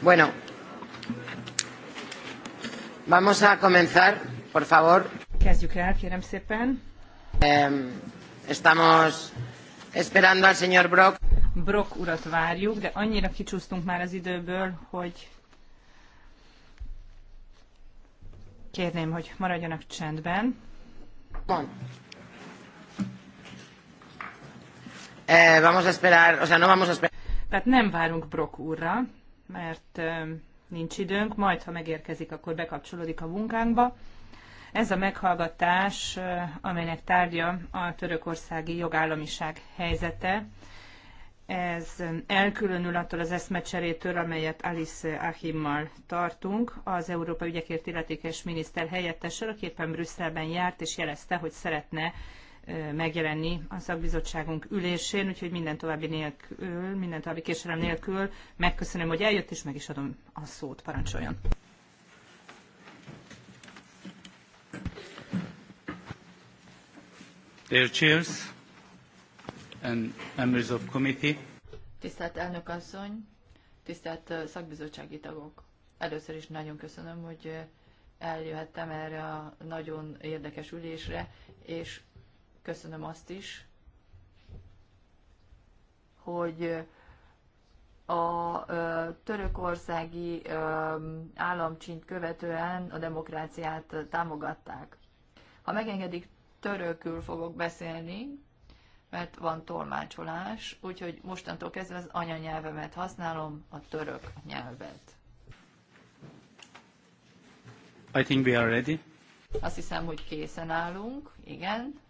Bueno, vamos a comenzar, por favor. Kezdjük el, kérem szépen. Estamos esperando al señor Brock. Brock urat várjuk, de annyira kicsúsztunk már az időből, hogy kérném, hogy maradjanak csendben. Bon. Eh, vamos a esperar, o sea, no vamos a esperar. Tehát nem várunk Brock úrra, mert nincs időnk, majd ha megérkezik, akkor bekapcsolódik a munkánkba. Ez a meghallgatás, amelynek tárgya a törökországi jogállamiság helyzete, ez elkülönül attól az eszmecserétől, amelyet Alice Achimmal tartunk. Az Európa Ügyekért Illetékes Miniszter helyettesről, aki éppen Brüsszelben járt, és jelezte, hogy szeretne megjelenni a szakbizottságunk ülésén, úgyhogy minden további, nélkül, minden további késerem nélkül megköszönöm, hogy eljött, és meg is adom a szót. Parancsoljon! Dear Chairs and members of committee. Tisztelt elnök asszony, tisztelt szakbizottsági tagok! Először is nagyon köszönöm, hogy eljöhettem erre a nagyon érdekes ülésre, és Köszönöm azt is, hogy a törökországi államcsint követően a demokráciát támogatták. Ha megengedik, törökül fogok beszélni, mert van tolmácsolás, úgyhogy mostantól kezdve az anyanyelvemet használom, a török nyelvet. I think we are ready. Azt hiszem, hogy készen állunk, igen.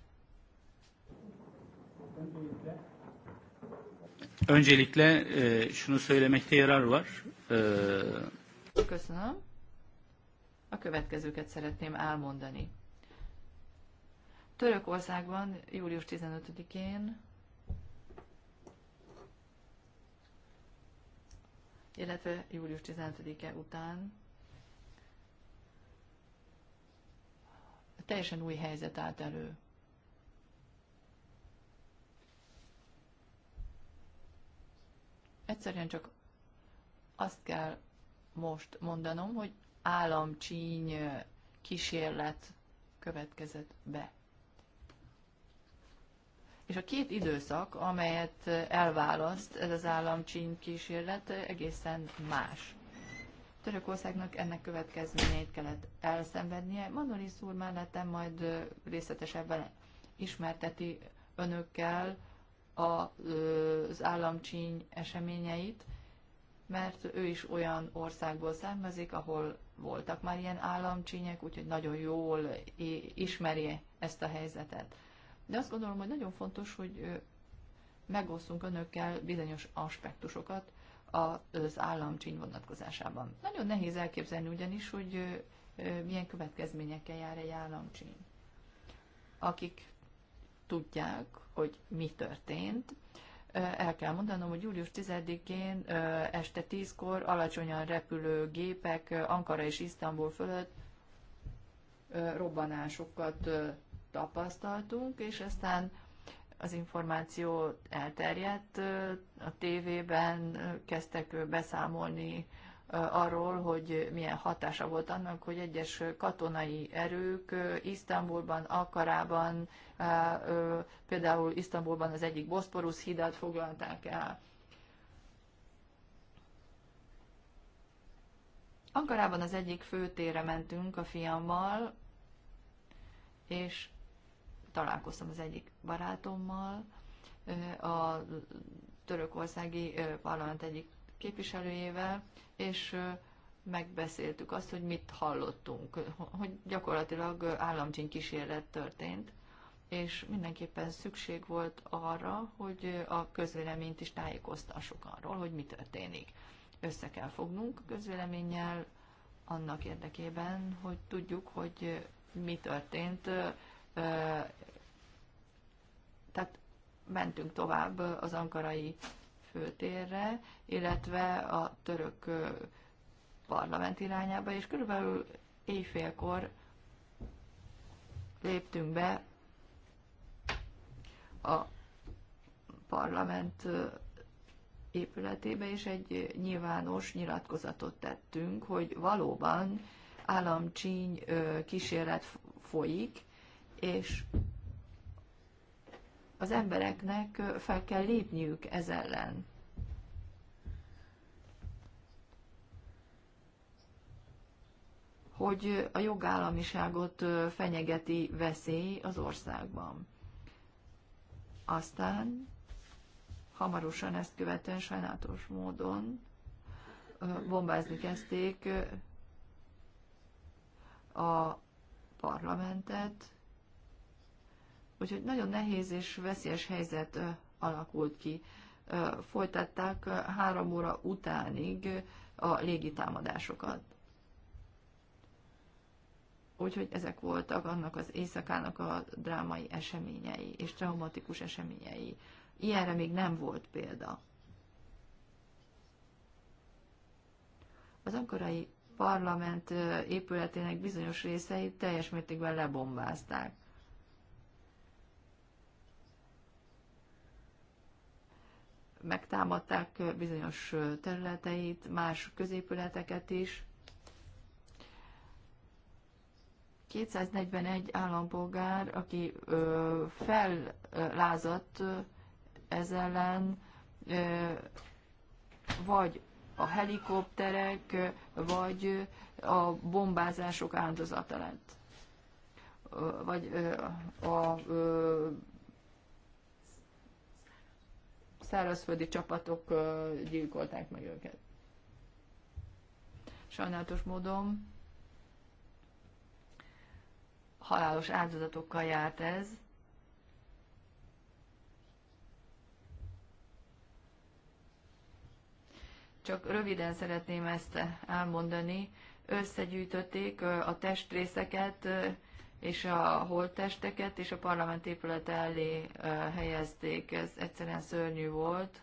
Öncelikle e, şunu söylemekte yarar var. E... Köszönöm. A következőket szeretném elmondani. Törökországban július 15-én, illetve július 15-e után teljesen új helyzet állt elő. Egyszerűen csak azt kell most mondanom, hogy államcsíny kísérlet következett be. És a két időszak, amelyet elválaszt ez az államcsíny kísérlet, egészen más. Törökországnak ennek következményeit kellett elszenvednie. Manolis úr mellettem majd részletesebben ismerteti önökkel az államcsíny eseményeit, mert ő is olyan országból származik, ahol voltak már ilyen államcsínyek, úgyhogy nagyon jól ismeri ezt a helyzetet. De azt gondolom, hogy nagyon fontos, hogy megosztunk önökkel bizonyos aspektusokat az államcsíny vonatkozásában. Nagyon nehéz elképzelni ugyanis, hogy milyen következményekkel jár egy államcsíny. Akik tudják, hogy mi történt. El kell mondanom, hogy július 10-én este 10-kor alacsonyan repülő gépek Ankara és Isztambul fölött robbanásokat tapasztaltunk, és aztán az információ elterjedt, a tévében kezdtek beszámolni arról, hogy milyen hatása volt annak, hogy egyes katonai erők Isztambulban, Akarában, például Isztambulban az egyik Boszporusz hidat foglalták el. Ankarában az egyik főtérre mentünk a fiammal, és találkoztam az egyik barátommal, a törökországi parlament egyik képviselőjével, és megbeszéltük azt, hogy mit hallottunk, hogy gyakorlatilag államcsin kísérlet történt, és mindenképpen szükség volt arra, hogy a közvéleményt is tájékoztassuk arról, hogy mi történik. Össze kell fognunk közvéleménnyel annak érdekében, hogy tudjuk, hogy mi történt. Tehát mentünk tovább az ankarai főtérre, illetve a török parlament irányába, és körülbelül éjfélkor léptünk be a parlament épületébe, és egy nyilvános nyilatkozatot tettünk, hogy valóban államcsíny kísérlet folyik, és az embereknek fel kell lépniük ez ellen. hogy a jogállamiságot fenyegeti veszély az országban. Aztán hamarosan ezt követően sajnálatos módon bombázni kezdték a parlamentet, Úgyhogy nagyon nehéz és veszélyes helyzet alakult ki. Folytatták három óra utánig a légitámadásokat. Úgyhogy ezek voltak annak az éjszakának a drámai eseményei és traumatikus eseményei. Ilyenre még nem volt példa. Az ankarai parlament épületének bizonyos részeit teljes mértékben lebombázták. megtámadták bizonyos területeit, más középületeket is. 241 állampolgár, aki ö, fellázadt ez ellen, ö, vagy a helikopterek, vagy a bombázások áldozata lett, vagy a szárazföldi csapatok gyilkolták meg őket. Sajnálatos módon halálos áldozatokkal járt ez, csak röviden szeretném ezt elmondani. Összegyűjtötték a testrészeket, és a holttesteket, és a parlament épülete elé helyezték. Ez egyszerűen szörnyű volt.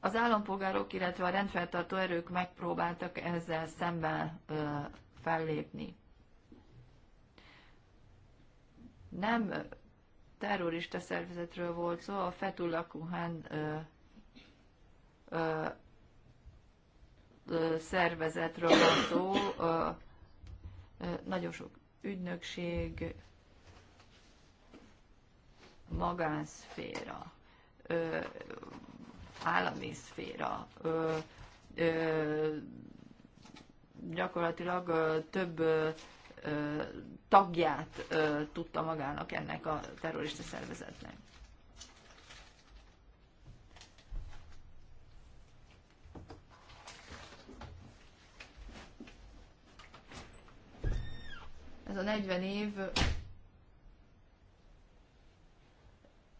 Az állampolgárok, illetve a rendfeltartó erők megpróbáltak ezzel szemben fellépni. Nem terrorista szervezetről volt szó, a Fethullah Kuhán ö, ö, ö, szervezetről van szó, ö, ö, nagyon sok ügynökség, magánszféra, ö, állami szféra, ö, ö, gyakorlatilag ö, több ö, tagját tudta magának ennek a terrorista szervezetnek. Ez a 40 év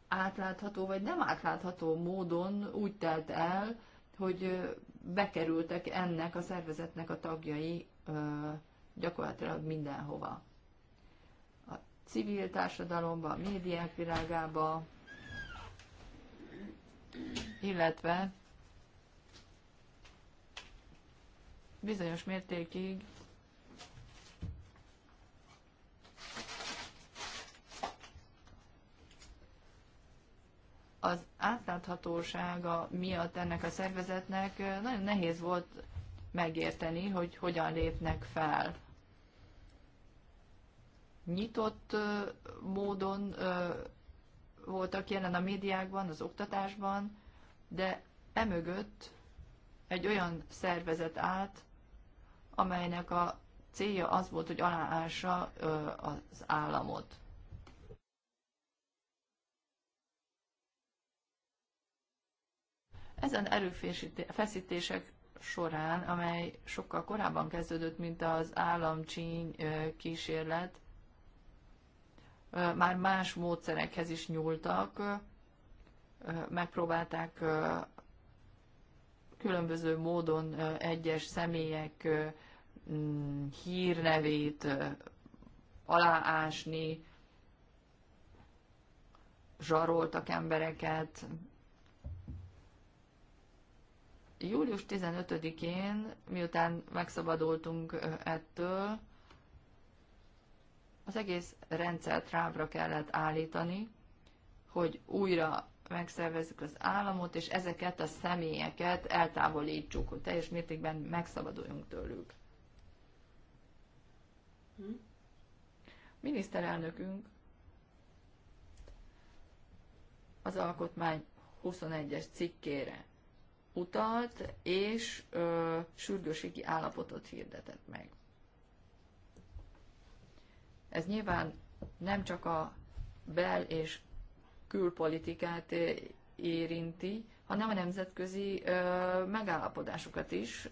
átlátható vagy nem átlátható módon úgy telt el, hogy bekerültek ennek a szervezetnek a tagjai gyakorlatilag mindenhova. A civil társadalomba, a médiák világába, illetve bizonyos mértékig az átláthatósága miatt ennek a szervezetnek eh, nagyon nehéz volt megérteni, hogy hogyan lépnek fel nyitott módon voltak jelen a médiákban, az oktatásban, de emögött egy olyan szervezet állt, amelynek a célja az volt, hogy aláássa az államot. Ezen erőfeszítések során, amely sokkal korábban kezdődött, mint az államcsíny kísérlet, már más módszerekhez is nyúltak, megpróbálták különböző módon egyes személyek mm, hírnevét aláásni, zsaroltak embereket. Július 15-én, miután megszabadultunk ettől, az egész rendszert rábra kellett állítani, hogy újra megszervezzük az államot, és ezeket a személyeket eltávolítsuk, hogy teljes mértékben megszabaduljunk tőlük. Hm? Miniszterelnökünk az alkotmány 21-es cikkére utalt, és ö, sürgőségi állapotot hirdetett meg. Ez nyilván nem csak a bel- és külpolitikát eh, érinti, hanem a nemzetközi eh, megállapodásokat is,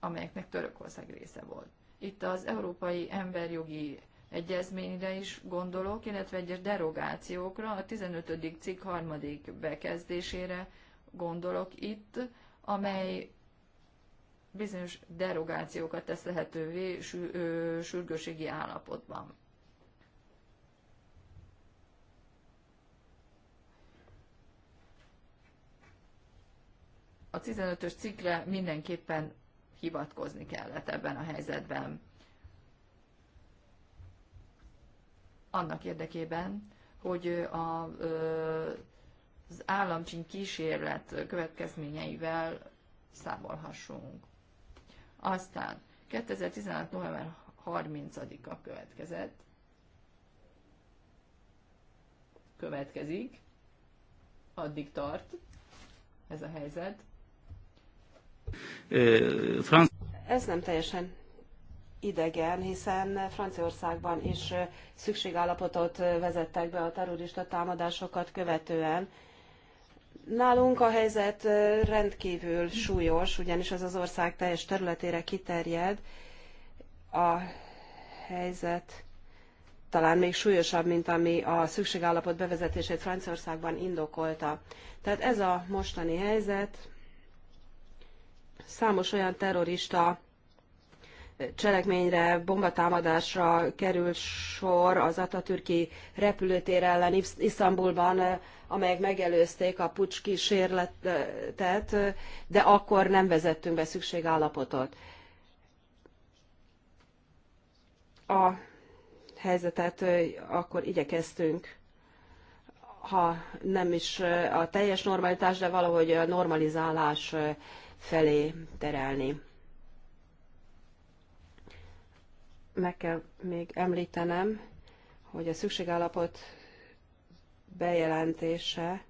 amelyeknek Törökország része volt. Itt az Európai Emberjogi Egyezményre is gondolok, illetve egyes derogációkra, a 15. cikk harmadik bekezdésére gondolok itt, amely bizonyos derogációkat tesz lehetővé sürgőségi állapotban. A 15-ös cikkre mindenképpen hivatkozni kellett ebben a helyzetben. Annak érdekében, hogy a, az államcsin kísérlet következményeivel számolhassunk. Aztán 2016. november 30-a következett, következik, addig tart ez a helyzet. Ez nem teljesen idegen, hiszen Franciaországban is szükségállapotot vezettek be a terrorista támadásokat követően, Nálunk a helyzet rendkívül súlyos, ugyanis ez az ország teljes területére kiterjed. A helyzet talán még súlyosabb, mint ami a szükségállapot bevezetését Franciaországban indokolta. Tehát ez a mostani helyzet. Számos olyan terrorista cselekményre, bombatámadásra került sor az Atatürki repülőtér ellen Isztambulban, amelyek megelőzték a pucs kísérletet, de akkor nem vezettünk be szükségállapotot. A helyzetet akkor igyekeztünk ha nem is a teljes normalitás, de valahogy a normalizálás felé terelni. meg kell még említenem, hogy a szükségállapot bejelentése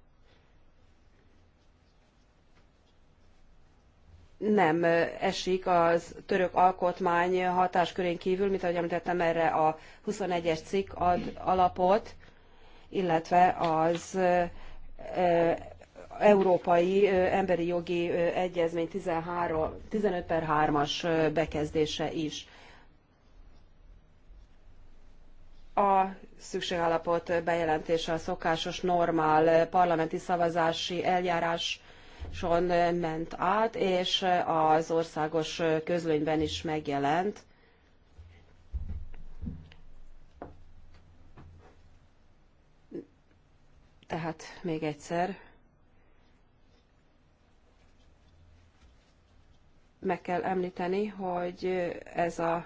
nem esik az török alkotmány hatáskörén kívül, mint ahogy említettem, erre a 21-es cikk ad alapot, illetve az Európai Emberi Jogi Egyezmény 13, 15 per 3-as bekezdése is. A szükségállapot bejelentése a szokásos, normál parlamenti szavazási eljárás son ment át, és az országos közlönyben is megjelent. Tehát még egyszer. Meg kell említeni, hogy ez a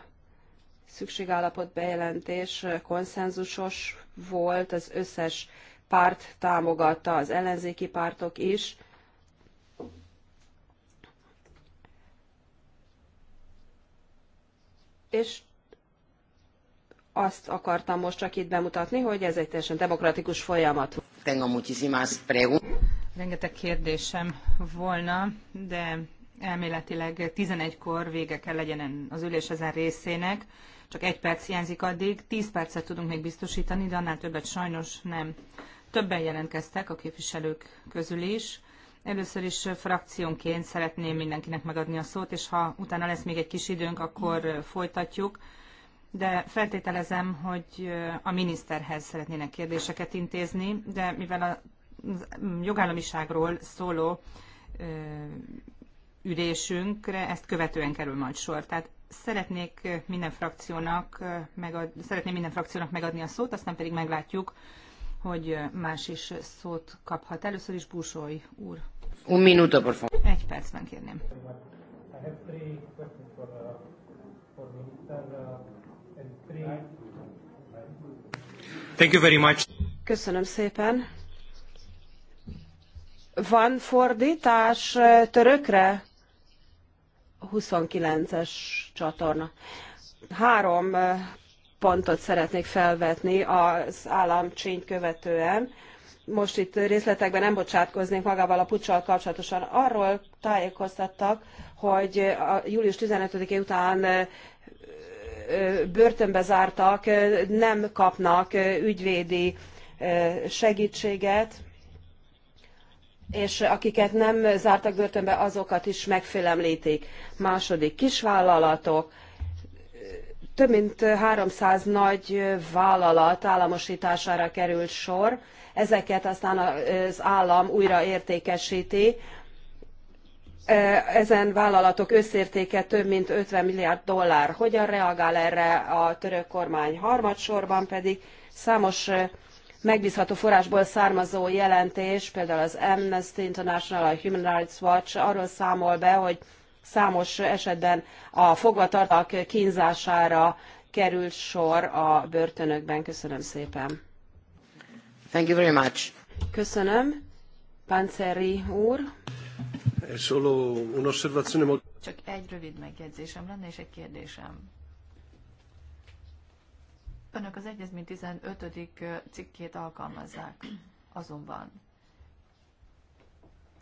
szükségállapot bejelentés konszenzusos volt, az összes párt támogatta, az ellenzéki pártok is. És azt akartam most csak itt bemutatni, hogy ez egy teljesen demokratikus folyamat. Tengo muchísimas preguntas. Rengeteg kérdésem volna, de elméletileg 11-kor vége kell legyen az ülés ezen részének. Csak egy perc hiányzik addig, tíz percet tudunk még biztosítani, de annál többet sajnos nem. Többen jelentkeztek a képviselők közül is. Először is frakciónként szeretném mindenkinek megadni a szót, és ha utána lesz még egy kis időnk, akkor folytatjuk. De feltételezem, hogy a miniszterhez szeretnének kérdéseket intézni, de mivel a jogállamiságról szóló ülésünkre ezt követően kerül majd sor. Tehát Szeretnék minden frakciónak, megad, szeretném minden frakciónak megadni a szót, aztán pedig meglátjuk, hogy más is szót kaphat. Először is Búsói úr. Un minuto, por favor. Egy percben kérném. Thank you very much. Köszönöm szépen. Van fordítás törökre? 29-es csatorna. Három eh, pontot szeretnék felvetni az államcsényt követően. Most itt részletekben nem bocsátkoznék magával a pucsal kapcsolatosan. Arról tájékoztattak, hogy a július 15 é után eh, eh, börtönbe zártak, nem kapnak ügyvédi segítséget, és akiket nem zártak börtönbe, azokat is megfélemlítik. Második kisvállalatok, több mint 300 nagy vállalat államosítására került sor, ezeket aztán az állam újra értékesíti. Ezen vállalatok összértéke több mint 50 milliárd dollár. Hogyan reagál erre a török kormány? Harmadsorban pedig számos megbízható forrásból származó jelentés, például az Amnesty International, a Human Rights Watch arról számol be, hogy számos esetben a fogvatartak kínzására került sor a börtönökben. Köszönöm szépen. Thank you very much. Köszönöm. Panceri úr. Csak egy rövid megjegyzésem lenne, és egy kérdésem. Önök az egyezmény 15. cikkét alkalmazzák azonban.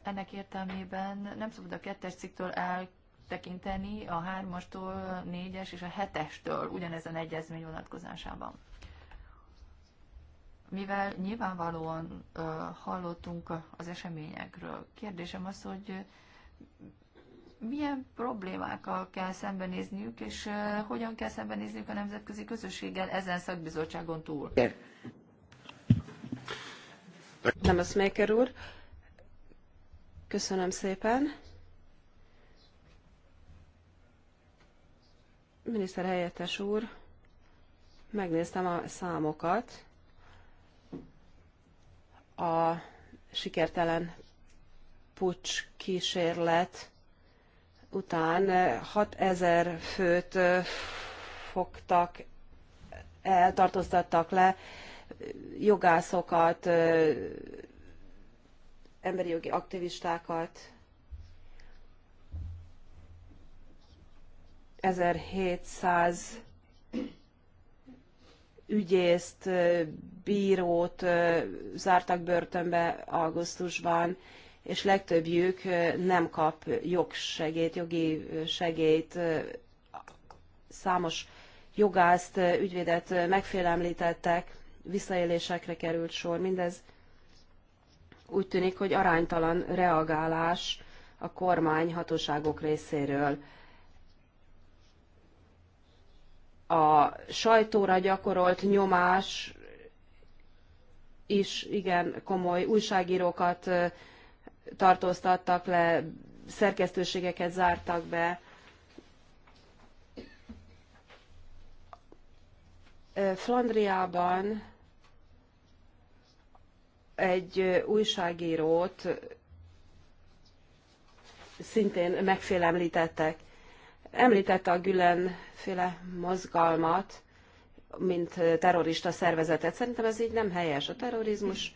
Ennek értelmében nem szabad a kettes cikktől eltekinteni a hármastól, négyes és a hetestől ugyanezen egyezmény vonatkozásában. Mivel nyilvánvalóan uh, hallottunk az eseményekről, kérdésem az, hogy milyen problémákkal kell szembenézniük, és hogyan kell szembenézniük a nemzetközi közösséggel ezen szakbizottságon túl. Nem Nemeszméker úr, köszönöm szépen. Miniszter helyettes úr, megnéztem a számokat. A sikertelen pucs kísérlet után 6000 főt fogtak eltartóztattak le, jogászokat, emberi jogi aktivistákat, 1700 ügyészt, bírót zártak börtönbe augusztusban, és legtöbbjük nem kap jogsegélyt, jogi segélyt. Számos jogászt, ügyvédet megfélemlítettek, visszaélésekre került sor. Mindez úgy tűnik, hogy aránytalan reagálás a kormány hatóságok részéről. A sajtóra gyakorolt nyomás is igen komoly újságírókat tartóztattak le, szerkesztőségeket zártak be. Flandriában egy újságírót szintén megfélemlítettek. Említette a Gülen féle mozgalmat, mint terrorista szervezetet. Szerintem ez így nem helyes. A terrorizmus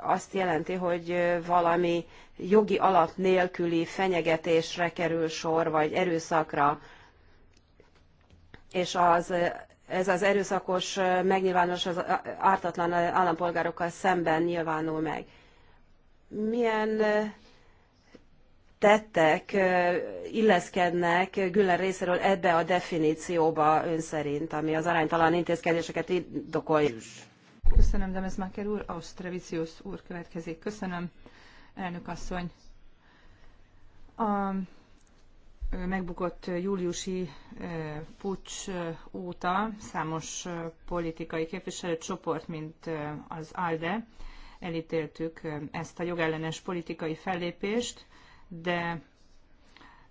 azt jelenti, hogy valami jogi alap nélküli fenyegetésre kerül sor, vagy erőszakra, és az, ez az erőszakos megnyilvános az ártatlan állampolgárokkal szemben nyilvánul meg. Milyen tettek illeszkednek Güller részéről ebbe a definícióba ön szerint, ami az aránytalan intézkedéseket indokolja? Köszönöm, Demezmaker úr. Ausztravicius úr következik. Köszönöm, elnök asszony. A megbukott júliusi pucs óta számos politikai képviselőcsoport, mint az ALDE, elítéltük ezt a jogellenes politikai fellépést, de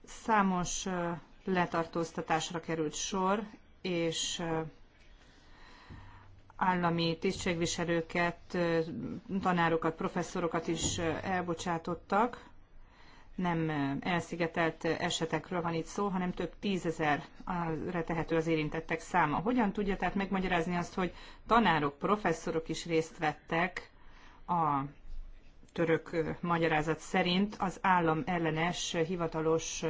számos letartóztatásra került sor, és állami tisztségviselőket, tanárokat, professzorokat is elbocsátottak. Nem elszigetelt esetekről van itt szó, hanem több tízezerre tehető az érintettek száma. Hogyan tudja tehát megmagyarázni azt, hogy tanárok, professzorok is részt vettek a török magyarázat szerint az állam ellenes hivatalos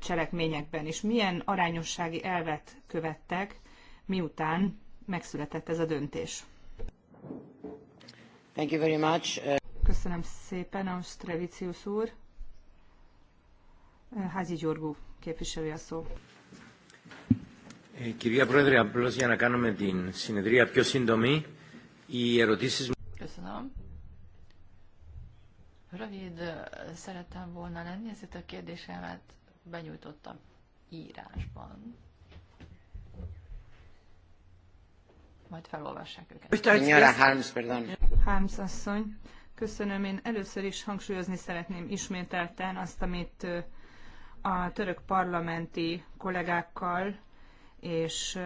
cselekményekben, és milyen arányossági elvet követtek, miután megszületett ez a döntés. Thank you very much. Uh, Köszönöm szépen, Austrevicius úr. Uh, Házi Gyorgú képviselő a szó. Κυρία Πρόεδρε, απλώς για να κάνουμε την συνεδρία πιο σύντομη, οι ερωτήσεις... Köszönöm. Rövid uh, szerettem volna lenni, ezért a kérdésemet benyújtottam írásban. majd felolvassák őket. Señora Harms, perdón. Harms asszony, köszönöm. Én először is hangsúlyozni szeretném ismételten azt, amit a török parlamenti kollégákkal és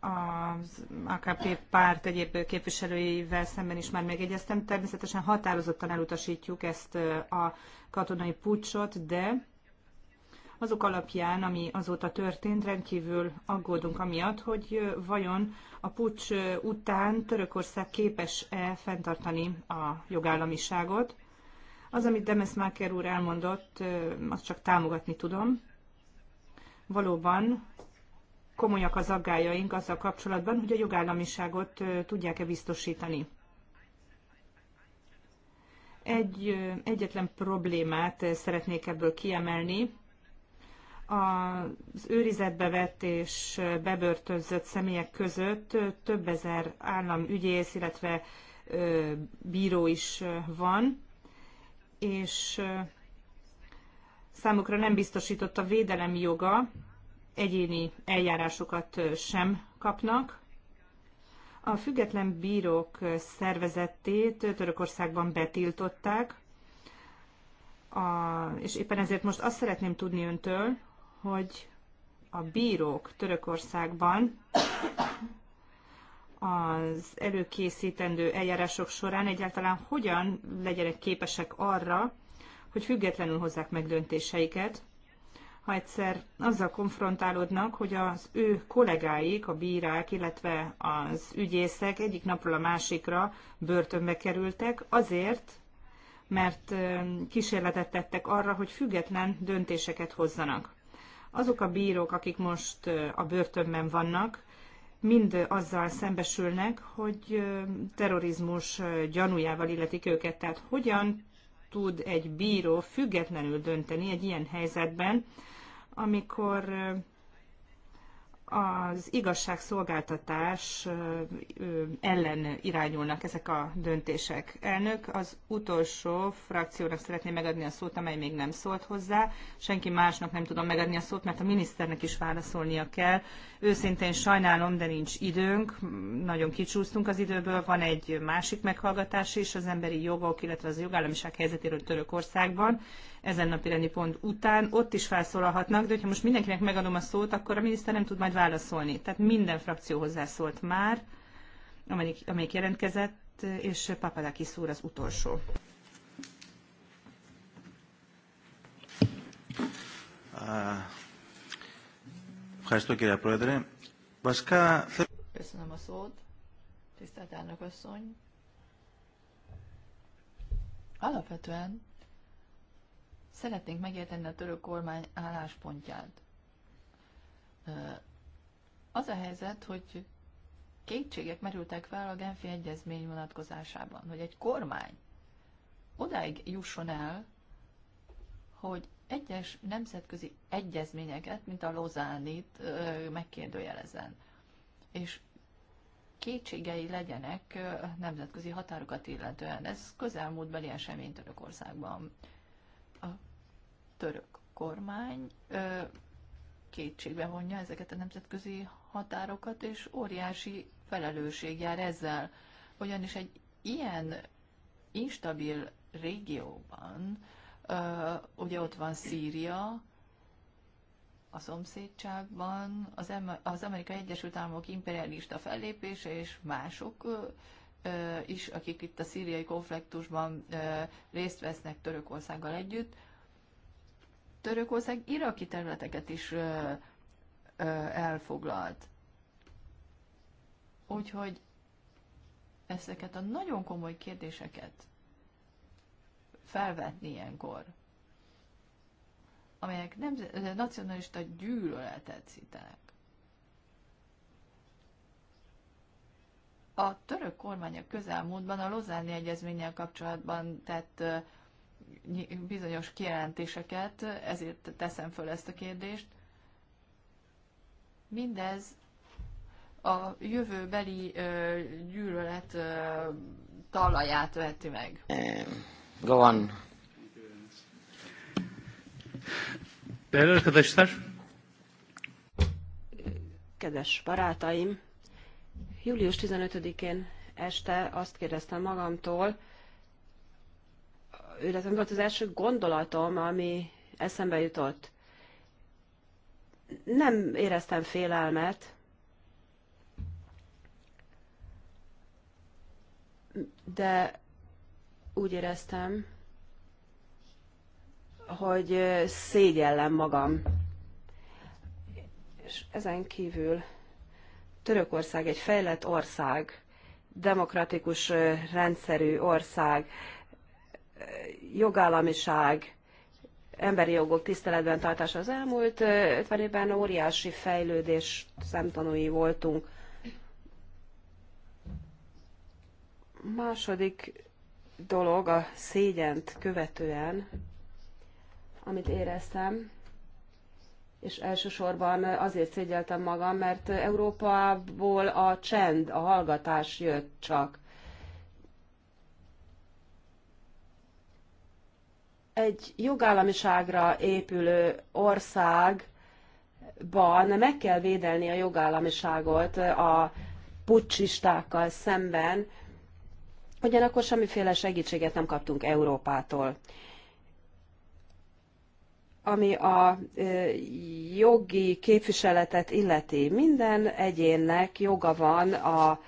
az AKP párt egyéb képviselőivel szemben is már megegyeztem. Természetesen határozottan elutasítjuk ezt a katonai pucsot, de azok alapján, ami azóta történt, rendkívül aggódunk amiatt, hogy vajon a pucs után Törökország képes-e fenntartani a jogállamiságot. Az, amit Demes Máker úr elmondott, azt csak támogatni tudom. Valóban komolyak az aggájaink azzal kapcsolatban, hogy a jogállamiságot tudják-e biztosítani. Egy, egyetlen problémát szeretnék ebből kiemelni, az őrizetbe vett és bebörtözött személyek között több ezer államügyész, illetve bíró is van, és számukra nem biztosított a védelem joga, egyéni eljárásokat sem kapnak. A független bírók szervezetét Törökországban betiltották, a, és éppen ezért most azt szeretném tudni öntől, hogy a bírók Törökországban az előkészítendő eljárások során egyáltalán hogyan legyenek képesek arra, hogy függetlenül hozzák meg döntéseiket, ha egyszer azzal konfrontálódnak, hogy az ő kollégáik, a bírák, illetve az ügyészek egyik napról a másikra börtönbe kerültek azért, mert kísérletet tettek arra, hogy független döntéseket hozzanak. Azok a bírók, akik most a börtönben vannak, mind azzal szembesülnek, hogy terrorizmus gyanújával illetik őket. Tehát hogyan tud egy bíró függetlenül dönteni egy ilyen helyzetben, amikor az igazságszolgáltatás ellen irányulnak ezek a döntések. Elnök, az utolsó frakciónak szeretném megadni a szót, amely még nem szólt hozzá. Senki másnak nem tudom megadni a szót, mert a miniszternek is válaszolnia kell. Őszintén sajnálom, de nincs időnk. Nagyon kicsúsztunk az időből. Van egy másik meghallgatás is az emberi jogok, illetve az jogállamiság helyzetéről Törökországban ezen napi rendi pont után, ott is felszólalhatnak, de hogyha most mindenkinek megadom a szót, akkor a miniszter nem tud majd válaszolni. Tehát minden frakció hozzászólt már, amelyik, amelyik jelentkezett, és Papadakis úr az utolsó. Uh, Köszönöm a szót, tisztelt elnök asszony. Alapvetően Szeretnénk megérteni a török kormány álláspontját. Az a helyzet, hogy kétségek merültek fel a Genfi Egyezmény vonatkozásában, hogy egy kormány odáig jusson el, hogy egyes nemzetközi egyezményeket, mint a Lozánit megkérdőjelezen. És kétségei legyenek nemzetközi határokat illetően. Ez közelmúltbeli esemény Törökországban a török kormány kétségbe vonja ezeket a nemzetközi határokat, és óriási felelősség jár ezzel. Ugyanis egy ilyen instabil régióban, ugye ott van Szíria, a szomszédságban, az, Amerikai Egyesült Államok imperialista fellépése és mások is, akik itt a szíriai konfliktusban részt vesznek Törökországgal együtt. Törökország iraki területeket is elfoglalt. Úgyhogy ezeket a nagyon komoly kérdéseket felvetni ilyenkor, amelyek nem, nacionalista gyűlöletet szítenek. A török kormány a közelmúltban a Lozáni Egyezménnyel kapcsolatban tett bizonyos kijelentéseket, ezért teszem föl ezt a kérdést. Mindez a jövőbeli gyűlölet talaját veti meg. Go on. Kedves barátaim, Július 15-én este azt kérdeztem magamtól, illetve mi volt az első gondolatom, ami eszembe jutott. Nem éreztem félelmet, de úgy éreztem, hogy szégyellem magam. És ezen kívül Törökország egy fejlett ország, demokratikus rendszerű ország, jogállamiság, emberi jogok tiszteletben tartása az elmúlt 50 évben óriási fejlődés szemtanúi voltunk. Második dolog a szégyent követően, amit éreztem, és elsősorban azért szégyeltem magam, mert Európából a csend, a hallgatás jött csak. Egy jogállamiságra épülő országban meg kell védelni a jogállamiságot a pucsistákkal szemben, ugyanakkor semmiféle segítséget nem kaptunk Európától ami a jogi képviseletet illeti. Minden egyénnek joga van a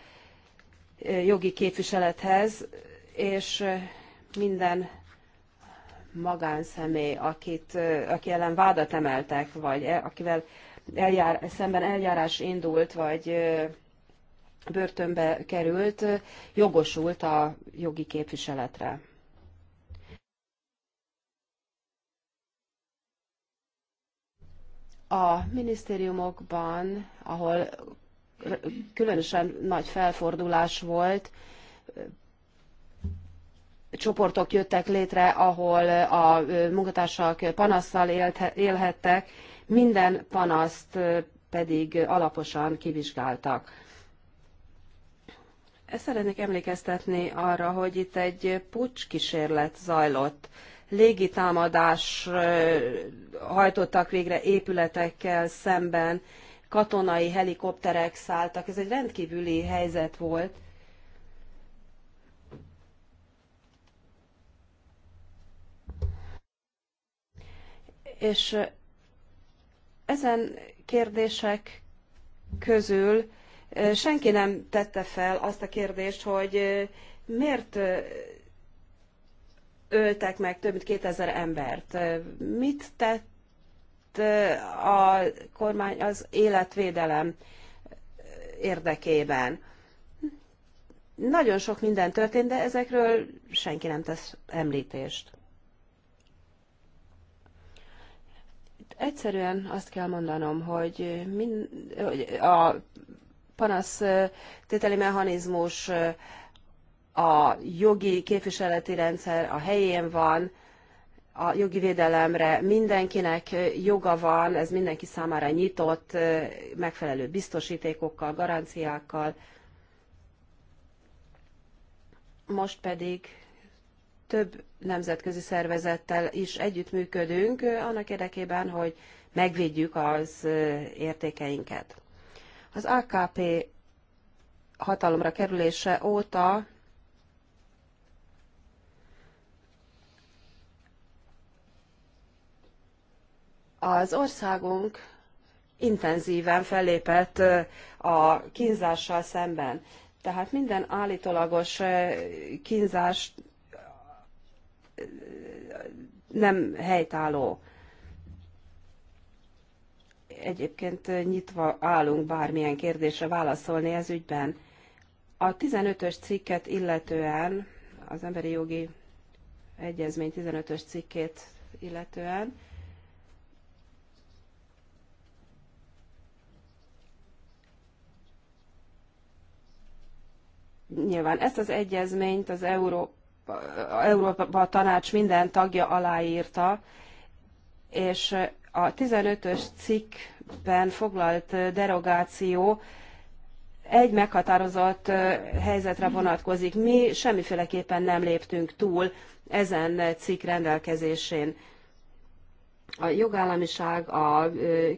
jogi képviselethez, és minden magánszemély, akit, aki ellen vádat emeltek, vagy e, akivel eljár, szemben eljárás indult, vagy börtönbe került, jogosult a jogi képviseletre. a minisztériumokban, ahol különösen nagy felfordulás volt, csoportok jöttek létre, ahol a munkatársak panasszal élhettek, minden panaszt pedig alaposan kivizsgáltak. Ezt szeretnék emlékeztetni arra, hogy itt egy pucskísérlet zajlott légitámadás hajtottak végre épületekkel szemben, katonai helikopterek szálltak, ez egy rendkívüli helyzet volt. És ezen kérdések közül senki nem tette fel azt a kérdést, hogy miért öltek meg több mint 2000 embert. Mit tett a kormány az életvédelem érdekében? Nagyon sok minden történt, de ezekről senki nem tesz említést. Egyszerűen azt kell mondanom, hogy, mind, hogy a panasz tételi mechanizmus a jogi képviseleti rendszer a helyén van, a jogi védelemre mindenkinek joga van, ez mindenki számára nyitott, megfelelő biztosítékokkal, garanciákkal. Most pedig több nemzetközi szervezettel is együttműködünk annak érdekében, hogy megvédjük az értékeinket. Az AKP hatalomra kerülése óta Az országunk intenzíven fellépett a kínzással szemben. Tehát minden állítólagos kínzás nem helytálló. Egyébként nyitva állunk bármilyen kérdésre válaszolni ez ügyben. A 15-ös cikket illetően, az emberi jogi egyezmény 15-ös cikkét illetően, Nyilván ezt az egyezményt az Európa, Európa Tanács minden tagja aláírta, és a 15-ös cikkben foglalt derogáció egy meghatározott helyzetre vonatkozik. Mi semmiféleképpen nem léptünk túl ezen cikk rendelkezésén. A jogállamiság, a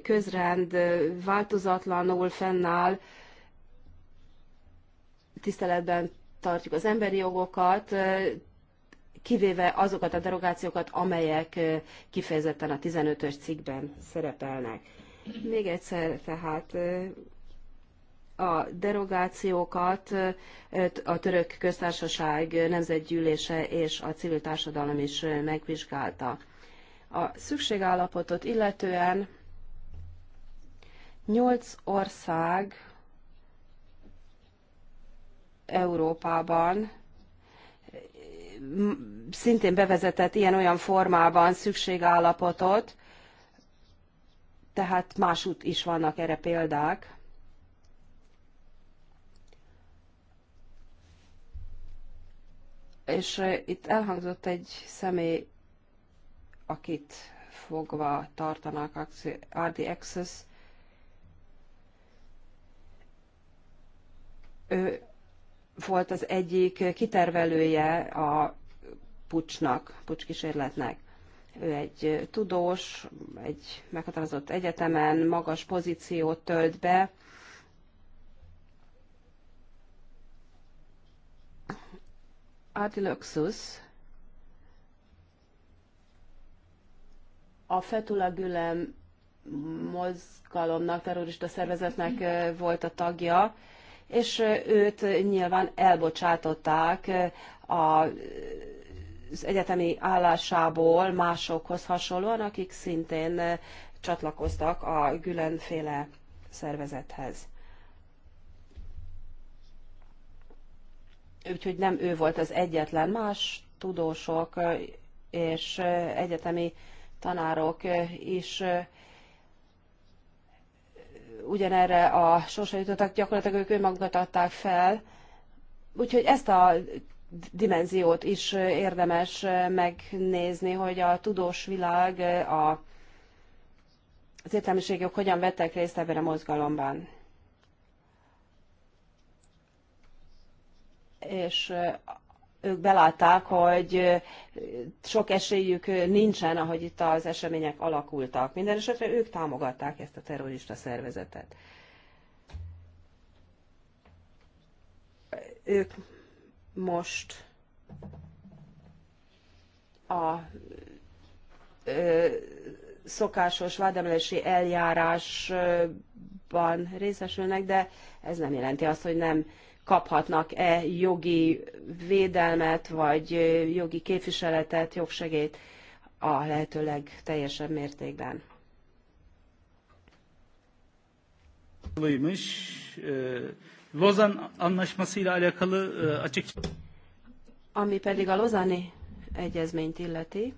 közrend változatlanul fennáll, tiszteletben tartjuk az emberi jogokat, kivéve azokat a derogációkat, amelyek kifejezetten a 15-ös cikkben szerepelnek. Még egyszer, tehát a derogációkat a török köztársaság nemzetgyűlése és a civil társadalom is megvizsgálta. A szükségállapotot illetően nyolc ország Európában szintén bevezetett ilyen-olyan formában szükségállapotot, tehát másút is vannak erre példák. És itt elhangzott egy személy, akit fogva tartanak RD Access. Ő volt az egyik kitervelője a pucsnak, pucskísérletnek. Ő egy tudós, egy meghatározott egyetemen magas pozíciót tölt be, Artiloxus a Fetula Gülen mozgalomnak, terrorista szervezetnek volt a tagja, és őt nyilván elbocsátották az egyetemi állásából másokhoz hasonlóan, akik szintén csatlakoztak a Gülenféle szervezethez. Úgyhogy nem ő volt az egyetlen, más tudósok és egyetemi tanárok is ugyanerre a sorsra jutottak, gyakorlatilag ők önmagukat adták fel. Úgyhogy ezt a dimenziót is érdemes megnézni, hogy a tudós világ, a, az értelmiségek hogyan vettek részt ebben a mozgalomban. És ők belátták, hogy sok esélyük nincsen, ahogy itt az események alakultak. Minden esetre ők támogatták ezt a terrorista szervezetet. Ők most a ö, szokásos vádemelési eljárásban részesülnek, de ez nem jelenti azt, hogy nem kaphatnak-e jogi védelmet, vagy jogi képviseletet, jogsegét a lehető legteljesebb mértékben. Lozan anlaşmasıyla alakalı e, açık... Ami pedig a Lozani egyezményt illeti,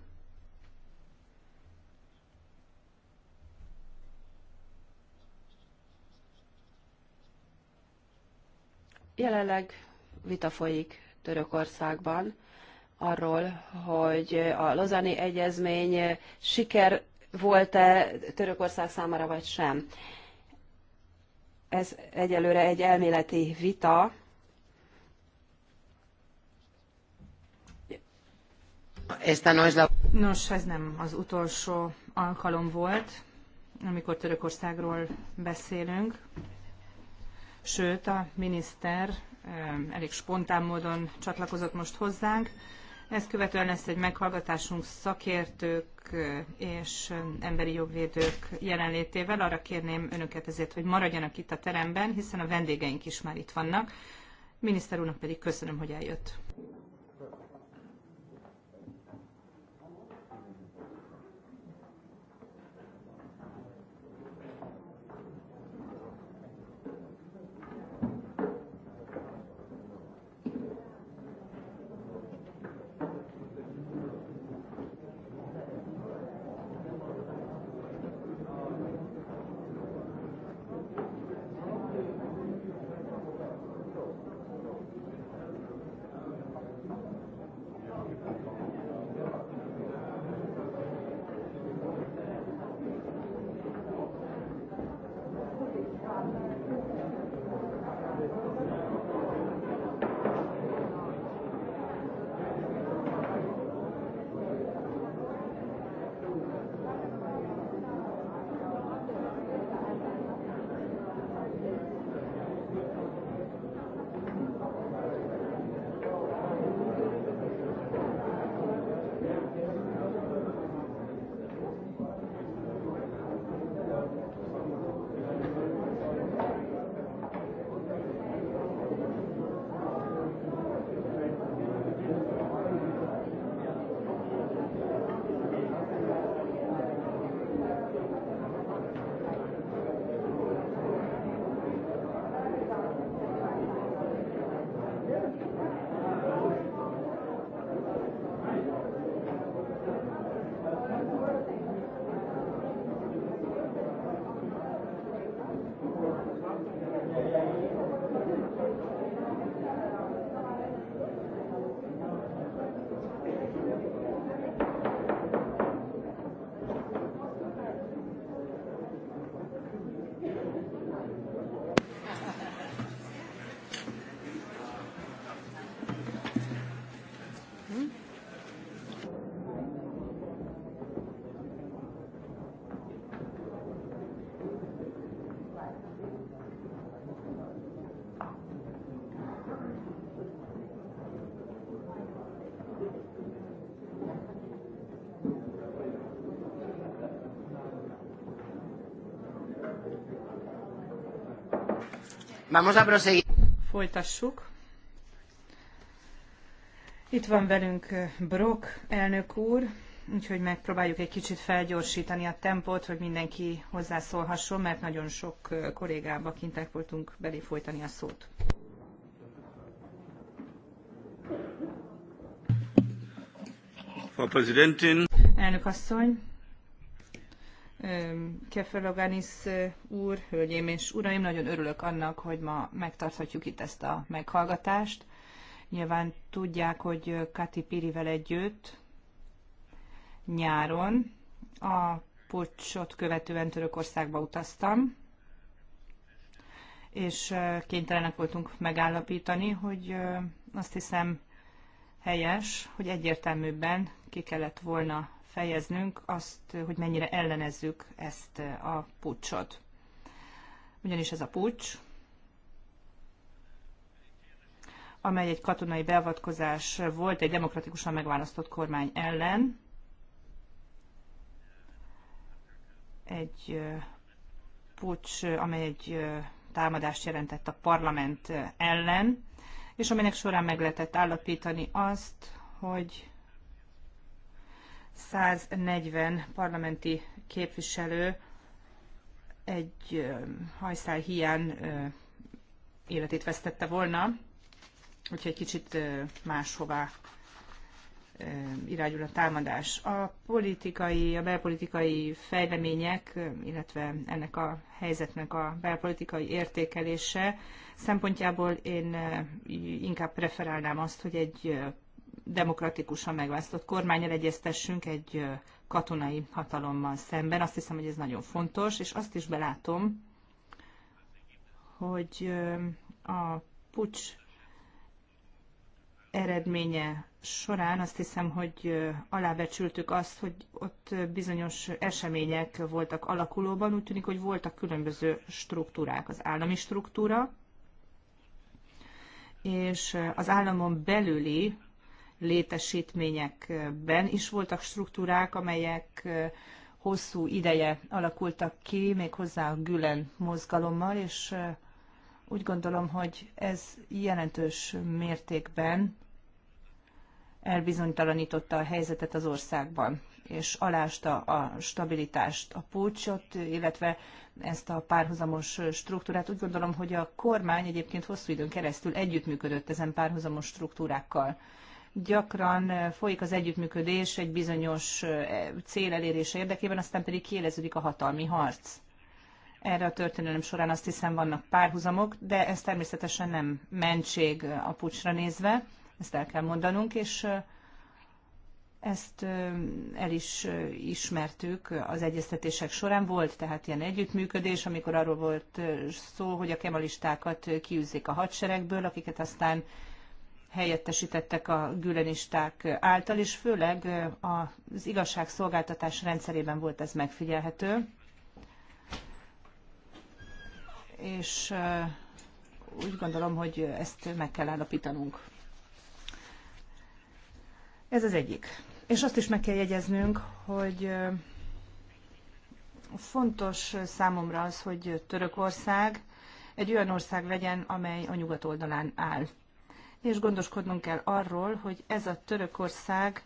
Jelenleg vita folyik Törökországban arról, hogy a Lozani Egyezmény siker volt-e Törökország számára vagy sem. Ez egyelőre egy elméleti vita. Nos, ez nem az utolsó alkalom volt, amikor Törökországról beszélünk sőt a miniszter elég spontán módon csatlakozott most hozzánk. Ezt követően lesz egy meghallgatásunk szakértők és emberi jogvédők jelenlétével. Arra kérném önöket ezért, hogy maradjanak itt a teremben, hiszen a vendégeink is már itt vannak. Miniszter úrnak pedig köszönöm, hogy eljött. Vamos a proseguir. Folytassuk. Itt van velünk Brock elnök úr, úgyhogy megpróbáljuk egy kicsit felgyorsítani a tempót, hogy mindenki hozzászólhasson, mert nagyon sok kollégába kintek voltunk belé folytani a szót. Frau Präsidentin! Elnök asszony! Kefeloganis úr, hölgyém és uraim, nagyon örülök annak, hogy ma megtarthatjuk itt ezt a meghallgatást. Nyilván tudják, hogy Kati Pirivel együtt nyáron a pucsot követően Törökországba utaztam, és kénytelenek voltunk megállapítani, hogy azt hiszem helyes, hogy egyértelműbben ki kellett volna fejeznünk azt, hogy mennyire ellenezzük ezt a pucsot. Ugyanis ez a pucs, amely egy katonai beavatkozás volt egy demokratikusan megválasztott kormány ellen, egy pucs, amely egy támadást jelentett a parlament ellen, és aminek során meg lehetett állapítani azt, hogy 140 parlamenti képviselő egy hajszál hiány életét vesztette volna, úgyhogy egy kicsit máshová irányul a támadás. A politikai, a belpolitikai fejlemények, illetve ennek a helyzetnek a belpolitikai értékelése szempontjából én inkább preferálnám azt, hogy egy demokratikusan megválasztott kormányra egyeztessünk egy katonai hatalommal szemben. Azt hiszem, hogy ez nagyon fontos, és azt is belátom, hogy a pucs eredménye során azt hiszem, hogy alábecsültük azt, hogy ott bizonyos események voltak alakulóban. Úgy tűnik, hogy voltak különböző struktúrák. Az állami struktúra, és az államon belüli létesítményekben is voltak struktúrák, amelyek hosszú ideje alakultak ki, méghozzá a Gülen mozgalommal, és úgy gondolom, hogy ez jelentős mértékben elbizonytalanította a helyzetet az országban, és alásta a stabilitást, a pulcsot, illetve ezt a párhuzamos struktúrát. Úgy gondolom, hogy a kormány egyébként hosszú időn keresztül együttműködött ezen párhuzamos struktúrákkal gyakran eh, folyik az együttműködés egy bizonyos eh, cél elérése érdekében, aztán pedig kiéleződik a hatalmi harc. Erre a történelem során azt hiszem vannak párhuzamok, de ez természetesen nem mentség eh, a pucsra nézve, ezt el kell mondanunk, és ezt el is ismertük az egyeztetések során. Volt tehát ilyen együttműködés, amikor arról volt szó, hogy a kemalistákat kiűzik a hadseregből, akiket aztán helyettesítettek a gülenisták által, és főleg az igazságszolgáltatás rendszerében volt ez megfigyelhető. És úgy gondolom, hogy ezt meg kell állapítanunk. Ez az egyik. És azt is meg kell jegyeznünk, hogy fontos számomra az, hogy Törökország egy olyan ország legyen, amely a nyugat oldalán áll és gondoskodnunk kell arról, hogy ez a Törökország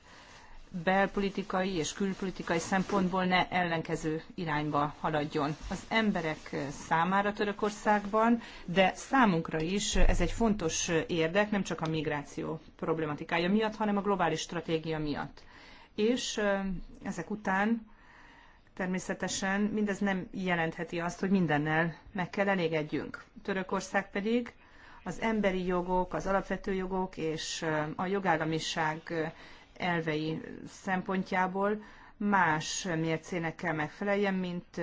belpolitikai és külpolitikai szempontból ne ellenkező irányba haladjon. Az emberek számára Törökországban, de számunkra is ez egy fontos érdek, nem csak a migráció problematikája miatt, hanem a globális stratégia miatt. És ezek után természetesen mindez nem jelentheti azt, hogy mindennel meg kell elégedjünk. Törökország pedig az emberi jogok, az alapvető jogok és a jogállamiság elvei szempontjából más mércének kell megfeleljen, mint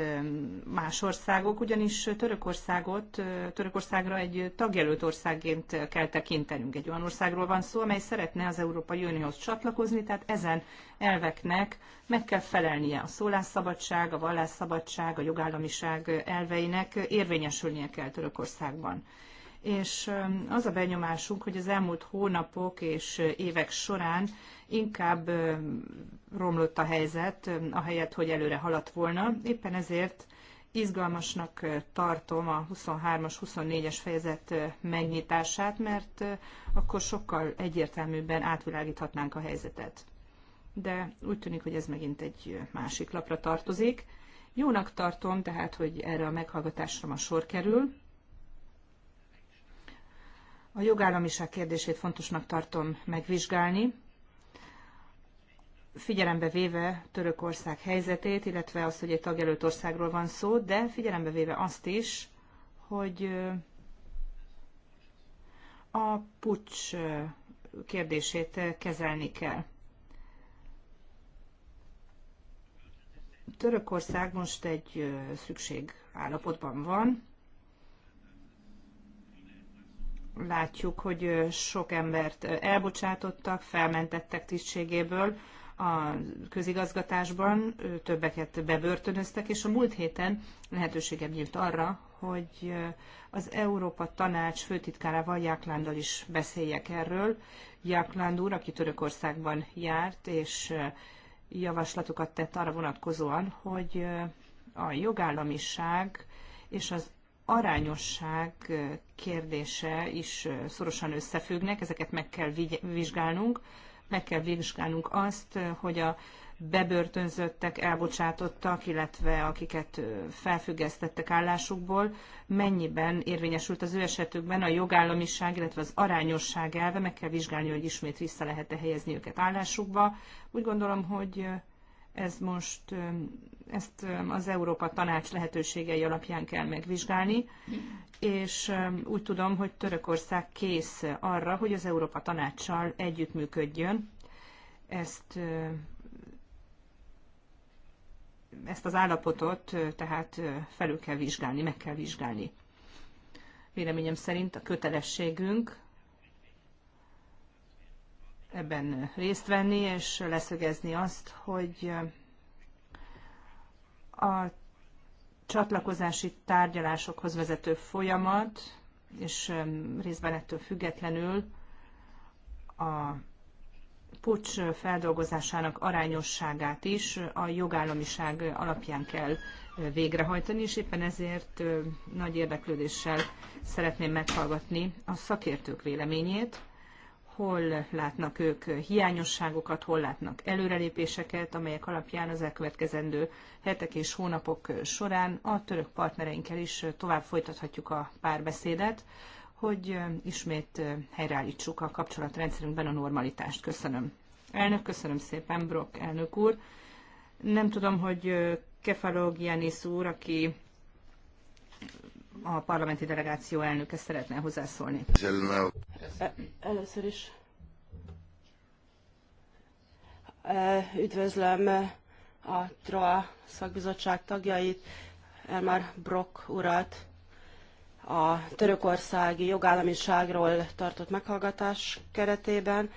más országok, ugyanis Törökországot, Törökországra egy tagjelölt országként kell tekintenünk. Egy olyan országról van szó, amely szeretne az Európai Unióhoz csatlakozni, tehát ezen elveknek meg kell felelnie a szólásszabadság, a vallásszabadság, a jogállamiság elveinek érvényesülnie kell Törökországban és az a benyomásunk, hogy az elmúlt hónapok és évek során inkább romlott a helyzet, ahelyett, hogy előre haladt volna. Éppen ezért izgalmasnak tartom a 23-as, 24-es fejezet megnyitását, mert akkor sokkal egyértelműbben átvilágíthatnánk a helyzetet. De úgy tűnik, hogy ez megint egy másik lapra tartozik. Jónak tartom, tehát, hogy erre a meghallgatásra ma sor kerül, a jogállamiság kérdését fontosnak tartom megvizsgálni, figyelembe véve Törökország helyzetét, illetve azt, hogy egy tagjelölt országról van szó, de figyelembe véve azt is, hogy a pucs kérdését kezelni kell. Törökország most egy szükség van, látjuk, hogy sok embert elbocsátottak, felmentettek tisztségéből a közigazgatásban, többeket bebörtönöztek, és a múlt héten lehetőségem nyílt arra, hogy az Európa Tanács főtitkárával, Jáklándal is beszéljek erről. Jáklánd úr, aki Törökországban járt, és javaslatokat tett arra vonatkozóan, hogy a jogállamiság és az arányosság kérdése is szorosan összefüggnek, ezeket meg kell vizsgálnunk, meg kell vizsgálnunk azt, hogy a bebörtönzöttek, elbocsátottak, illetve akiket felfüggesztettek állásukból, mennyiben érvényesült az ő esetükben a jogállamiság, illetve az arányosság elve, meg kell vizsgálni, hogy ismét vissza lehet-e helyezni őket állásukba. Úgy gondolom, hogy ez most ezt az Európa Tanács lehetőségei alapján kell megvizsgálni, és úgy tudom, hogy Törökország kész arra, hogy az Európa Tanácssal együttműködjön. Ezt ezt az állapotot tehát felül kell vizsgálni, meg kell vizsgálni. Véleményem szerint a kötelességünk ebben részt venni, és leszögezni azt, hogy a csatlakozási tárgyalásokhoz vezető folyamat, és részben ettől függetlenül a pucs feldolgozásának arányosságát is a jogállamiság alapján kell végrehajtani, és éppen ezért nagy érdeklődéssel szeretném meghallgatni a szakértők véleményét hol látnak ők hiányosságokat, hol látnak előrelépéseket, amelyek alapján az elkövetkezendő hetek és hónapok során a török partnereinkkel is tovább folytathatjuk a párbeszédet, hogy ismét helyreállítsuk a kapcsolatrendszerünkben a normalitást. Köszönöm. Elnök, köszönöm szépen, Brock elnök úr. Nem tudom, hogy Kefalogianis úr, aki a parlamenti delegáció elnöke szeretne hozzászólni. Először is üdvözlöm a TROA szakbizottság tagjait, Elmar Brock urat, a törökországi jogállamiságról tartott meghallgatás keretében.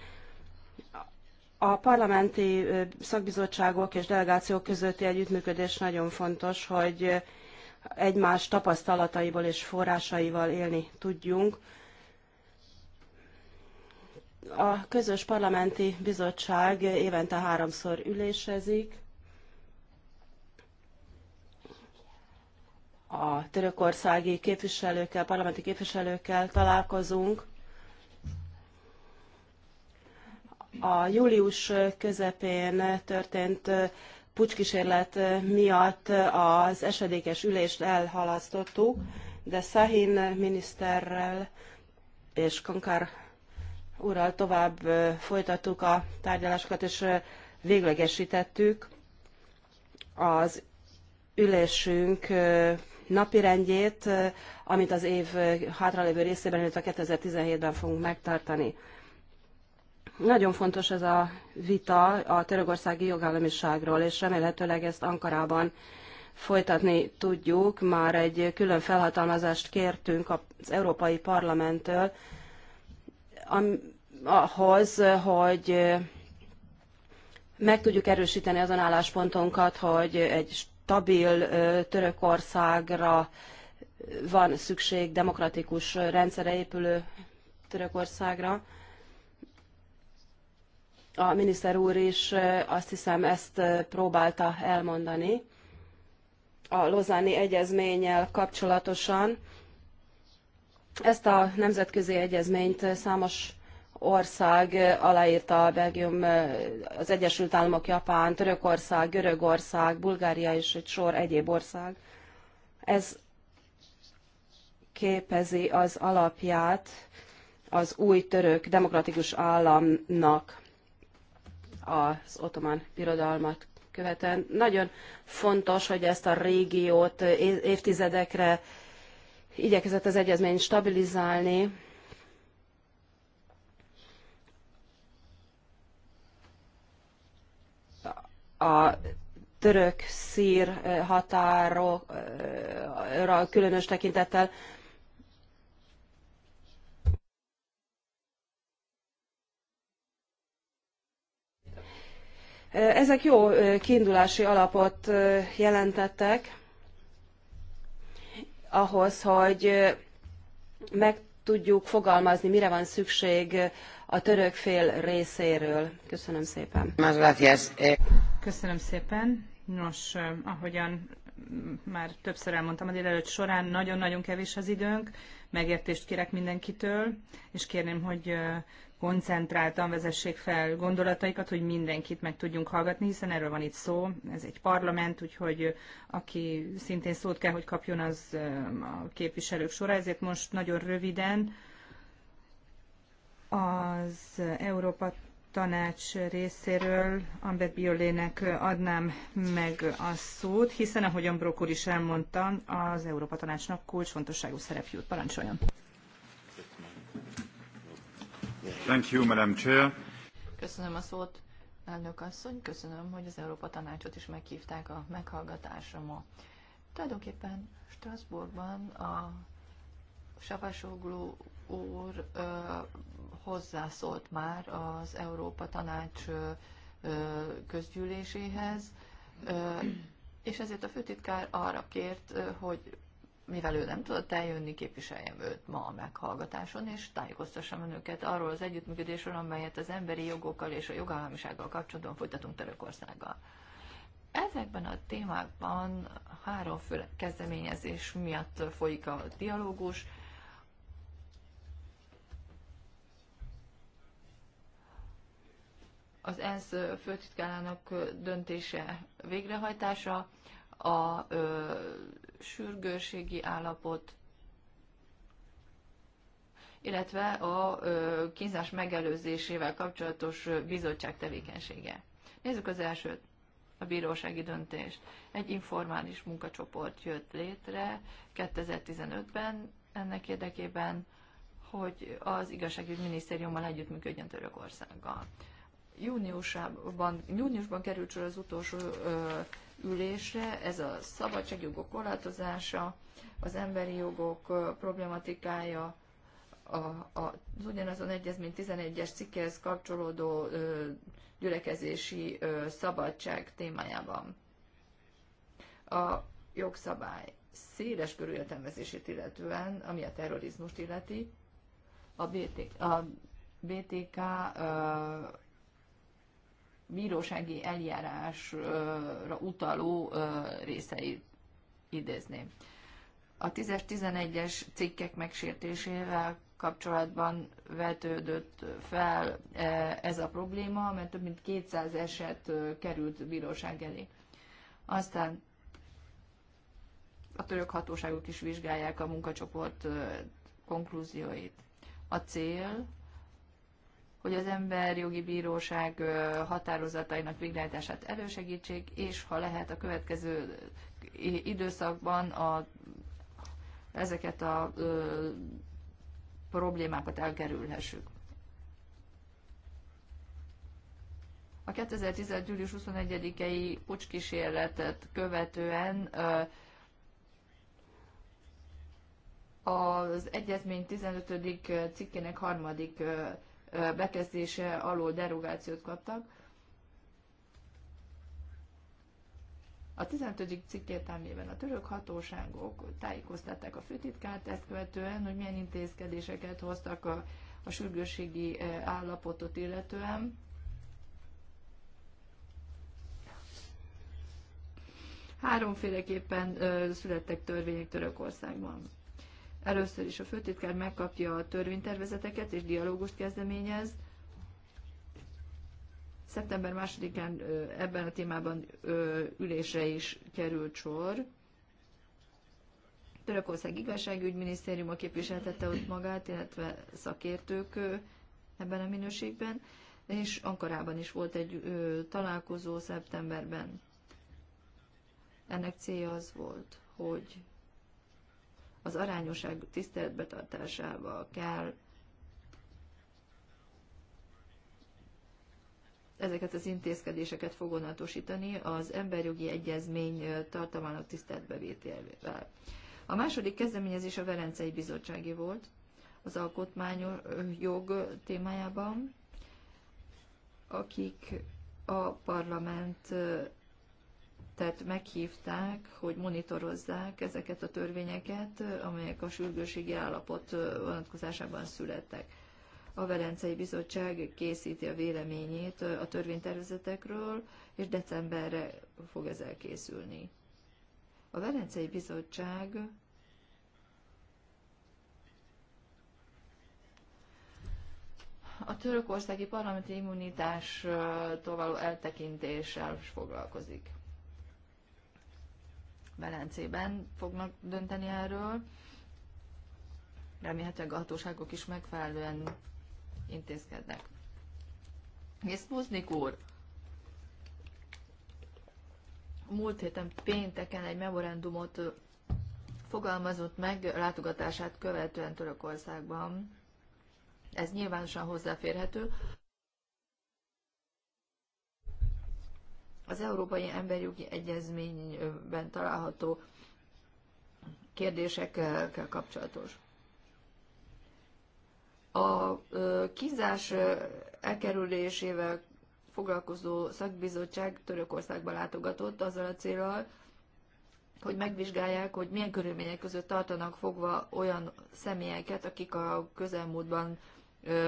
A parlamenti szakbizottságok és delegációk közötti együttműködés nagyon fontos, hogy egymás tapasztalataiból és forrásaival élni tudjunk. A közös parlamenti bizottság évente háromszor ülésezik. A törökországi képviselőkkel, parlamenti képviselőkkel találkozunk. A július közepén történt pucskísérlet miatt az esedékes ülést elhalasztottuk, de Sahin miniszterrel és Kankár úrral tovább folytattuk a tárgyalásokat, és véglegesítettük az ülésünk napirendjét, amit az év hátralévő részében, illetve 2017-ben fogunk megtartani. Nagyon fontos ez a vita a törökországi jogállamiságról, és remélhetőleg ezt Ankarában folytatni tudjuk. Már egy külön felhatalmazást kértünk az Európai Parlamenttől, ahhoz, hogy meg tudjuk erősíteni azon álláspontunkat, hogy egy stabil Törökországra van szükség, demokratikus rendszere épülő Törökországra. A miniszter úr is azt hiszem ezt próbálta elmondani a Lozáni Egyezménnyel kapcsolatosan. Ezt a nemzetközi egyezményt számos ország aláírta, Belgium, az Egyesült Államok, Japán, Törökország, Görögország, Bulgária és egy sor egyéb ország. Ez képezi az alapját az új török demokratikus államnak az ottomán birodalmat követően. Nagyon fontos, hogy ezt a régiót évtizedekre igyekezett az egyezmény stabilizálni. A török-szír határokra különös tekintettel Ezek jó kiindulási alapot jelentettek ahhoz, hogy meg tudjuk fogalmazni, mire van szükség a török fél részéről. Köszönöm szépen. Eh, Köszönöm szépen. Nos, ahogyan már többször elmondtam a délelőtt során, nagyon-nagyon kevés az időnk, megértést kérek mindenkitől, és kérném, hogy koncentráltan vezessék fel gondolataikat, hogy mindenkit meg tudjunk hallgatni, hiszen erről van itt szó, ez egy parlament, úgyhogy aki szintén szót kell, hogy kapjon az a képviselők sora, ezért most nagyon röviden az Európa tanács részéről Amber Biolének adnám meg a szót, hiszen ahogyan Brokkur is elmondta, az Európa Tanácsnak kulcsfontosságú szerep jut. Parancsoljon! Thank you, Madam Chair. Köszönöm a szót, elnök asszony. Köszönöm, hogy az Európa Tanácsot is meghívták a meghallgatásra ma. Tulajdonképpen Strasbourgban a Savasoglu úr ö, hozzászólt már az Európa Tanács ö, közgyűléséhez, ö, és ezért a főtitkár arra kért, hogy mivel ő nem tudott eljönni, képviseljem őt ma a meghallgatáson, és tájékoztassam önöket arról az együttműködésről, amelyet az emberi jogokkal és a jogállamisággal kapcsolatban folytatunk Törökországgal. Ezekben a témákban három fő kezdeményezés miatt folyik a dialógus. Az ENSZ főtitkárának döntése végrehajtása, a ö, sürgőségi állapot, illetve a kínzás megelőzésével kapcsolatos bizottság tevékenysége. Nézzük az elsőt, a bírósági döntést. Egy informális munkacsoport jött létre 2015-ben ennek érdekében, hogy az igazságügyi minisztériummal együttműködjön Törökországgal. Júniusában, júniusban került sor az utolsó ö, ülésre, ez a szabadságjogok korlátozása, az emberi jogok problematikája, a, a, az ugyanazon egyezmény 11-es cikkehez kapcsolódó ö, gyülekezési ö, szabadság témájában. A jogszabály széles körű értelmezését illetően, ami a terrorizmust illeti, a, BT, a BTK ö, bírósági eljárásra utaló részeit idézném. A 10-es, 11-es cikkek megsértésével kapcsolatban vetődött fel ez a probléma, mert több mint 200 eset került bíróság elé. Aztán a török hatóságok is vizsgálják a munkacsoport konklúzióit. A cél hogy az emberjogi bíróság határozatainak végrehajtását elősegítsék, és ha lehet a következő időszakban a, ezeket a ö, problémákat elkerülhessük. A 2010. július 21-i pucskísérletet követően ö, az egyezmény 15. cikkének harmadik bekezdése alól derogációt kaptak. A 15. cikk értelmében a török hatóságok tájékoztatták a főtitkárt ezt követően, hogy milyen intézkedéseket hoztak a, a sürgősségi eh, állapotot illetően. Háromféleképpen eh, születtek törvények Törökországban. Először is a főtitkár megkapja a törvénytervezeteket és dialógust kezdeményez. Szeptember 2-án ebben a témában ülésre is került sor. Törökország igazságügyminisztériuma képviseltette ott magát, illetve szakértők ebben a minőségben, és Ankarában is volt egy találkozó szeptemberben. Ennek célja az volt, hogy az arányosság tiszteletbetartásával kell ezeket az intézkedéseket fogonatosítani az emberjogi egyezmény tartalmának tiszteletbevételével. A második kezdeményezés a Velencei Bizottsági volt az alkotmányjog témájában, akik a parlament tehát meghívták, hogy monitorozzák ezeket a törvényeket, amelyek a sürgőségi állapot vonatkozásában születtek. A Velencei Bizottság készíti a véleményét a törvénytervezetekről, és decemberre fog ez elkészülni. A Velencei Bizottság a törökországi parlamenti immunitástól való eltekintéssel is foglalkozik. Velencében fognak dönteni erről. Remélhetőleg a hatóságok is megfelelően intézkednek. Nézd, Buznik úr! Múlt héten pénteken egy memorandumot fogalmazott meg látogatását követően Törökországban. Ez nyilvánosan hozzáférhető. az Európai Emberi Jogi Egyezményben található kérdésekkel kapcsolatos. A kizás elkerülésével foglalkozó szakbizottság Törökországba látogatott azzal a célral, hogy megvizsgálják, hogy milyen körülmények között tartanak fogva olyan személyeket, akik a közelmúltban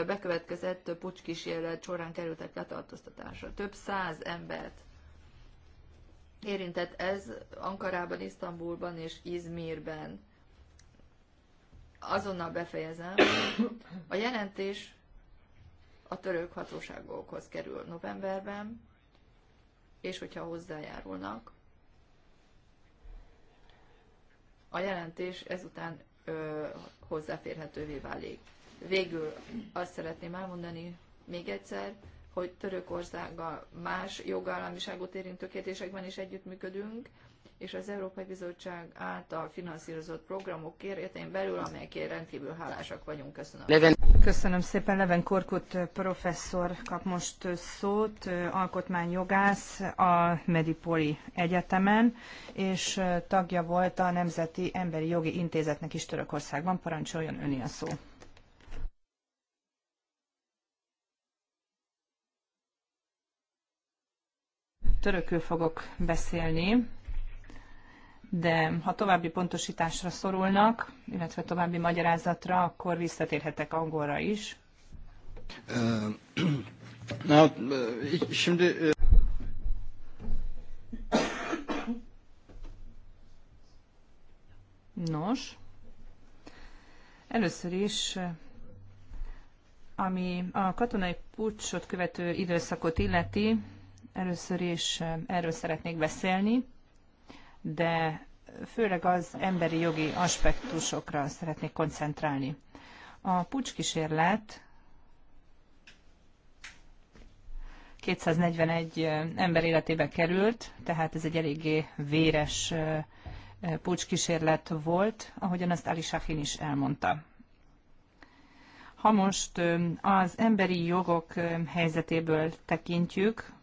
bekövetkezett pucskísérlet során kerültek letartóztatásra. Több száz embert érintett ez Ankarában, Isztambulban és Izmirben. Azonnal befejezem. A jelentés a török hatóságokhoz kerül novemberben, és hogyha hozzájárulnak, a jelentés ezután ö, hozzáférhetővé válik. Végül azt szeretném elmondani még egyszer, hogy Törökországgal más jogállamiságot érintő kérdésekben is együttműködünk, és az Európai Bizottság által finanszírozott programok kérjetén belül, amelyekért rendkívül hálásak vagyunk. Köszönöm. Leven. Köszönöm szépen. Leven Korkut eh, professzor kap most eh, szót, eh, alkotmányjogász a Medipoli Egyetemen, és tagja volt a Nemzeti Emberi Jogi Intézetnek is Törökországban. Parancsoljon öni a szó. törökül fogok beszélni, de ha további pontosításra szorulnak, illetve további magyarázatra, akkor visszatérhetek angolra is. Uh, uh, uh, Nos, először is, ami a katonai pucsot követő időszakot illeti, Először is erről szeretnék beszélni, de főleg az emberi jogi aspektusokra szeretnék koncentrálni. A pucskísérlet 241 ember életébe került, tehát ez egy eléggé véres pucskísérlet volt, ahogyan azt Ali Shahin is elmondta. Ha most az emberi jogok helyzetéből tekintjük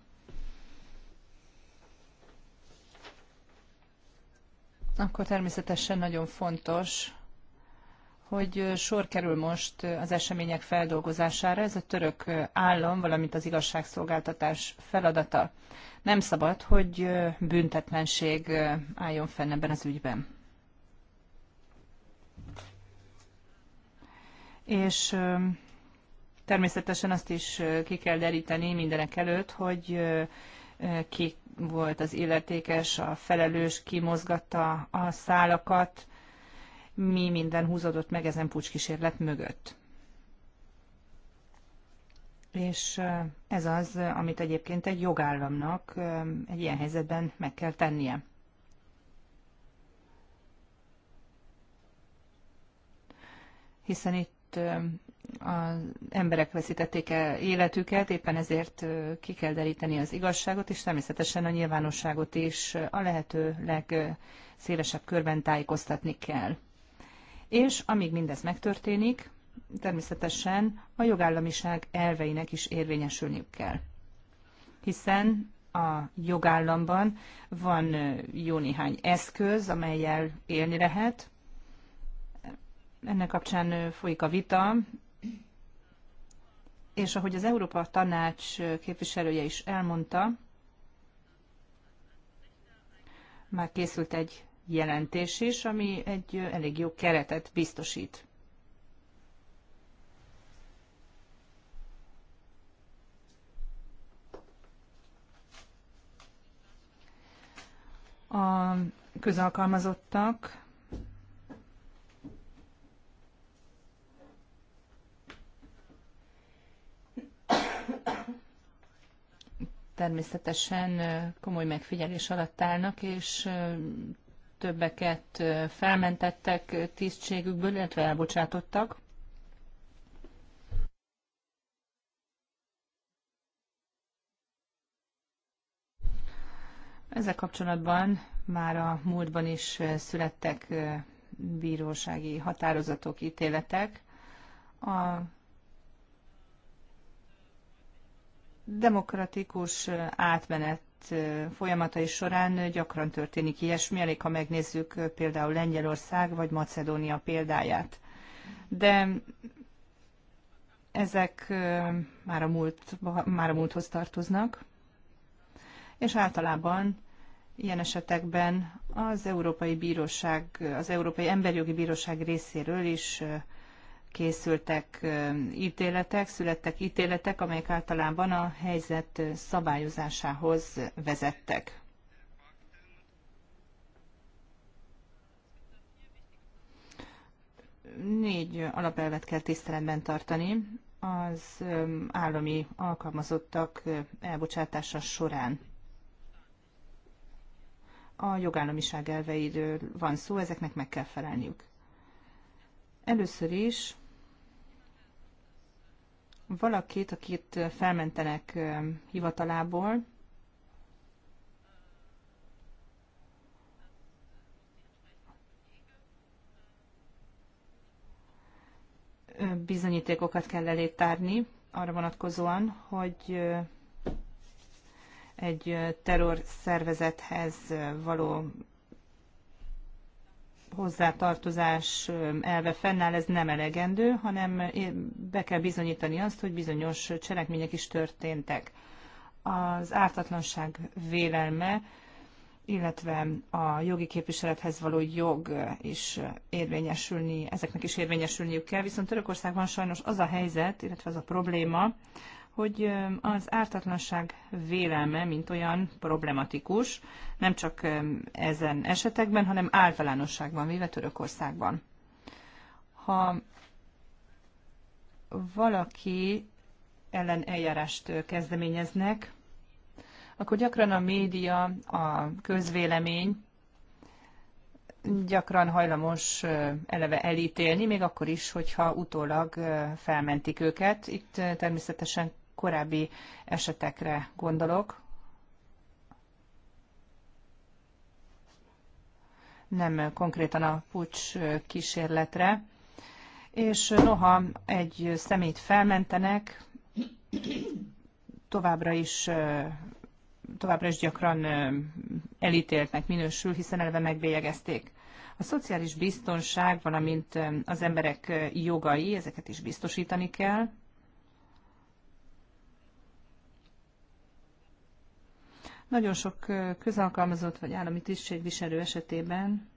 akkor természetesen nagyon fontos, hogy sor kerül most az események feldolgozására. Ez a török állam, valamint az igazságszolgáltatás feladata. Nem szabad, hogy büntetlenség álljon fenn ebben az ügyben. És természetesen azt is ki kell deríteni mindenek előtt, hogy kik volt az illetékes, a felelős, kimozgatta a szálakat, mi minden húzódott meg ezen pucskísérlet mögött. És ez az, amit egyébként egy jogállamnak egy ilyen helyzetben meg kell tennie. Hiszen itt az emberek veszítették el életüket, éppen ezért ki kell deríteni az igazságot, és természetesen a nyilvánosságot is a lehető legszélesebb körben tájékoztatni kell. És amíg mindez megtörténik, természetesen a jogállamiság elveinek is érvényesülniük kell. Hiszen a jogállamban van jó néhány eszköz, amelyel élni lehet, ennek kapcsán folyik a vita, és ahogy az Európa Tanács képviselője is elmondta, már készült egy jelentés is, ami egy elég jó keretet biztosít. A közalkalmazottak természetesen komoly megfigyelés alatt állnak, és többeket felmentettek tisztségükből, illetve elbocsátottak. Ezzel kapcsolatban már a múltban is születtek bírósági határozatok, ítéletek. A demokratikus átmenet folyamatai során gyakran történik ilyesmi, elég ha megnézzük például Lengyelország vagy Macedónia példáját. De ezek már a, múlt, már a múlthoz tartoznak, és általában ilyen esetekben az Európai Bíróság, az Európai Emberjogi Bíróság részéről is készültek ítéletek, születtek ítéletek, amelyek általában a helyzet szabályozásához vezettek. Négy alapelvet kell tiszteletben tartani az állami alkalmazottak elbocsátása során a jogállamiság elveiről van szó, ezeknek meg kell felelniük. Először is valakit, akit felmentenek hivatalából, bizonyítékokat kell elétárni arra vonatkozóan, hogy egy terror szervezethez való hozzátartozás elve fennáll, ez nem elegendő, hanem be kell bizonyítani azt, hogy bizonyos cselekmények is történtek. Az ártatlanság vélelme, illetve a jogi képviselethez való jog is érvényesülni, ezeknek is érvényesülniük kell, viszont Törökországban sajnos az a helyzet, illetve az a probléma, hogy az ártatlanság vélelme, mint olyan problematikus, nem csak ezen esetekben, hanem általánosságban véve Törökországban. Ha valaki ellen eljárást kezdeményeznek, akkor gyakran a média, a közvélemény gyakran hajlamos eleve elítélni, még akkor is, hogyha utólag felmentik őket. Itt természetesen korábbi esetekre gondolok. Nem konkrétan a pucs kísérletre. És noha egy szemét felmentenek, továbbra is továbbra is gyakran elítéltnek minősül, hiszen elve megbélyegezték. A szociális biztonság, valamint az emberek jogai, ezeket is biztosítani kell. Nagyon sok közalkalmazott vagy állami tisztségviselő esetében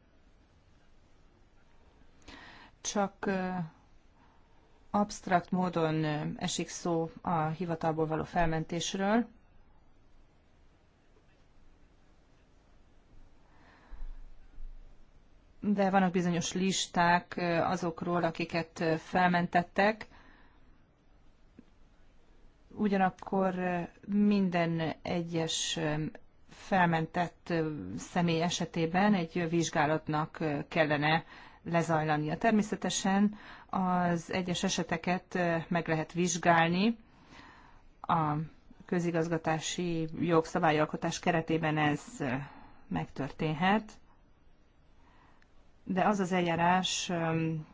csak absztrakt módon esik szó a hivatalból való felmentésről. De vannak bizonyos listák azokról, akiket felmentettek, ugyanakkor minden egyes felmentett személy esetében egy vizsgálatnak kellene lezajlania. Természetesen az egyes eseteket meg lehet vizsgálni a közigazgatási jogszabályalkotás keretében ez megtörténhet, de az az eljárás,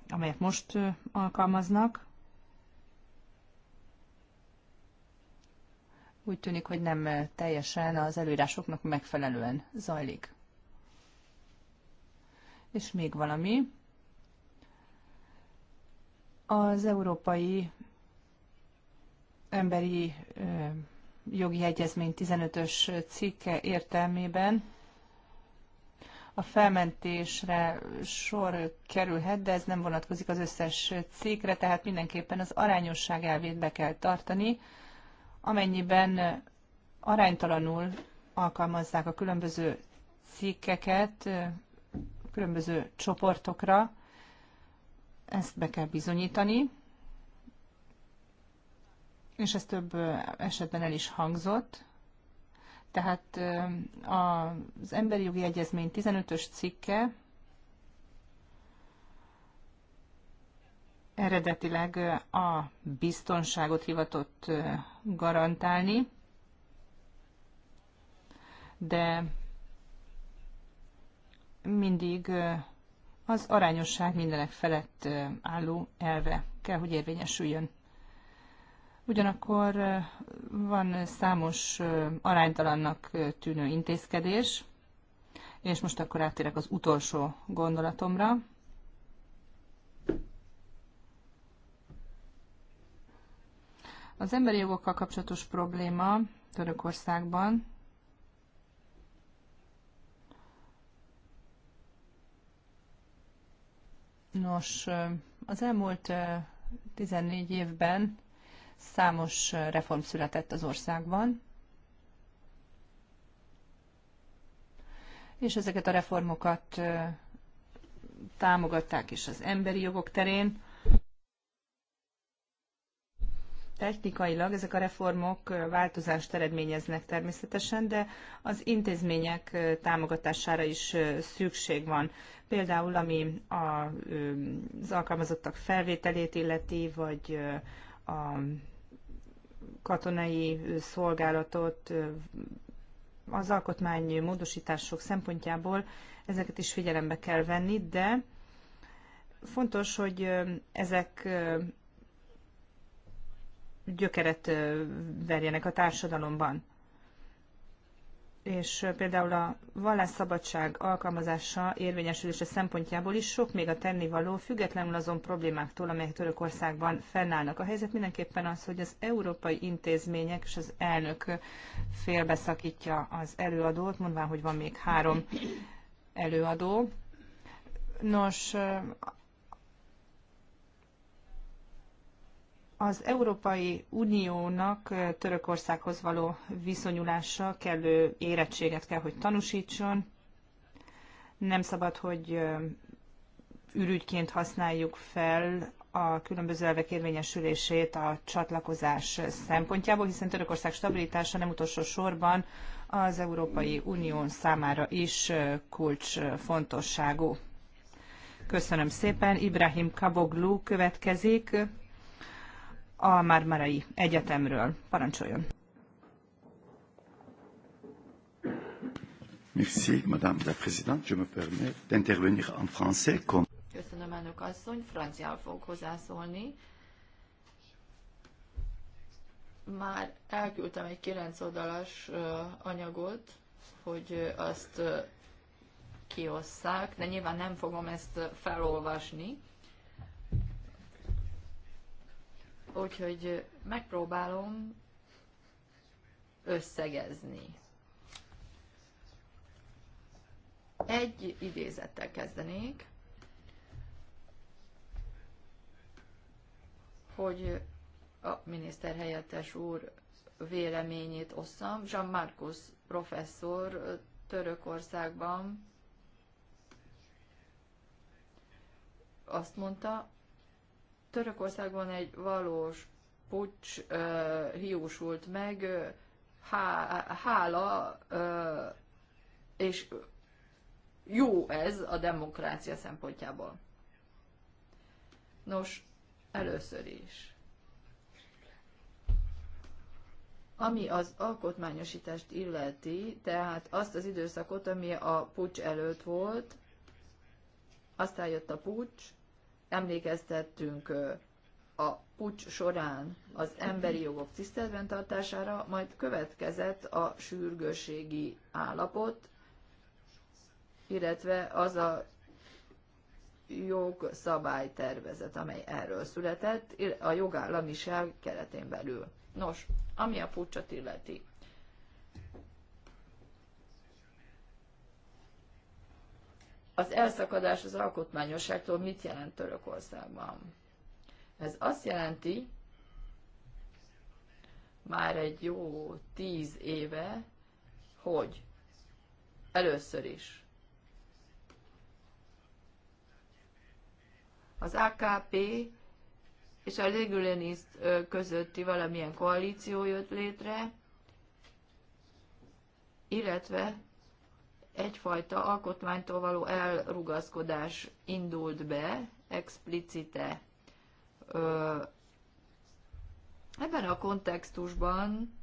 amelyet most alkalmaznak, úgy tűnik, hogy nem teljesen az előírásoknak megfelelően zajlik. És még valami. Az Európai Emberi Jogi Egyezmény 15-ös cikke értelmében a felmentésre sor kerülhet, de ez nem vonatkozik az összes cikkre, tehát mindenképpen az arányosság elvét be kell tartani, amennyiben aránytalanul alkalmazzák a különböző cikkeket különböző csoportokra, ezt be kell bizonyítani, és ez több esetben el is hangzott. Tehát az emberi jogi egyezmény 15-ös cikke eredetileg a biztonságot hivatott garantálni, de mindig az arányosság mindenek felett álló elve kell, hogy érvényesüljön. Ugyanakkor van számos aránytalannak tűnő intézkedés, és most akkor áttérek az utolsó gondolatomra. Az emberi jogokkal kapcsolatos probléma Törökországban Nos, az elmúlt 14 évben számos reform született az országban, és ezeket a reformokat támogatták is az emberi jogok terén. Technikailag ezek a reformok változást eredményeznek természetesen, de az intézmények támogatására is szükség van. Például ami az alkalmazottak felvételét illeti, vagy a katonai szolgálatot, az alkotmány módosítások szempontjából ezeket is figyelembe kell venni, de fontos, hogy ezek gyökeret verjenek a társadalomban. És például a vallásszabadság alkalmazása érvényesülése szempontjából is sok még a tennivaló, függetlenül azon problémáktól, amelyek Törökországban fennállnak. A helyzet mindenképpen az, hogy az európai intézmények és az elnök félbeszakítja az előadót, mondván, hogy van még három előadó. Nos, Az Európai Uniónak Törökországhoz való viszonyulása kellő érettséget kell, hogy tanúsítson. Nem szabad, hogy ürügyként használjuk fel a különböző elvek érvényesülését a csatlakozás szempontjából, hiszen Törökország stabilitása nem utolsó sorban az Európai Unió számára is kulcsfontosságú. Köszönöm szépen. Ibrahim Kaboglu következik a Marmarai Egyetemről. Parancsoljon! Merci, Madame la Présidente. Je me permets d'intervenir en français. Comme... Köszönöm, elnök asszony. Franciál fogok hozzászólni. Már elküldtem egy 9 oldalas anyagot, hogy azt kiosszák, de nyilván nem fogom ezt felolvasni. Úgyhogy megpróbálom összegezni. Egy idézettel kezdenék, hogy a miniszterhelyettes úr véleményét osszam. Jean Marcus professzor Törökországban azt mondta, Törökországban egy valós pucs uh, hiúsult meg, há, hála, uh, és jó ez a demokrácia szempontjából. Nos, először is. Ami az alkotmányosítást illeti, tehát azt az időszakot, ami a pucs előtt volt, aztán jött a pucs, emlékeztettünk a pucs során az emberi jogok tiszteletben tartására, majd következett a sürgőségi állapot, illetve az a jogszabálytervezet, amely erről született, a jogállamiság keretén belül. Nos, ami a pucsot illeti. az elszakadás az alkotmányosságtól mit jelent Törökországban? Ez azt jelenti, már egy jó tíz éve, hogy először is az AKP és a Leguleniszt közötti valamilyen koalíció jött létre, illetve egyfajta alkotmánytól való elrugaszkodás indult be, explicite. Ebben a kontextusban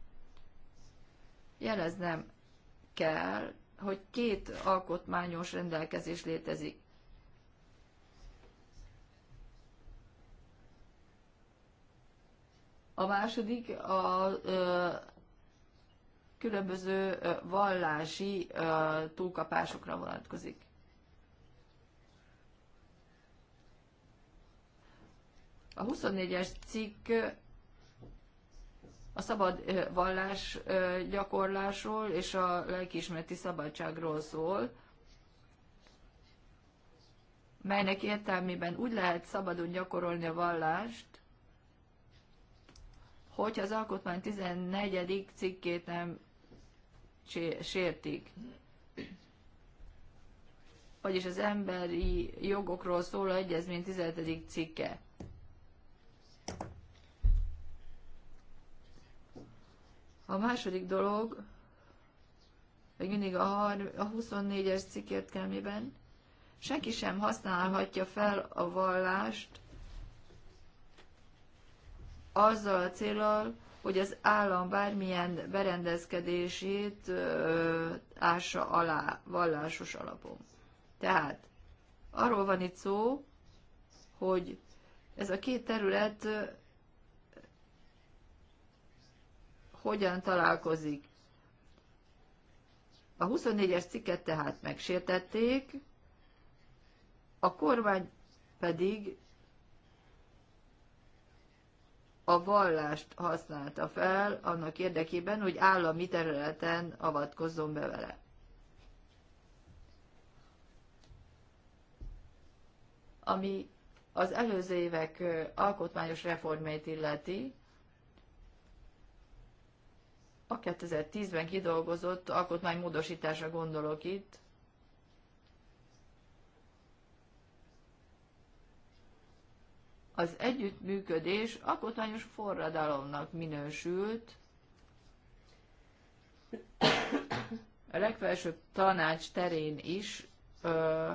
jeleznem kell, hogy két alkotmányos rendelkezés létezik. A második a különböző vallási túlkapásokra vonatkozik. A 24-es cikk a szabad vallás gyakorlásról és a lelkiismereti szabadságról szól, melynek értelmében úgy lehet szabadon gyakorolni a vallást, hogyha az alkotmány 14. cikkét nem sértik. Vagyis az emberi jogokról szóló egyezmény 17. cikke. A második dolog, hogy mindig a 24-es cikk értelmében senki sem használhatja fel a vallást azzal a célral, hogy az állam bármilyen berendezkedését ássa alá vallásos alapon. Tehát arról van itt szó, hogy ez a két terület hogyan találkozik. A 24-es cikket tehát megsértették, a kormány pedig a vallást használta fel annak érdekében, hogy állami területen avatkozzon be vele. Ami az előző évek alkotmányos reformjait illeti, a 2010-ben kidolgozott alkotmánymódosításra gondolok itt, az együttműködés alkotmányos forradalomnak minősült. A legfelsőbb tanács terén is, ö,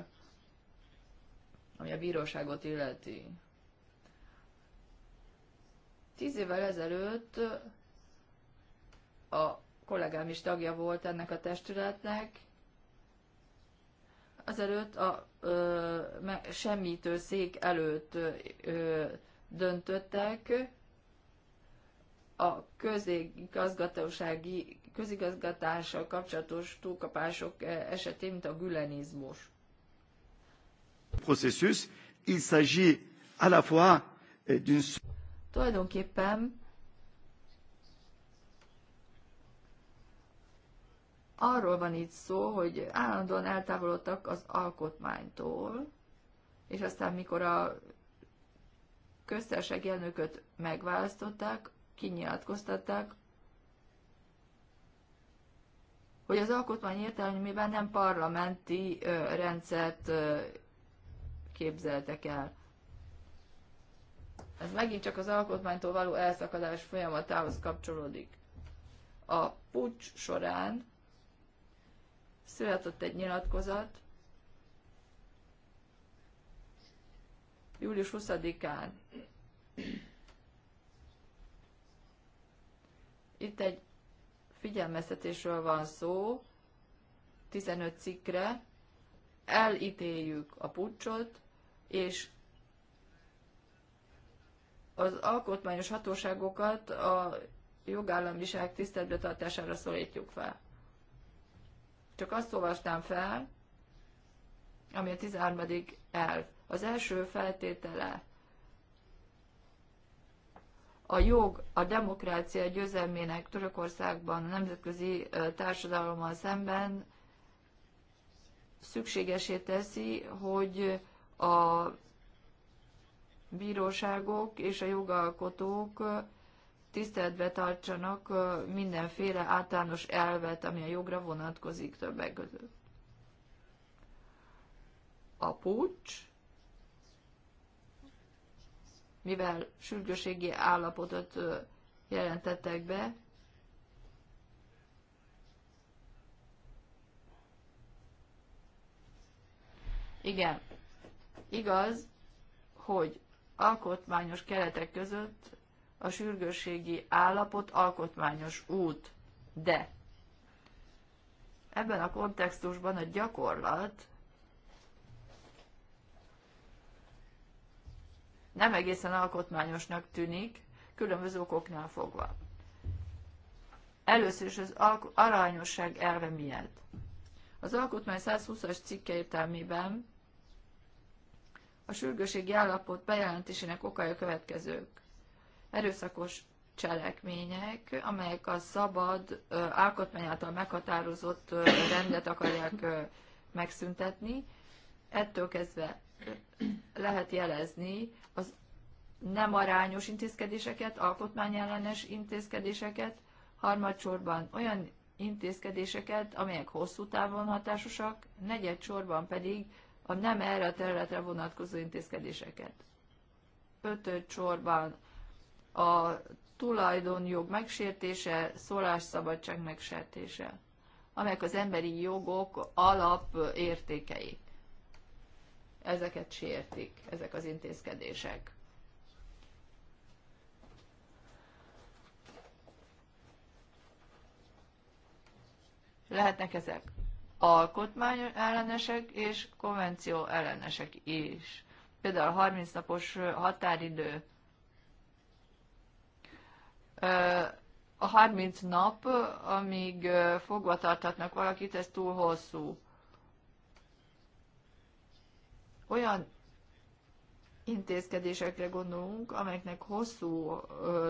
ami a bíróságot illeti. Tíz évvel ezelőtt a kollégám is tagja volt ennek a testületnek, azelőtt a ö, semmitő szék előtt ö, döntöttek, a közigazgatósági, közigazgatással kapcsolatos túlkapások e, esetén, mint a gülenizmus. Processus, il s'agit à la fois euh, d'une... Tulajdonképpen Arról van itt szó, hogy állandóan eltávolodtak az alkotmánytól, és aztán mikor a köztársasági elnököt megválasztották, kinyilatkoztatták, hogy az alkotmány értelmében nem parlamenti ö, rendszert ö, képzeltek el. Ez megint csak az alkotmánytól való elszakadás folyamatához kapcsolódik. A pucs során született egy nyilatkozat július 20-án. Itt egy figyelmeztetésről van szó, 15 cikkre, elítéljük a pucsot, és az alkotmányos hatóságokat a jogállamiság tiszteletbe tartására szólítjuk fel csak azt olvastam fel, ami a 13. elv. Az első feltétele a jog a demokrácia győzelmének Törökországban a nemzetközi társadalommal szemben szükségesé teszi, hogy a bíróságok és a jogalkotók tiszteletbe tartsanak mindenféle általános elvet, ami a jogra vonatkozik többek között. A pucs, mivel sürgőségi állapotot jelentettek be, Igen, igaz, hogy alkotmányos keretek között a sürgősségi állapot alkotmányos út, de ebben a kontextusban a gyakorlat nem egészen alkotmányosnak tűnik, különböző okoknál fogva. Először is az arányosság elve miatt. Az alkotmány 120-as cikke értelmében a sürgőségi állapot bejelentésének okai a következők erőszakos cselekmények, amelyek a szabad alkotmány által meghatározott rendet akarják megszüntetni. Ettől kezdve lehet jelezni az nem arányos intézkedéseket, alkotmányellenes intézkedéseket, harmadsorban olyan intézkedéseket, amelyek hosszú távon hatásosak, negyedsorban pedig a nem erre a területre vonatkozó intézkedéseket. Ötöd sorban a tulajdonjog megsértése, szólásszabadság megsértése, amelyek az emberi jogok alapértékei. Ezeket sértik, ezek az intézkedések. Lehetnek ezek alkotmány ellenesek és konvenció ellenesek is. Például a 30 napos határidő a 30 nap, amíg fogva tartatnak valakit, ez túl hosszú. Olyan intézkedésekre gondolunk, amelyeknek hosszú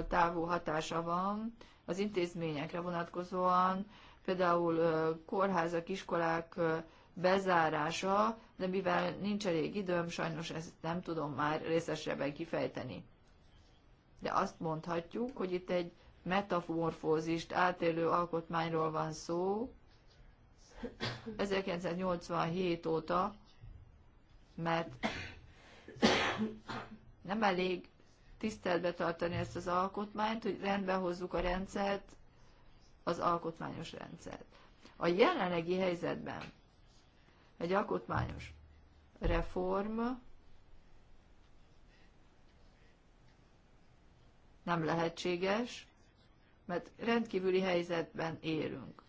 távú hatása van az intézményekre vonatkozóan, például kórházak, iskolák bezárása, de mivel nincs elég időm, sajnos ezt nem tudom már részesebben kifejteni de azt mondhatjuk, hogy itt egy metamorfózist átélő alkotmányról van szó. 1987 óta, mert nem elég tiszteletbe tartani ezt az alkotmányt, hogy rendbe hozzuk a rendszert, az alkotmányos rendszert. A jelenlegi helyzetben egy alkotmányos reform nem lehetséges, mert rendkívüli helyzetben élünk,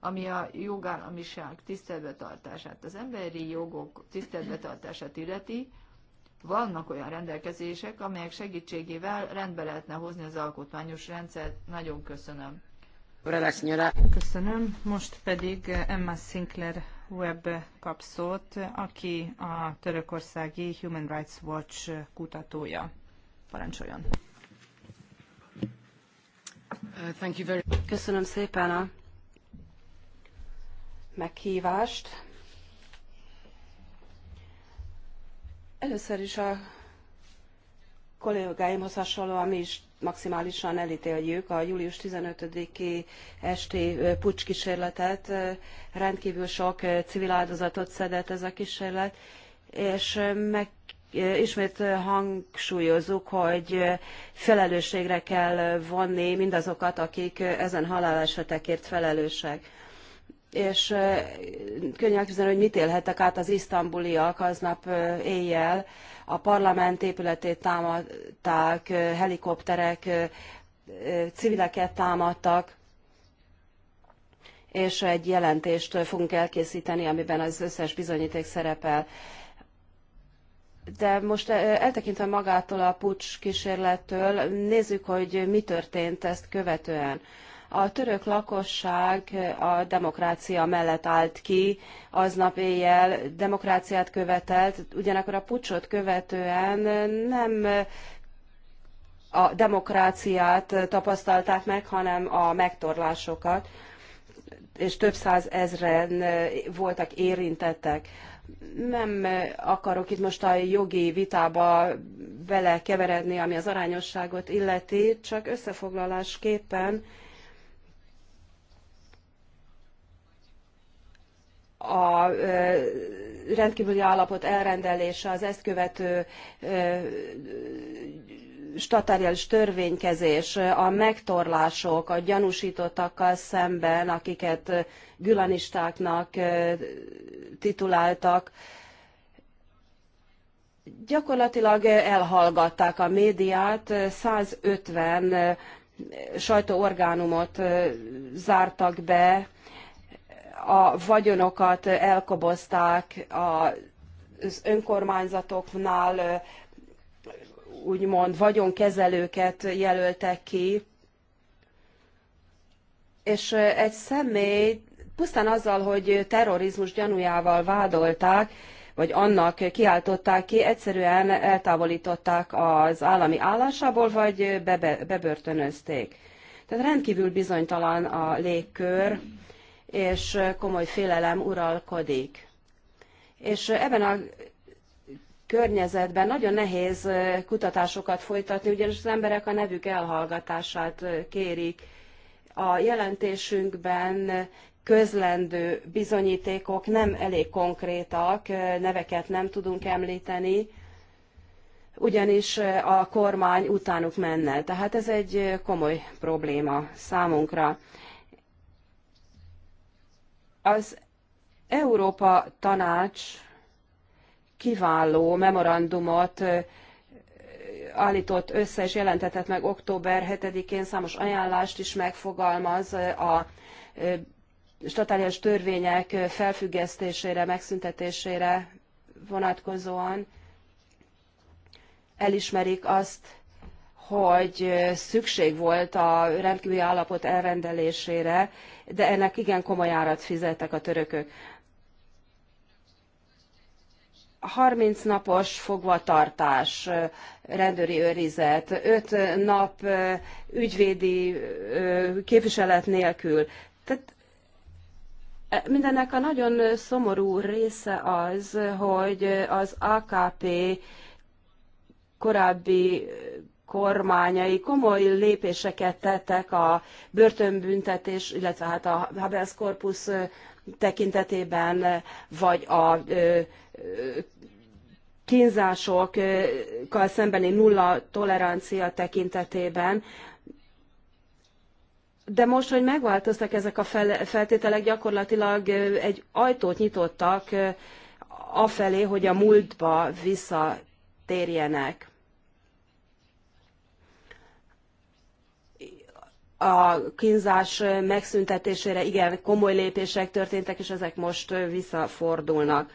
ami a jogállamiság tiszteletbetartását, az emberi jogok tiszteletbetartását illeti, vannak olyan rendelkezések, amelyek segítségével rendbe lehetne hozni az alkotmányos rendszert. Nagyon köszönöm. Köszönöm. Most pedig Emma Sinclair Webb kap szót, aki a törökországi Human Rights Watch kutatója. Parancsoljon! Köszönöm szépen a meghívást. Először is a kollégáimhoz hasonlóan mi is maximálisan elítéljük a július 15-i esti pucskísérletet. Rendkívül sok civil áldozatot szedett ez a kísérlet, és meg ismét hangsúlyozzuk, hogy felelősségre kell vonni mindazokat, akik ezen halálesetekért felelősek. És könnyen elképzelni, hogy mit élhettek át az isztambuliak aznap éjjel. A parlament épületét támadták, helikopterek civileket támadtak, és egy jelentést fogunk elkészíteni, amiben az összes bizonyíték szerepel de most eh, eltekintve magától a pucs kísérlettől, nézzük, hogy mi történt ezt követően. A török lakosság eh, a demokrácia mellett állt ki, aznap éjjel demokráciát követelt, ugyanakkor a pucsot követően nem eh, a demokráciát tapasztalták meg, hanem a megtorlásokat, és több száz ezren voltak érintettek nem akarok itt most a jogi vitába vele keveredni, ami az arányosságot illeti, csak összefoglalásképpen a rendkívüli állapot elrendelése, az ezt követő statáriális törvénykezés, a megtorlások a gyanúsítottakkal szemben, akiket gülanistáknak tituláltak, gyakorlatilag elhallgatták a médiát, 150 sajtóorgánumot zártak be, a vagyonokat elkobozták, az önkormányzatoknál úgymond vagyonkezelőket jelöltek ki, és egy személy pusztán azzal, hogy terrorizmus gyanújával vádolták, vagy annak kiáltották ki, egyszerűen eltávolították az állami állásából, vagy bebe, bebörtönözték. Tehát rendkívül bizonytalan a légkör, és komoly félelem uralkodik. És ebben a környezetben nagyon nehéz kutatásokat folytatni, ugyanis az emberek a nevük elhallgatását kérik. A jelentésünkben közlendő bizonyítékok nem elég konkrétak, neveket nem tudunk említeni, ugyanis a kormány utánuk menne. Tehát ez egy komoly probléma számunkra. Az Európa Tanács kiváló memorandumot állított össze és jelentetett meg október 7-én, számos ajánlást is megfogalmaz a statáliás törvények felfüggesztésére, megszüntetésére vonatkozóan. Elismerik azt, hogy szükség volt a rendkívüli állapot elrendelésére, de ennek igen komoly árat fizettek a törökök. 30 napos fogvatartás, rendőri őrizet, 5 nap ügyvédi képviselet nélkül. Tehát e, mindennek a nagyon szomorú része az, hogy az AKP korábbi kormányai komoly lépéseket tettek a börtönbüntetés, illetve hát a habeas corpus tekintetében, vagy a kínzásokkal szembeni nulla tolerancia tekintetében. De most, hogy megváltoztak ezek a feltételek, gyakorlatilag egy ajtót nyitottak afelé, hogy a múltba visszatérjenek. a kínzás megszüntetésére igen komoly lépések történtek, és ezek most visszafordulnak.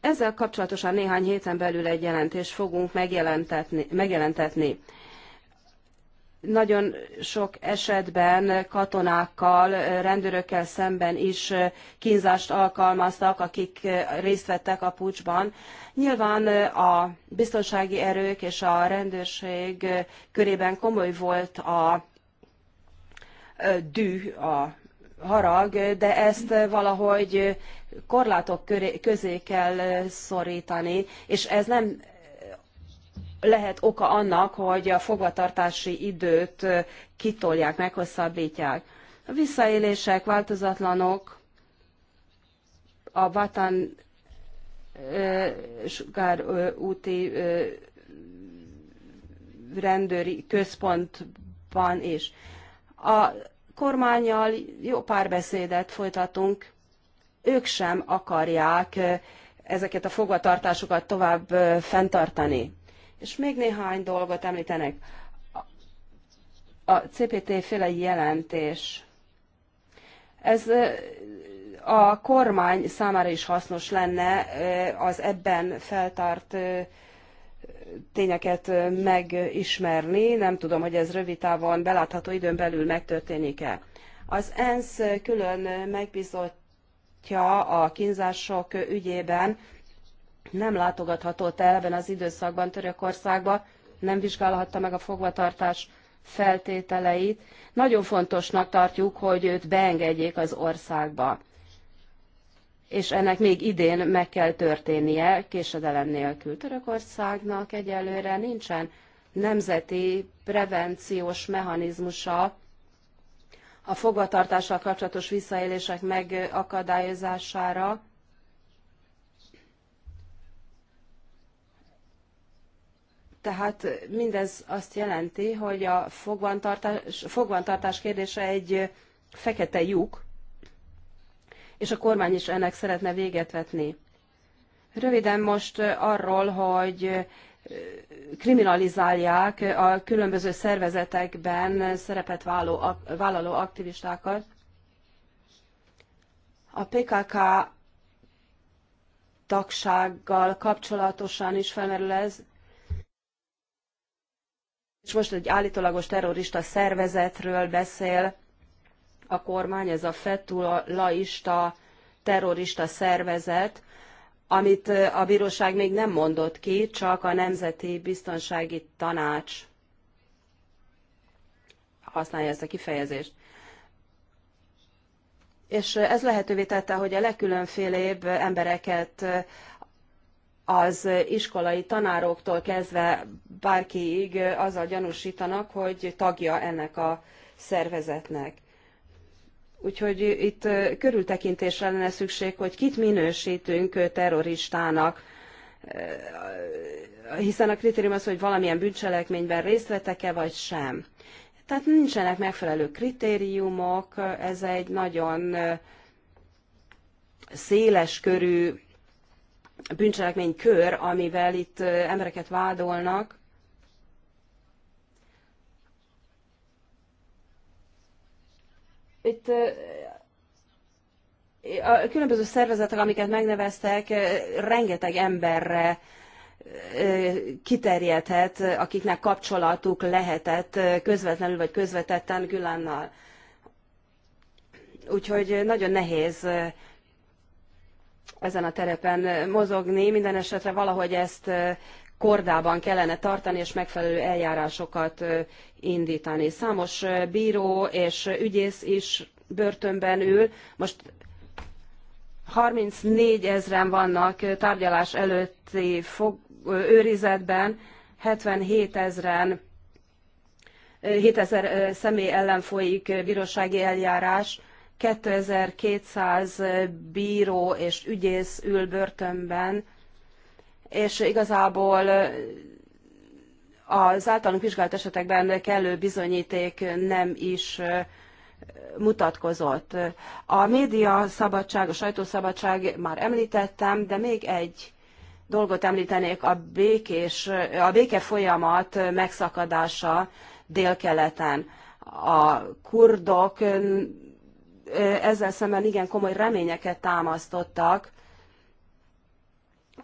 Ezzel kapcsolatosan néhány héten belül egy jelentést fogunk megjelentetni. megjelentetni. Nagyon sok esetben katonákkal, rendőrökkel szemben is kínzást alkalmaztak, akik részt vettek a pucsban. Nyilván a biztonsági erők és a rendőrség körében komoly volt a dű a harag, de ezt valahogy korlátok közé kell szorítani, és ez nem lehet oka annak, hogy a fogvatartási időt kitolják, meghosszabbítják. A visszaélések változatlanok, a Vatan Sugár úti rendőri központban is. A kormányjal jó párbeszédet folytatunk, ők sem akarják ezeket a fogvatartásokat tovább fenntartani. És még néhány dolgot említenek. A CPT féle jelentés. Ez a kormány számára is hasznos lenne az ebben feltart tényeket megismerni. Nem tudom, hogy ez rövid távon, belátható időn belül megtörténik-e. Az ENSZ külön megbizottja a kínzások ügyében nem látogathatott el ebben az időszakban Törökországba, nem vizsgálhatta meg a fogvatartás feltételeit. Nagyon fontosnak tartjuk, hogy őt beengedjék az országba és ennek még idén meg kell történnie késedelem nélkül. Törökországnak egyelőre nincsen nemzeti prevenciós mechanizmusa a fogvatartással kapcsolatos visszaélések megakadályozására. Tehát mindez azt jelenti, hogy a fogvantartás, fogvantartás kérdése egy fekete lyuk, és a kormány is ennek szeretne véget vetni. Röviden most arról, hogy kriminalizálják a különböző szervezetekben szerepet vállaló aktivistákat. A PKK tagsággal kapcsolatosan is felmerül ez, és most egy állítólagos terrorista szervezetről beszél a kormány, ez a fetulaista terrorista szervezet, amit a bíróság még nem mondott ki, csak a Nemzeti Biztonsági Tanács használja ezt a kifejezést. És ez lehetővé tette, hogy a legkülönfélébb embereket az iskolai tanároktól kezdve bárkiig azzal gyanúsítanak, hogy tagja ennek a szervezetnek. Úgyhogy itt körültekintésre lenne szükség, hogy kit minősítünk terroristának, hiszen a kritérium az, hogy valamilyen bűncselekményben részt vettek-e, vagy sem. Tehát nincsenek megfelelő kritériumok, ez egy nagyon széles körű bűncselekménykör, amivel itt embereket vádolnak, itt a különböző szervezetek, amiket megneveztek, rengeteg emberre kiterjedhet, akiknek kapcsolatuk lehetett közvetlenül vagy közvetetten Gülánnal. Úgyhogy nagyon nehéz ezen a terepen mozogni, minden esetre valahogy ezt kordában kellene tartani, és megfelelő eljárásokat indítani. Számos bíró és ügyész is börtönben ül. Most 34 ezren vannak tárgyalás előtti fog, őrizetben, 77 ezren 7000 személy ellen folyik bírósági eljárás, 2200 bíró és ügyész ül börtönben, és igazából az általunk vizsgált esetekben kellő bizonyíték nem is mutatkozott. A média szabadság, a sajtószabadság már említettem, de még egy dolgot említenék, a, békés, a béke folyamat megszakadása délkeleten. A kurdok ezzel szemben igen komoly reményeket támasztottak,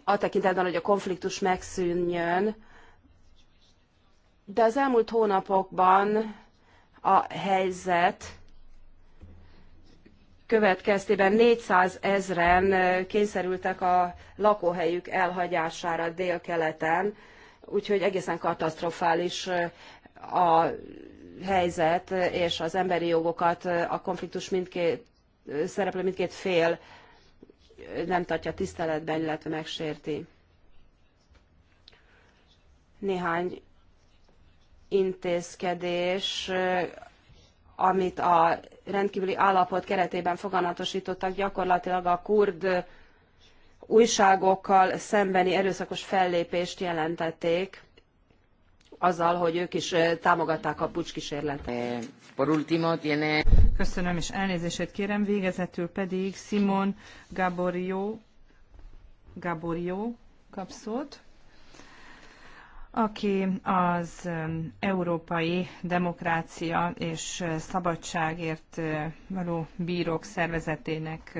a tekintetben, hogy a konfliktus megszűnjön, de az elmúlt hónapokban a helyzet következtében 400 ezren kényszerültek a lakóhelyük elhagyására délkeleten, úgyhogy egészen katasztrofális a helyzet, és az emberi jogokat a konfliktus mindkét szereplő mindkét fél nem tartja tiszteletben, illetve megsérti. Néhány intézkedés, amit a rendkívüli állapot keretében foganatosítottak, gyakorlatilag a kurd újságokkal szembeni erőszakos fellépést jelentették azzal, hogy ők is támogatták a pucskísérletet. Eh, Köszönöm, és elnézését kérem. Végezetül pedig Simon Gaborio, Gaborio kapszót, aki az Európai Demokrácia és Szabadságért való bírók szervezetének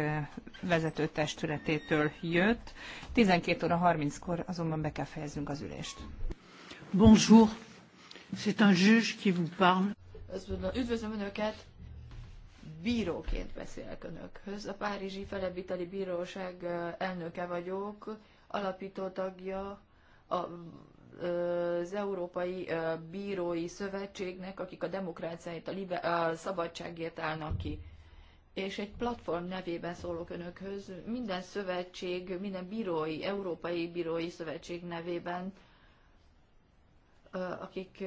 vezető testületétől jött. 12 óra 30-kor azonban be kell fejeznünk az ülést. Bonjour, c'est un juge qui vous parle. Üdvözlöm Önöket, bíróként beszélek Önökhöz. A Párizsi Felebbiteli Bíróság elnöke vagyok, alapító tagja az Európai Bírói Szövetségnek, akik a demokráciáit, a, libe, a szabadságért állnak ki. És egy platform nevében szólok Önökhöz, minden szövetség, minden bírói, Európai Bírói Szövetség nevében, akik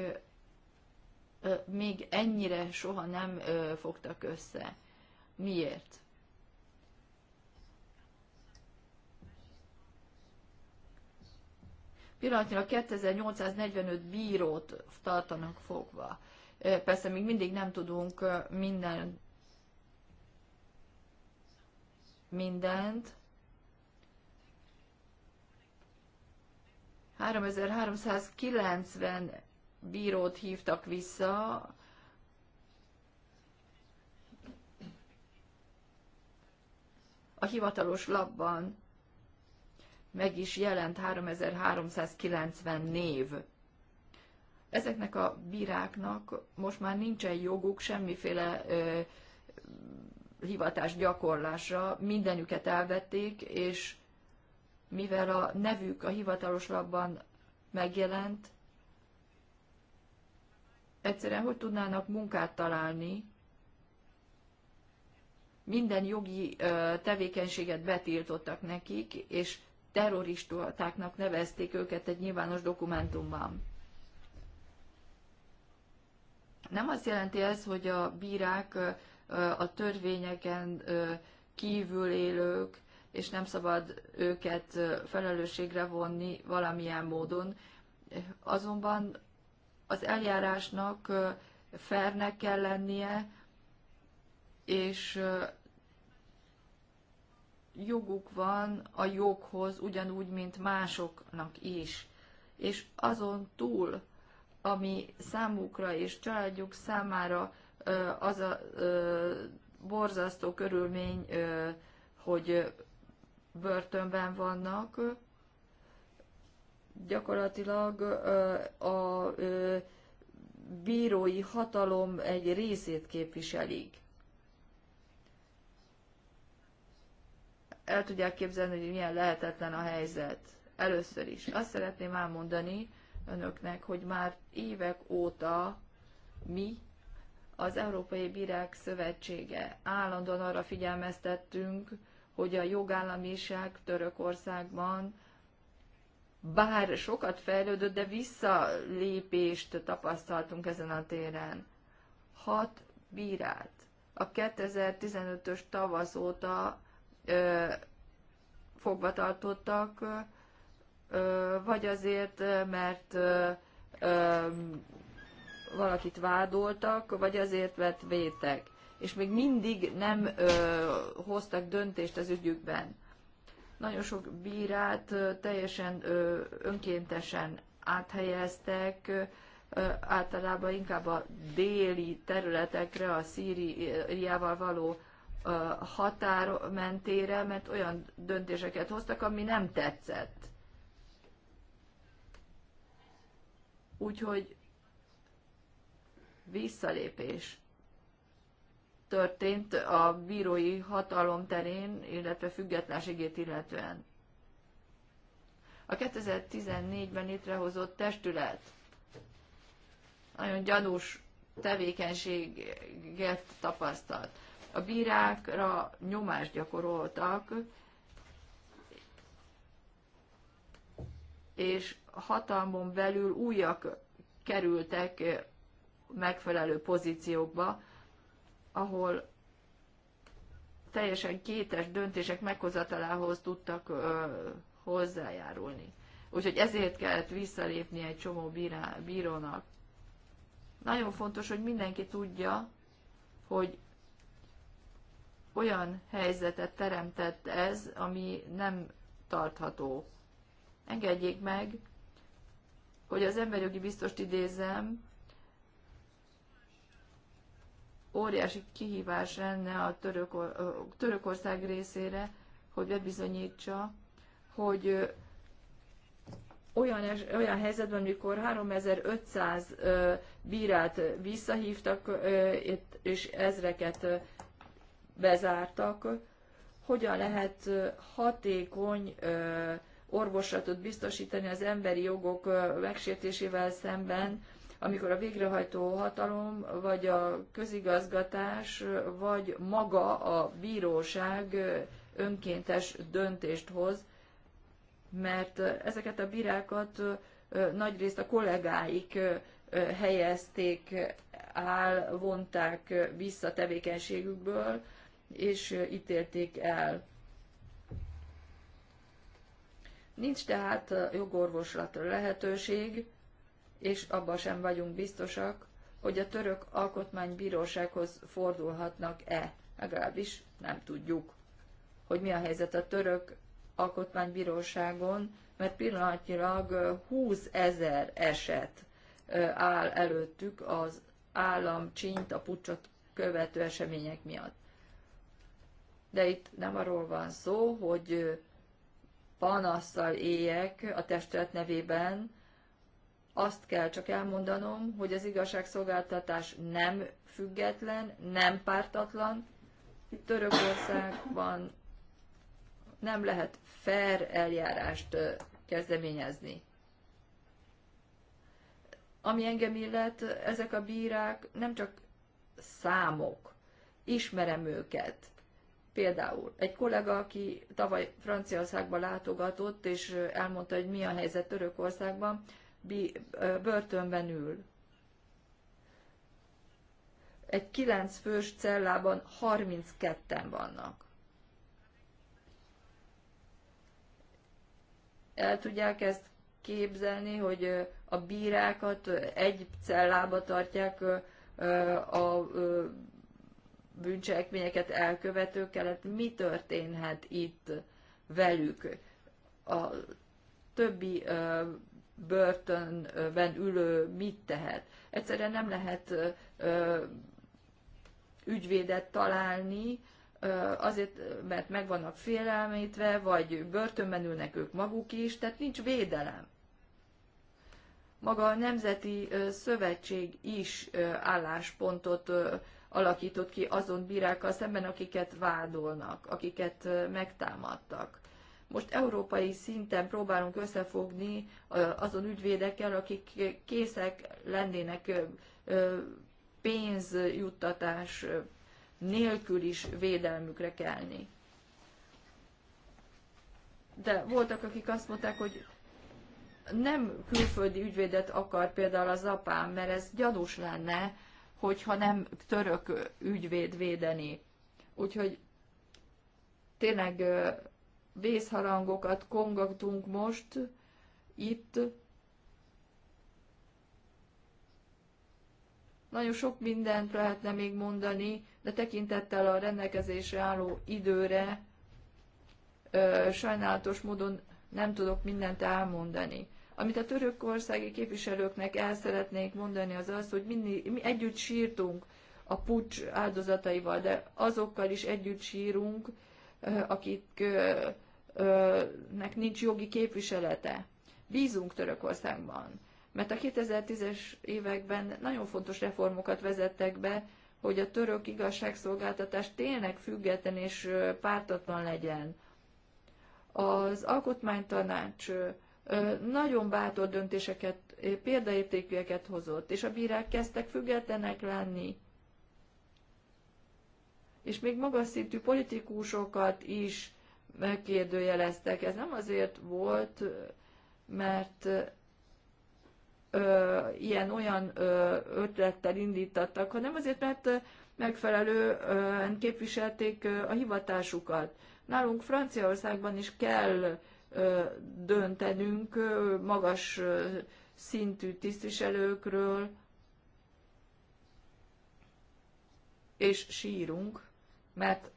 még ennyire soha nem fogtak össze. Miért? Pillanatnyilag 2845 bírót tartanak fogva. Persze még mindig nem tudunk minden mindent, 3390 bírót hívtak vissza, a hivatalos labban meg is jelent 3390 név. Ezeknek a bíráknak most már nincsen joguk semmiféle ö, hivatás gyakorlásra, mindenüket elvették, és mivel a nevük a hivatalos labban megjelent, egyszerűen hogy tudnának munkát találni, minden jogi tevékenységet betiltottak nekik, és terroristáknak nevezték őket egy nyilvános dokumentumban. Nem azt jelenti ez, hogy a bírák a törvényeken kívül élők, és nem szabad őket felelősségre vonni valamilyen módon. Azonban az eljárásnak fernek kell lennie, és joguk van a joghoz ugyanúgy, mint másoknak is. És azon túl, ami számukra és családjuk számára az a borzasztó körülmény, hogy börtönben vannak, gyakorlatilag a bírói hatalom egy részét képviselik. El tudják képzelni, hogy milyen lehetetlen a helyzet. Először is. Azt szeretném elmondani önöknek, hogy már évek óta mi, az Európai Bírák Szövetsége állandóan arra figyelmeztettünk, hogy a jogállamiság Törökországban bár sokat fejlődött, de visszalépést tapasztaltunk ezen a téren. Hat bírát. A 2015-ös tavasz óta ö, fogvatartottak, ö, vagy azért, mert ö, ö, valakit vádoltak, vagy azért, mert vétek és még mindig nem ö, hoztak döntést az ügyükben. Nagyon sok bírát ö, teljesen ö, önkéntesen áthelyeztek, ö, általában inkább a déli területekre, a Szíriával való ö, határ mentére, mert olyan döntéseket hoztak, ami nem tetszett. Úgyhogy visszalépés történt a bírói hatalom terén, illetve függetlenségét illetően. A 2014-ben létrehozott testület nagyon gyanús tevékenységet tapasztalt. A bírákra nyomást gyakoroltak, és hatalmon belül újak kerültek megfelelő pozíciókba, ahol teljesen kétes döntések meghozatalához tudtak ö, hozzájárulni. Úgyhogy ezért kellett visszalépni egy csomó bírá, bírónak. Nagyon fontos, hogy mindenki tudja, hogy olyan helyzetet teremtett ez, ami nem tartható. Engedjék meg, hogy az emberjogi biztost idézem, óriási kihívás lenne a török, Törökország részére, hogy bebizonyítsa, hogy olyan, olyan helyzetben, mikor 3500 bírát visszahívtak, és ezreket bezártak, hogyan lehet hatékony orvoslatot biztosítani az emberi jogok megsértésével szemben, amikor a végrehajtó hatalom, vagy a közigazgatás, vagy maga a bíróság önkéntes döntést hoz, mert ezeket a bírákat nagyrészt a kollégáik helyezték áll, vonták vissza tevékenységükből, és ítélték el. Nincs tehát jogorvoslat lehetőség, és abban sem vagyunk biztosak, hogy a török alkotmánybírósághoz fordulhatnak-e. Legalábbis nem tudjuk, hogy mi a helyzet a török alkotmánybíróságon, mert pillanatnyilag 20 ezer eset áll előttük az állam csint, a pucsot követő események miatt. De itt nem arról van szó, hogy panasszal éjek a testület nevében, azt kell csak elmondanom, hogy az igazságszolgáltatás nem független, nem pártatlan. Törökországban nem lehet fair eljárást kezdeményezni. Ami engem illet, ezek a bírák nem csak számok, ismerem őket. Például egy kollega, aki tavaly Franciaországba látogatott, és elmondta, hogy mi a helyzet Törökországban, börtönben ül. Egy kilenc fős cellában 32-en vannak. El tudják ezt képzelni, hogy a bírákat egy cellába tartják a bűncselekményeket elkövetőkkel, hát mi történhet itt velük? A többi börtönben ülő mit tehet. Egyszerűen nem lehet ügyvédet találni, azért, mert meg vannak félelmítve, vagy börtönben ülnek ők maguk is, tehát nincs védelem. Maga a Nemzeti Szövetség is álláspontot alakított ki azon bírákkal szemben, akiket vádolnak, akiket megtámadtak. Most európai szinten próbálunk összefogni azon ügyvédekkel, akik készek lennének pénzjuttatás nélkül is védelmükre kelni. De voltak, akik azt mondták, hogy nem külföldi ügyvédet akar például az apám, mert ez gyanús lenne, hogyha nem török ügyvéd védeni. Úgyhogy tényleg vészharangokat kongatunk most itt. Nagyon sok mindent lehetne még mondani, de tekintettel a rendelkezésre álló időre sajnálatos módon nem tudok mindent elmondani. Amit a törökországi képviselőknek el szeretnék mondani, az az, hogy mindig, mi együtt sírtunk a pucs áldozataival, de azokkal is együtt sírunk, Eh, akiknek eh, eh, nincs jogi képviselete. Bízunk Törökországban, mert a 2010-es években nagyon fontos reformokat vezettek be, hogy a török igazságszolgáltatás tényleg független és pártatlan legyen. Az alkotmánytanács nagyon bátor döntéseket, példaértékűeket hozott, és a bírák kezdtek függetlenek lenni és még magas szintű politikusokat is megkérdőjeleztek. Ez nem azért volt, mert ilyen-olyan ötlettel indítattak, hanem azért, mert megfelelően képviselték a hivatásukat. Nálunk Franciaországban is kell döntenünk magas szintű tisztviselőkről, és sírunk mert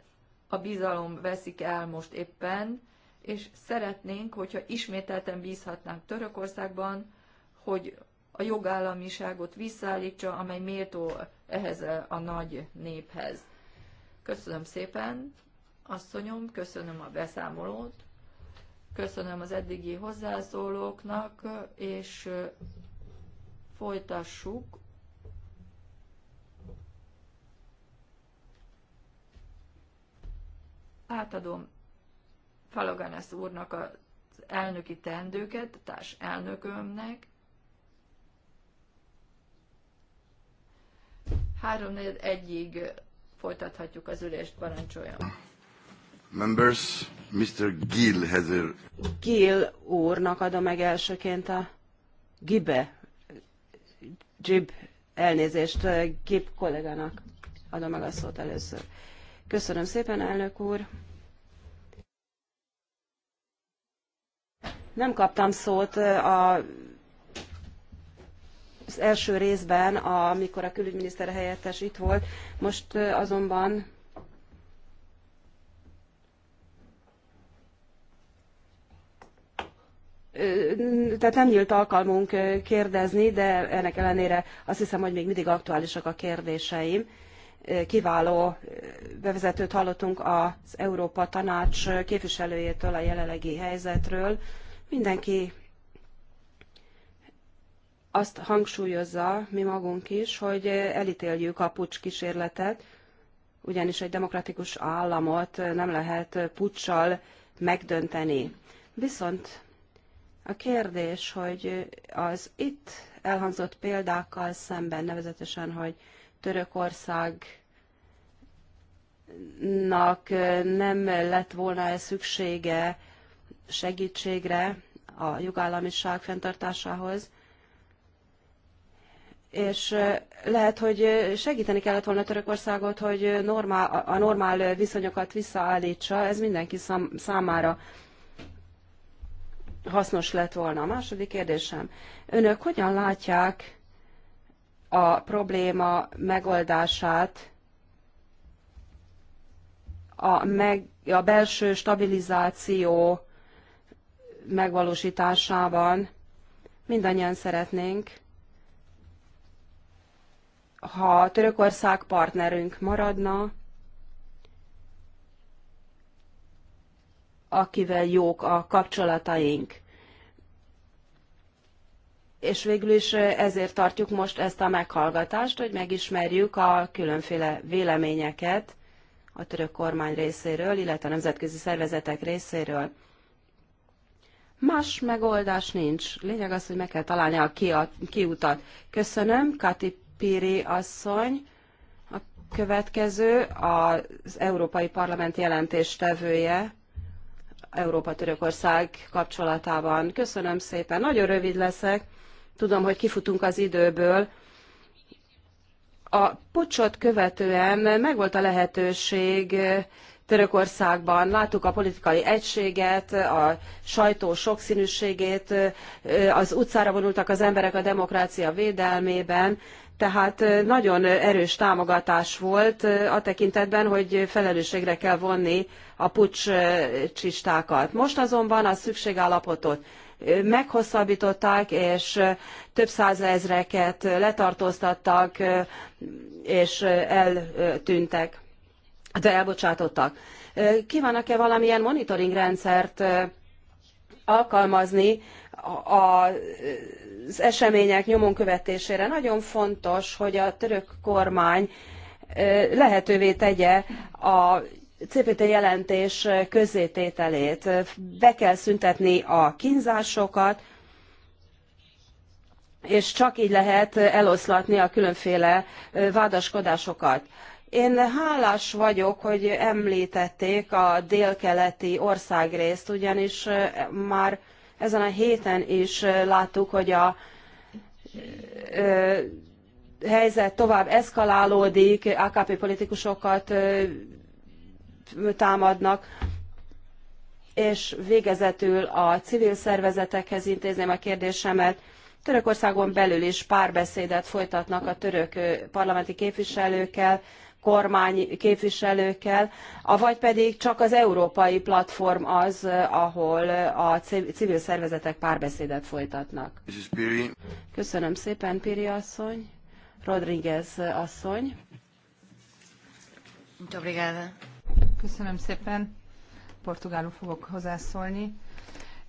a bizalom veszik el most éppen, és szeretnénk, hogyha ismételten bízhatnánk Törökországban, hogy a jogállamiságot visszaállítsa, amely méltó ehhez a nagy néphez. Köszönöm szépen, asszonyom, köszönöm a beszámolót, köszönöm az eddigi hozzászólóknak, és folytassuk átadom Faloganes úrnak az elnöki teendőket, társ elnökömnek. Háromnegyed egyig folytathatjuk az ülést, parancsoljon. Members, Mr. Gill has a... Gill úrnak adom meg elsőként a Gibe, Gib elnézést, Gib kollégának adom meg a szót először. Köszönöm szépen, elnök úr. Nem kaptam szót a, az első részben, amikor a külügyminiszter helyettes itt volt. Most azonban tehát nem nyílt alkalmunk kérdezni, de ennek ellenére azt hiszem, hogy még mindig aktuálisak a kérdéseim kiváló bevezetőt hallottunk az Európa Tanács képviselőjétől a jelenlegi helyzetről. Mindenki azt hangsúlyozza, mi magunk is, hogy elítéljük a pucs kísérletet, ugyanis egy demokratikus államot nem lehet puccsal megdönteni. Viszont a kérdés, hogy az itt elhangzott példákkal szemben, nevezetesen, hogy Törökországnak nem lett volna -e szüksége segítségre a jogállamiság fenntartásához, és lehet, hogy segíteni kellett volna Törökországot, hogy normál, a normál viszonyokat visszaállítsa, ez mindenki számára hasznos lett volna. A második kérdésem, önök hogyan látják a probléma megoldását a, meg, a belső stabilizáció megvalósításában mindannyian szeretnénk, ha Törökország partnerünk maradna, akivel jók a kapcsolataink és végül is ezért tartjuk most ezt a meghallgatást, hogy megismerjük a különféle véleményeket a török kormány részéről, illetve a nemzetközi szervezetek részéről. Más megoldás nincs. Lényeg az, hogy meg kell találni a kiutat. Köszönöm, Kati Piri asszony. A következő az Európai Parlament jelentéstevője Európa-Törökország kapcsolatában. Köszönöm szépen. Nagyon rövid leszek. Tudom, hogy kifutunk az időből. A pucsot követően megvolt a lehetőség eh, Törökországban. Láttuk a politikai egységet, a sajtó sokszínűségét, eh, az utcára vonultak az emberek a demokrácia védelmében, tehát eh, nagyon erős támogatás volt a tekintetben, hogy felelősségre kell vonni a csistákat. Most azonban a szükségállapotot meghosszabbították, és több százezreket letartóztattak, és eltűntek, de elbocsátottak. Kívánnak-e valamilyen monitoring rendszert alkalmazni az események nyomon követésére? Nagyon fontos, hogy a török kormány lehetővé tegye a CPT jelentés közzétételét. Be kell szüntetni a kínzásokat, és csak így lehet eloszlatni a különféle vádaskodásokat. Én hálás vagyok, hogy említették a délkeleti országrészt, ugyanis már ezen a héten is láttuk, hogy a helyzet tovább eszkalálódik, AKP politikusokat támadnak. És végezetül a civil szervezetekhez intézném a kérdésemet. Törökországon belül is párbeszédet folytatnak a török parlamenti képviselőkkel, kormány képviselőkkel, avagy pedig csak az európai platform az, ahol a civil szervezetek párbeszédet folytatnak. Köszönöm szépen, Piri asszony. Rodriguez asszony. Muito obrigada. Köszönöm szépen. Portugálul fogok hozzászólni.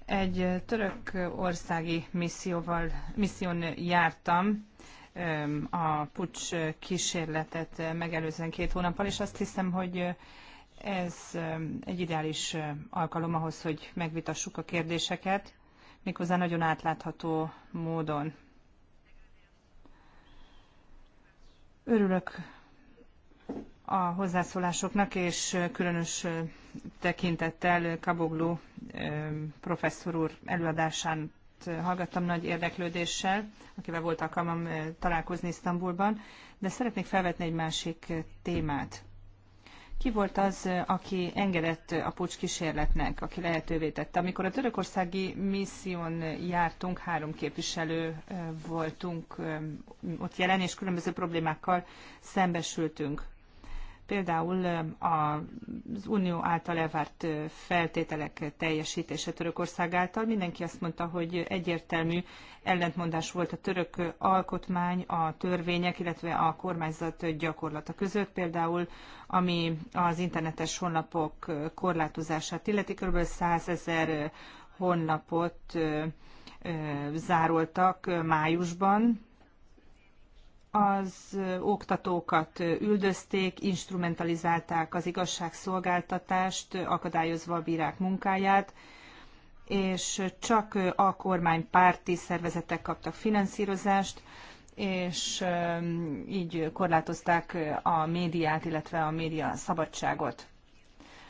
Egy török országi misszióval, misszión jártam a pucs kísérletet megelőzően két hónappal, és azt hiszem, hogy ez egy ideális alkalom ahhoz, hogy megvitassuk a kérdéseket, méghozzá nagyon átlátható módon. Örülök a hozzászólásoknak, és különös tekintettel Kabogló professzor úr előadásán hallgattam nagy érdeklődéssel, akivel volt alkalmam találkozni Isztambulban, de szeretnék felvetni egy másik témát. Ki volt az, aki engedett a pucs kísérletnek, aki lehetővé tette? Amikor a törökországi misszión jártunk, három képviselő voltunk ott jelen, és különböző problémákkal szembesültünk. Például az Unió által elvárt feltételek teljesítése Törökország által. Mindenki azt mondta, hogy egyértelmű ellentmondás volt a török alkotmány, a törvények, illetve a kormányzat gyakorlata között. Például, ami az internetes honlapok korlátozását illeti, kb. 100 ezer honlapot zároltak májusban, az oktatókat üldözték, instrumentalizálták az igazságszolgáltatást, akadályozva a bírák munkáját, és csak a kormánypárti szervezetek kaptak finanszírozást, és így korlátozták a médiát, illetve a média szabadságot.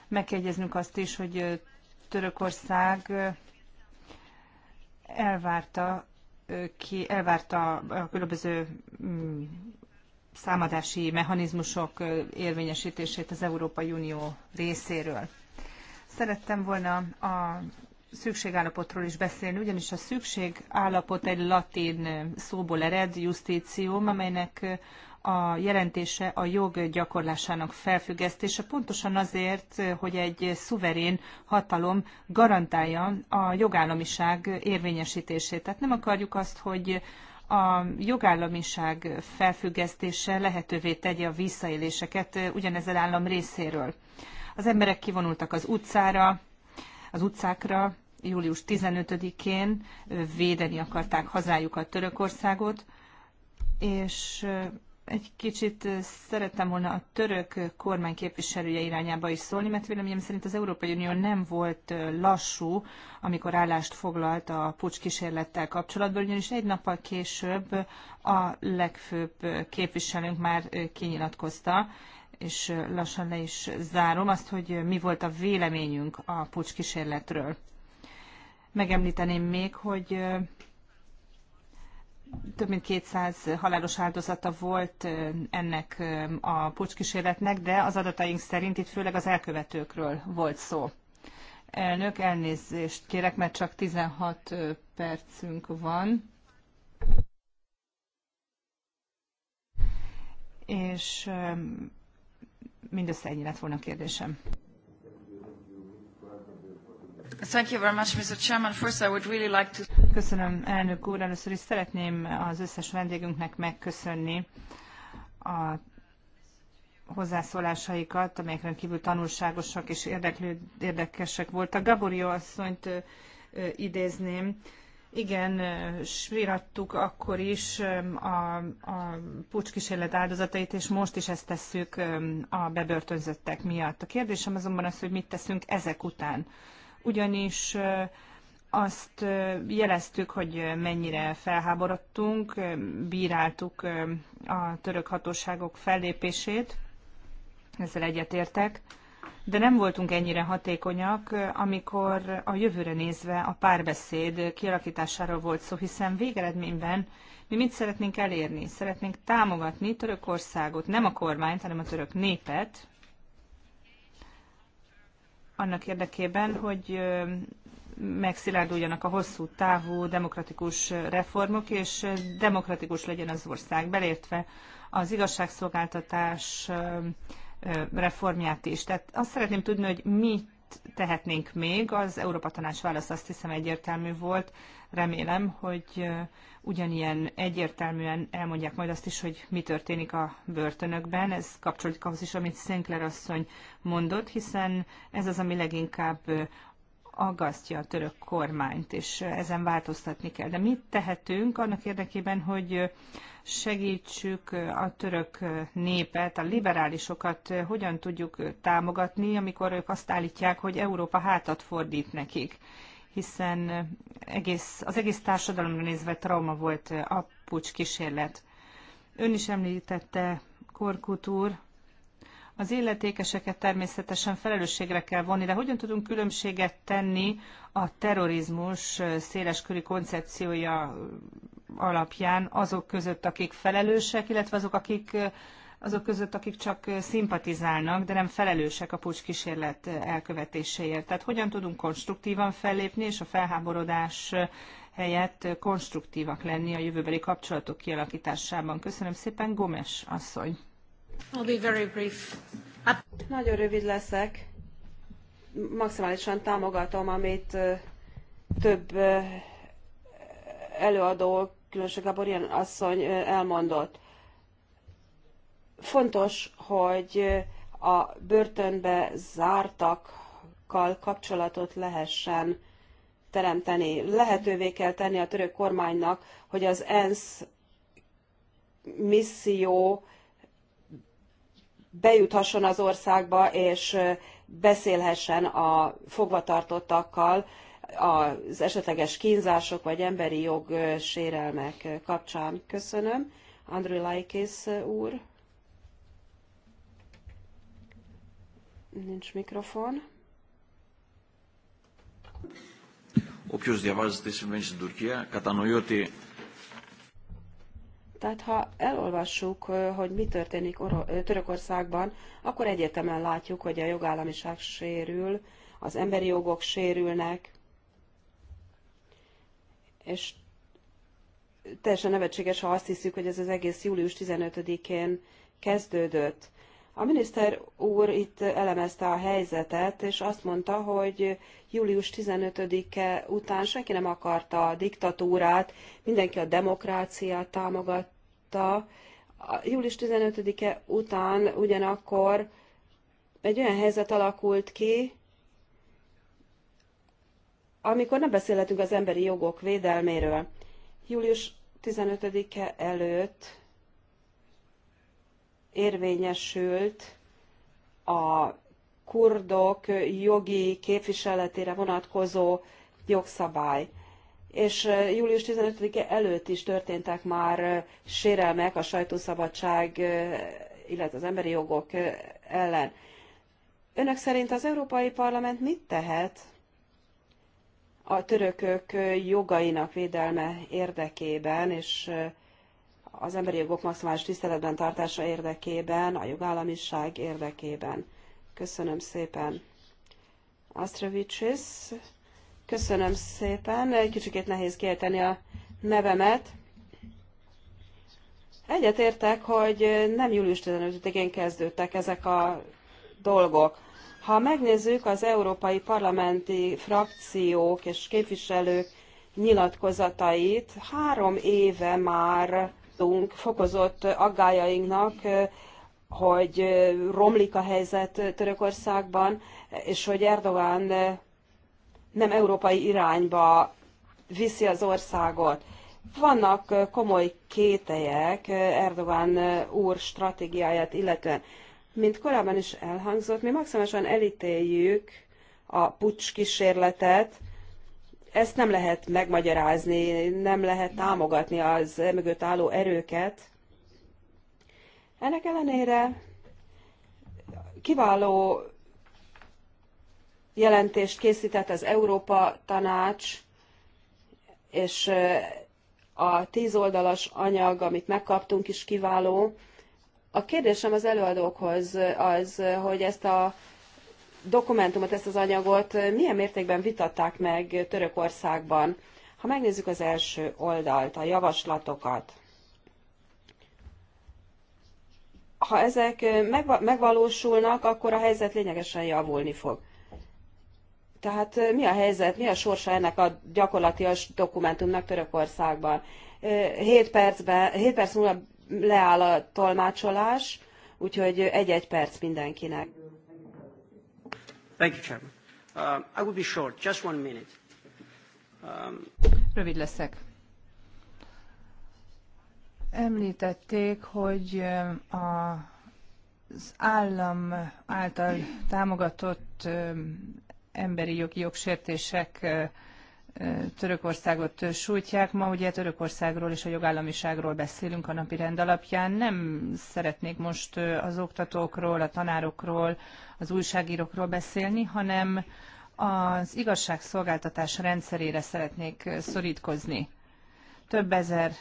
Meg kell jegyeznünk azt is, hogy Törökország elvárta ki elvárta a különböző mm, számadási mechanizmusok érvényesítését az Európai Unió részéről. Szerettem volna a szükségállapotról is beszélni, ugyanis a szükségállapot egy latin szóból ered, justícium, amelynek a jelentése a jog gyakorlásának felfüggesztése, pontosan azért, hogy egy szuverén hatalom garantálja a jogállamiság érvényesítését. Tehát nem akarjuk azt, hogy a jogállamiság felfüggesztése lehetővé tegye a visszaéléseket ugyanezen állam részéről. Az emberek kivonultak az utcára, az utcákra július 15-én, védeni akarták hazájukat, Törökországot, és egy kicsit szerettem volna a török kormány képviselője irányába is szólni, mert véleményem szerint az Európai Unió nem volt lassú, amikor állást foglalt a pucs kísérlettel kapcsolatban, ugyanis egy nappal később a legfőbb képviselőnk már kinyilatkozta, és lassan le is zárom azt, hogy mi volt a véleményünk a pucs kísérletről. Megemlíteném még, hogy több mint 200 halálos áldozata volt ennek a pucskísérletnek, de az adataink szerint itt főleg az elkövetőkről volt szó. Elnök, elnézést kérek, mert csak 16 percünk van. És mindössze ennyi lett volna a kérdésem. Köszönöm, elnök úr. Először is szeretném az összes vendégünknek megköszönni a hozzászólásaikat, amelyek rendkívül tanulságosak és érdeklő, érdekesek voltak. Gaborio asszonyt idézném. Igen, sírattuk akkor is a, a pucskísérlet áldozatait, és most is ezt tesszük a bebörtönzöttek miatt. A kérdésem azonban az, hogy mit teszünk ezek után ugyanis azt jeleztük, hogy mennyire felháborodtunk, bíráltuk a török hatóságok fellépését, ezzel egyetértek, de nem voltunk ennyire hatékonyak, amikor a jövőre nézve a párbeszéd kialakításáról volt szó, hiszen végeredményben mi mit szeretnénk elérni? Szeretnénk támogatni Törökországot, nem a kormányt, hanem a török népet, annak érdekében, hogy megszilárduljanak a hosszú távú demokratikus reformok, és demokratikus legyen az ország, belértve az igazságszolgáltatás reformját is. Tehát azt szeretném tudni, hogy mit tehetnénk még. Az Európa Tanács válasz azt hiszem egyértelmű volt. Remélem, hogy ugyanilyen egyértelműen elmondják majd azt is, hogy mi történik a börtönökben. Ez kapcsolódik ahhoz is, amit Sinclair asszony mondott, hiszen ez az, ami leginkább aggasztja a török kormányt, és ezen változtatni kell. De mit tehetünk annak érdekében, hogy segítsük a török népet, a liberálisokat, hogyan tudjuk támogatni, amikor ők azt állítják, hogy Európa hátat fordít nekik hiszen egész, az egész társadalomra nézve trauma volt a pucs kísérlet. Ön is említette Korkut úr, az illetékeseket természetesen felelősségre kell vonni, de hogyan tudunk különbséget tenni a terrorizmus széleskörű koncepciója alapján azok között, akik felelősek, illetve azok, akik azok között, akik csak szimpatizálnak, de nem felelősek a pucskísérlet elkövetéséért. Tehát hogyan tudunk konstruktívan fellépni, és a felháborodás helyett konstruktívak lenni a jövőbeli kapcsolatok kialakításában. Köszönöm szépen, Gomes asszony. I'll be very brief. Nagyon rövid leszek. Maximálisan támogatom, amit több előadó, különösen Gabor asszony elmondott Fontos, hogy a börtönbe zártakkal kapcsolatot lehessen teremteni. Lehetővé kell tenni a török kormánynak, hogy az ENSZ misszió bejuthasson az országba, és beszélhessen a fogvatartottakkal az esetleges kínzások vagy emberi jog sérelmek kapcsán. Köszönöm. Andrew Laikis úr. Nincs mikrofon. Όποιος διαβάζει τι συμβαίνει στην Τουρκία κατανοεί ότι tehát ha elolvassuk, hogy mi történik Törökországban, akkor egyértelműen látjuk, hogy a jogállamiság sérül, az emberi jogok sérülnek, és teljesen nevetséges, ha azt hiszük, hogy ez az egész július 15-én kezdődött. A miniszter úr itt elemezte a helyzetet, és azt mondta, hogy július 15-e után senki nem akarta a diktatúrát, mindenki a demokráciát támogatta. A július 15-e után ugyanakkor egy olyan helyzet alakult ki, amikor nem beszélhetünk az emberi jogok védelméről. Július 15-e előtt érvényesült a kurdok jogi képviseletére vonatkozó jogszabály. És július 15-e előtt is történtek már sérelmek a sajtószabadság, illetve az emberi jogok ellen. Önök szerint az Európai Parlament mit tehet a törökök jogainak védelme érdekében, és az emberi jogok maximális tiszteletben tartása érdekében, a jogállamiság érdekében. Köszönöm szépen. Astrovicsis, köszönöm szépen. Egy kicsikét nehéz kérteni a nevemet. Egyetértek, hogy nem július 15-én kezdődtek ezek a dolgok. Ha megnézzük az európai parlamenti frakciók és képviselők nyilatkozatait, három éve már adtunk fokozott aggájainknak, hogy romlik a helyzet Törökországban, és hogy Erdogan nem európai irányba viszi az országot. Vannak komoly kételyek Erdogan úr stratégiáját illetően. Mint korábban is elhangzott, mi maximálisan elítéljük a pucs kísérletet, ezt nem lehet megmagyarázni, nem lehet támogatni az mögött álló erőket. Ennek ellenére kiváló jelentést készített az Európa Tanács, és a tíz oldalas anyag, amit megkaptunk is kiváló. A kérdésem az előadókhoz az, hogy ezt a dokumentumot, ezt az anyagot milyen mértékben vitatták meg Törökországban? Ha megnézzük az első oldalt, a javaslatokat, ha ezek megvalósulnak, akkor a helyzet lényegesen javulni fog. Tehát mi a helyzet, mi a sorsa ennek a gyakorlatilag dokumentumnak Törökországban? 7, percben, 7 perc múlva leáll a tolmácsolás, úgyhogy egy-egy perc mindenkinek. Thank you, Chairman. Uh, I will be short, just one minute. Um... Rövid leszek. Említették, hogy a uh, az állam által támogatott um, emberi jogi jogsértések uh, Törökországot sújtják. Ma ugye Törökországról és a jogállamiságról beszélünk a napi rend alapján. Nem szeretnék most az oktatókról, a tanárokról, az újságírókról beszélni, hanem az igazságszolgáltatás rendszerére szeretnék szorítkozni. Több ezer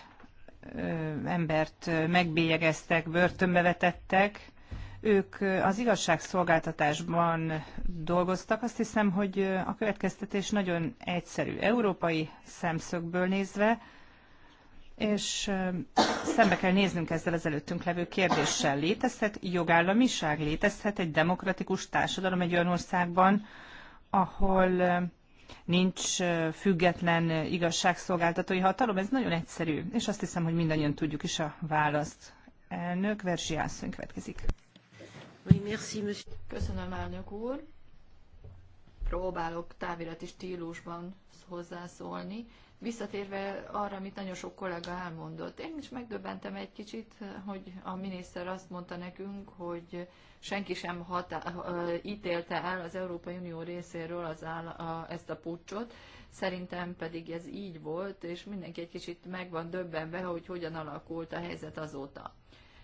embert megbélyegeztek, börtönbe vetettek, ők az igazságszolgáltatásban dolgoztak. Azt hiszem, hogy a következtetés nagyon egyszerű. Európai szemszögből nézve, és szembe kell néznünk ezzel az előttünk levő kérdéssel. Létezhet jogállamiság, létezhet egy demokratikus társadalom egy olyan országban, ahol nincs független igazságszolgáltatói hatalom? Ez nagyon egyszerű, és azt hiszem, hogy mindannyian tudjuk is a választ. Elnök Verzsi Ászony következik. Köszönöm, elnök úr. Próbálok távirati stílusban hozzászólni. Visszatérve arra, amit nagyon sok kollega elmondott, én is megdöbbentem egy kicsit, hogy a miniszter azt mondta nekünk, hogy senki sem hatá- ítélte el az Európai Unió részéről az áll- a, ezt a pucsot, szerintem pedig ez így volt, és mindenki egy kicsit meg van döbbenve, hogy hogyan alakult a helyzet azóta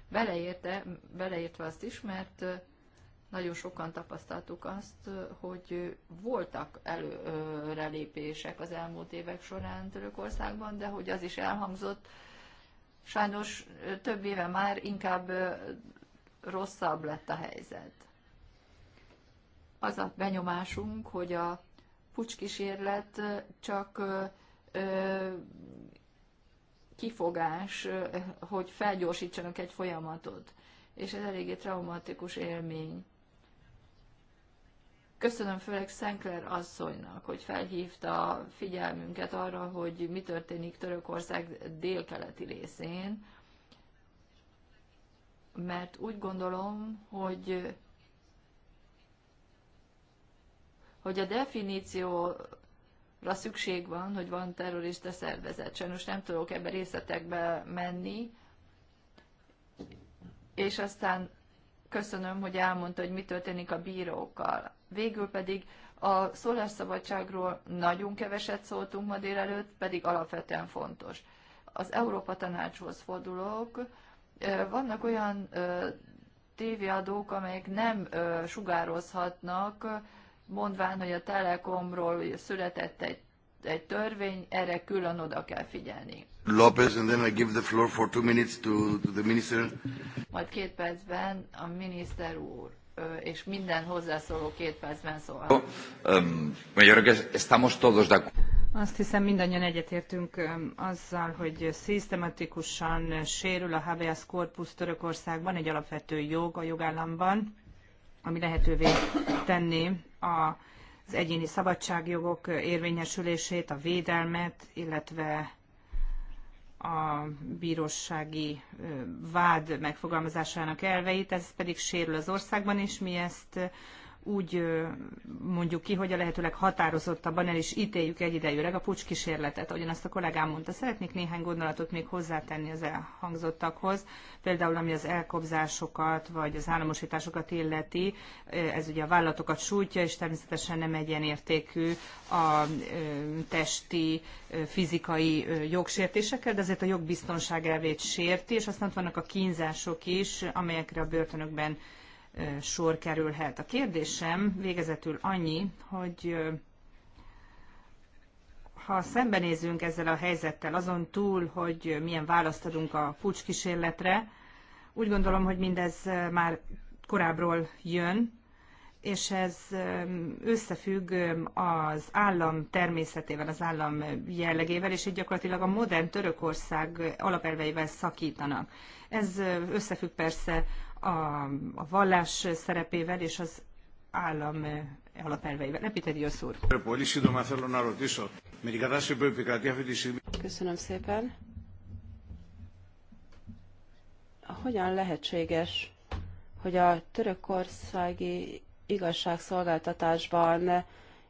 beleérte, beleértve azt is, mert nagyon sokan tapasztaltuk azt, hogy voltak előrelépések az elmúlt évek során Törökországban, de hogy az is elhangzott, sajnos több éve már inkább rosszabb lett a helyzet. Az a benyomásunk, hogy a pucskísérlet csak kifogás, hogy felgyorsítsanak egy folyamatot. És ez eléggé traumatikus élmény. Köszönöm főleg Szenkler asszonynak, hogy felhívta figyelmünket arra, hogy mi történik Törökország délkeleti részén, mert úgy gondolom, hogy hogy a definíció ra szükség van, hogy van terrorista szervezet. Sajnos nem tudok ebbe részletekbe menni, és aztán köszönöm, hogy elmondta, hogy mi történik a bírókkal. Végül pedig a szólásszabadságról nagyon keveset szóltunk ma délelőtt, pedig alapvetően fontos. Az Európa Tanácshoz fordulok. Vannak olyan tévéadók, amelyek nem sugározhatnak mondván, hogy a Telekomról született egy, egy törvény, erre külön oda kell figyelni. López, and then I give the floor for two minutes to, to the minister. Majd két percben a miniszter úr és minden hozzászóló két percben szól. Azt hiszem mindannyian egyetértünk azzal, hogy szisztematikusan sérül a habeas corpus Törökországban, egy alapvető jog a jogállamban ami lehetővé tenné a az egyéni szabadságjogok érvényesülését, a védelmet, illetve a bírósági vád megfogalmazásának elveit, ez pedig sérül az országban, és mi ezt úgy mondjuk ki, hogy a lehetőleg határozottabban el is ítéljük egyidejűleg a pucs ahogyan azt a kollégám mondta. Szeretnék néhány gondolatot még hozzátenni az elhangzottakhoz, például ami az elkobzásokat vagy az államosításokat illeti, ez ugye a vállatokat sújtja, és természetesen nem egyenértékű a testi, fizikai jogsértésekkel, de azért a jogbiztonság elvét sérti, és aztán ott vannak a kínzások is, amelyekre a börtönökben sor kerülhet. A kérdésem végezetül annyi, hogy ha szembenézünk ezzel a helyzettel, azon túl, hogy milyen választ adunk a pucskísérletre, úgy gondolom, hogy mindez már korábbról jön, és ez összefügg az állam természetével, az állam jellegével, és így gyakorlatilag a modern Törökország alapelveivel szakítanak. Ez összefügg persze a, a vallás szerepével és az állam alapelveivel. Epitedios úr. Köszönöm szépen. Hogyan lehetséges, hogy a törökországi igazságszolgáltatásban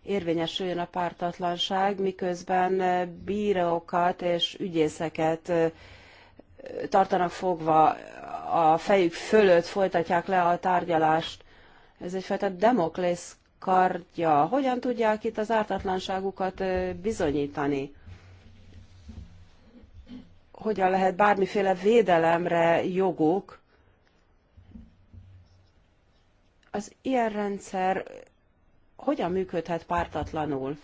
érvényesüljön a pártatlanság, miközben bírókat és ügyészeket tartanak fogva a fejük fölött, folytatják le a tárgyalást. Ez egyfajta demoklész kardja. Hogyan tudják itt az ártatlanságukat bizonyítani? Hogyan lehet bármiféle védelemre joguk? Az ilyen rendszer hogyan működhet pártatlanul?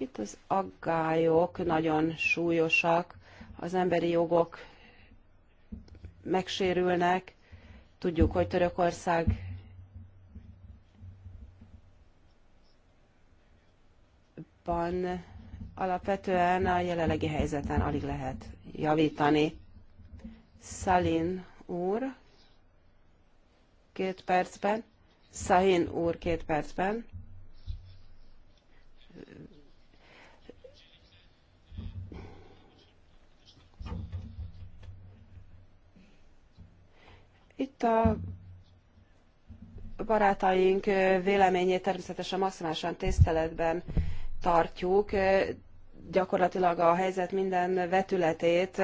Itt az aggályok nagyon súlyosak, az emberi jogok megsérülnek. Tudjuk, hogy Törökország alapvetően a jelenlegi helyzeten alig lehet javítani. Szalin úr, két percben. Szahin úr két percben. Itt a barátaink véleményét természetesen maximálisan tiszteletben tartjuk, gyakorlatilag a helyzet minden vetületét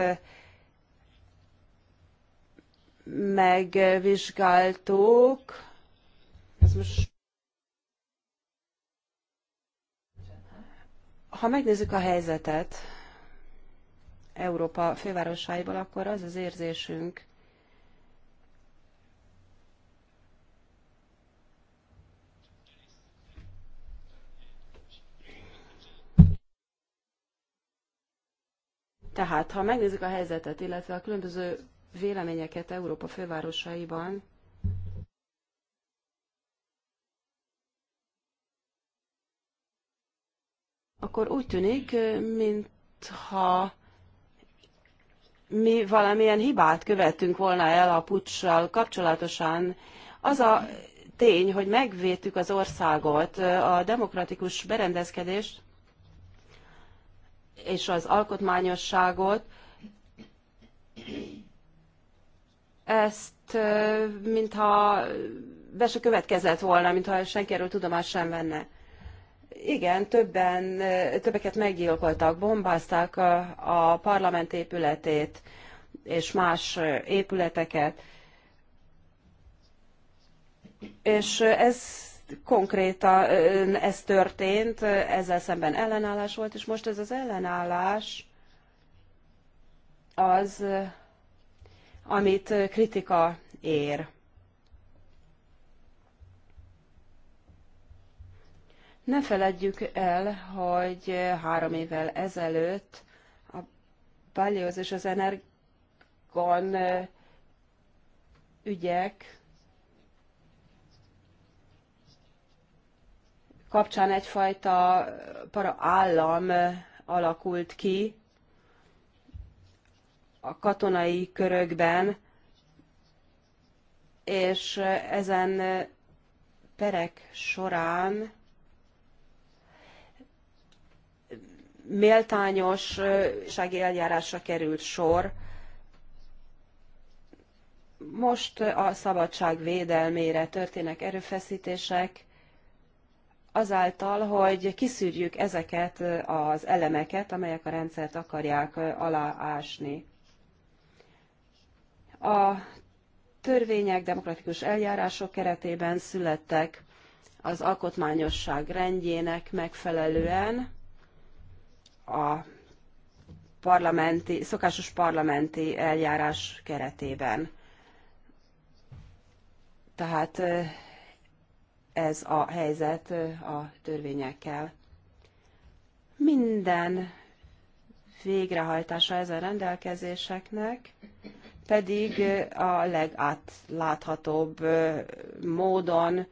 megvizsgáltuk. Ez most... Ha megnézzük a helyzetet Európa fővárosaiból, akkor az az érzésünk, Tehát, ha megnézzük a helyzetet, illetve a különböző véleményeket Európa fővárosaiban, akkor úgy tűnik, mintha mi valamilyen hibát követtünk volna el a pucssal kapcsolatosan. Az a tény, hogy megvédtük az országot, a demokratikus berendezkedést, és az alkotmányosságot, ezt mintha be se következett volna, mintha senki erről tudomást sem venne. Igen, többen, többeket meggyilkoltak, bombázták a, a parlament épületét és más épületeket. És ez konkrétan ez történt, ezzel szemben ellenállás volt, és most ez az ellenállás az, amit kritika ér. Ne feledjük el, hogy három évvel ezelőtt a Balioz és az Energon ügyek kapcsán egyfajta para állam alakult ki a katonai körökben, és ezen perek során méltányos sági eljárásra került sor. Most a szabadság védelmére történnek erőfeszítések, azáltal, hogy kiszűrjük ezeket az elemeket, amelyek a rendszert akarják aláásni. A törvények demokratikus eljárások keretében születtek az alkotmányosság rendjének megfelelően a parlamenti, szokásos parlamenti eljárás keretében. Tehát ez a helyzet a törvényekkel. Minden végrehajtása ezen rendelkezéseknek pedig a legátláthatóbb módon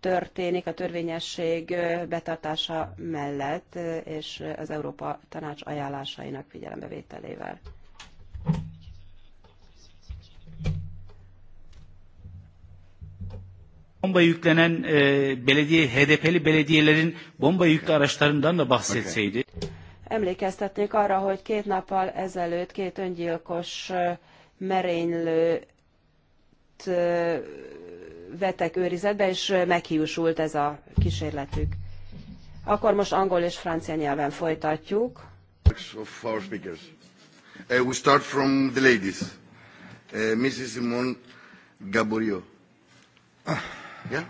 történik a törvényesség betartása mellett, és az Európa Tanács ajánlásainak figyelembevételével. bomba yüklenen e, belediye HDP'li belediyelerin bomba yüklü araçlarından da bahsetseydi. Okay. Emlékeztetnék arra, hogy két nappal ezelőtt két öngyilkos e, merénylő e, vettek őrizetbe, és e, meghiúsult ez a kísérletük. Akkor most angol és francia nyelven folytatjuk. Of our speakers. Uh, we start from the ladies. Uh, Mrs. Simone Gaborio. Ah. Yeah?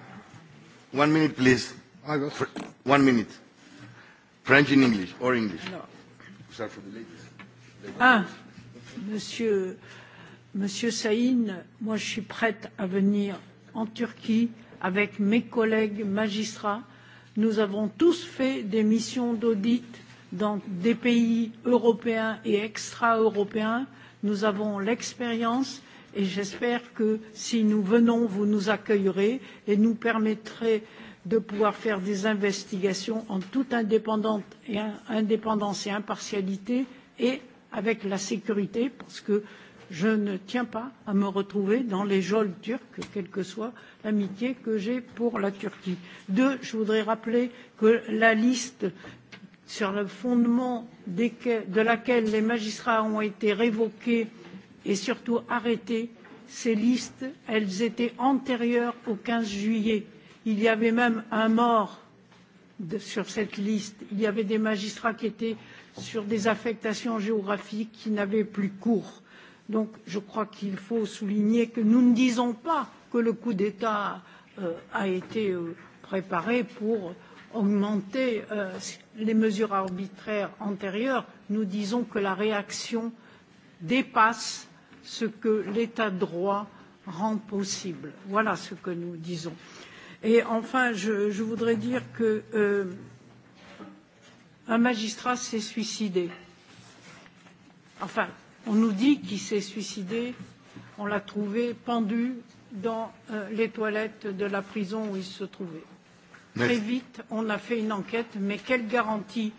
One minute, please. I will. Fr one minute. French in English or English. No. Sorry for the ladies. Ah, monsieur, monsieur Saïn, moi je suis prête à venir en Turquie avec mes collègues magistrats. Nous avons tous fait des missions d'audit dans des pays européens et extra-européens. Nous avons l'expérience et j'espère que si nous venons, vous nous accueillerez et nous permettrez de pouvoir faire des investigations en toute indépendance et, indépendance et impartialité et avec la sécurité, parce que je ne tiens pas à me retrouver dans les geôles turques, quelle que soit l'amitié que j'ai pour la Turquie. Deux, je voudrais rappeler que la liste sur le fondement de laquelle les magistrats ont été révoqués et surtout arrêter ces listes. Elles étaient antérieures au 15 juillet. Il y avait même un mort de, sur cette liste. Il y avait des magistrats qui étaient sur des affectations géographiques qui n'avaient plus cours. Donc je crois qu'il faut souligner que nous ne disons pas que le coup d'État euh, a été euh, préparé pour augmenter euh, les mesures arbitraires antérieures. Nous disons que la réaction dépasse ce que l'état de droit rend possible. Voilà ce que nous disons. Et enfin, je, je voudrais dire que euh, un magistrat s'est suicidé. Enfin, on nous dit qu'il s'est suicidé. On l'a trouvé pendu dans euh, les toilettes de la prison où il se trouvait. Merci. Très vite, on a fait une enquête, mais quelle garantie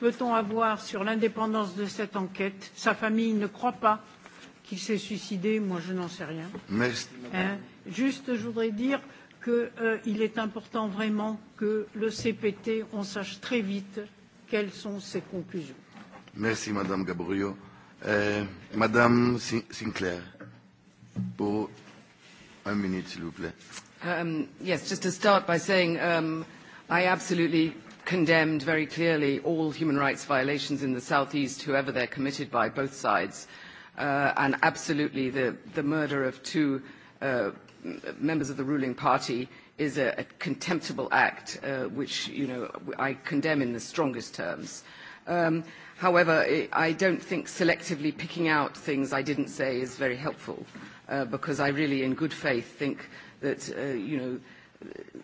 peut-on avoir sur l'indépendance de cette enquête Sa famille ne croit pas qui s'est suicidé, moi je n'en sais rien. Mais... Hein Juste, je voudrais dire qu'il euh, est important vraiment que le CPT, on sache très vite quelles sont ses conclusions. Merci, Madame Gabriel. Euh, Madame Sinclair, pour un minute, s'il vous plaît. Um, yes, just to start by saying um, I absolutely condemned very clearly all human rights violations in the southeast, whoever they're committed by, both sides uh, and absolutely the, the murder of two uh, members of the ruling party is a, a contemptible act, uh, which you know I condemn in the strongest terms. Um, however, I don't think selectively picking out things I didn't say is very helpful, uh, because I really, in good faith, think that uh, you know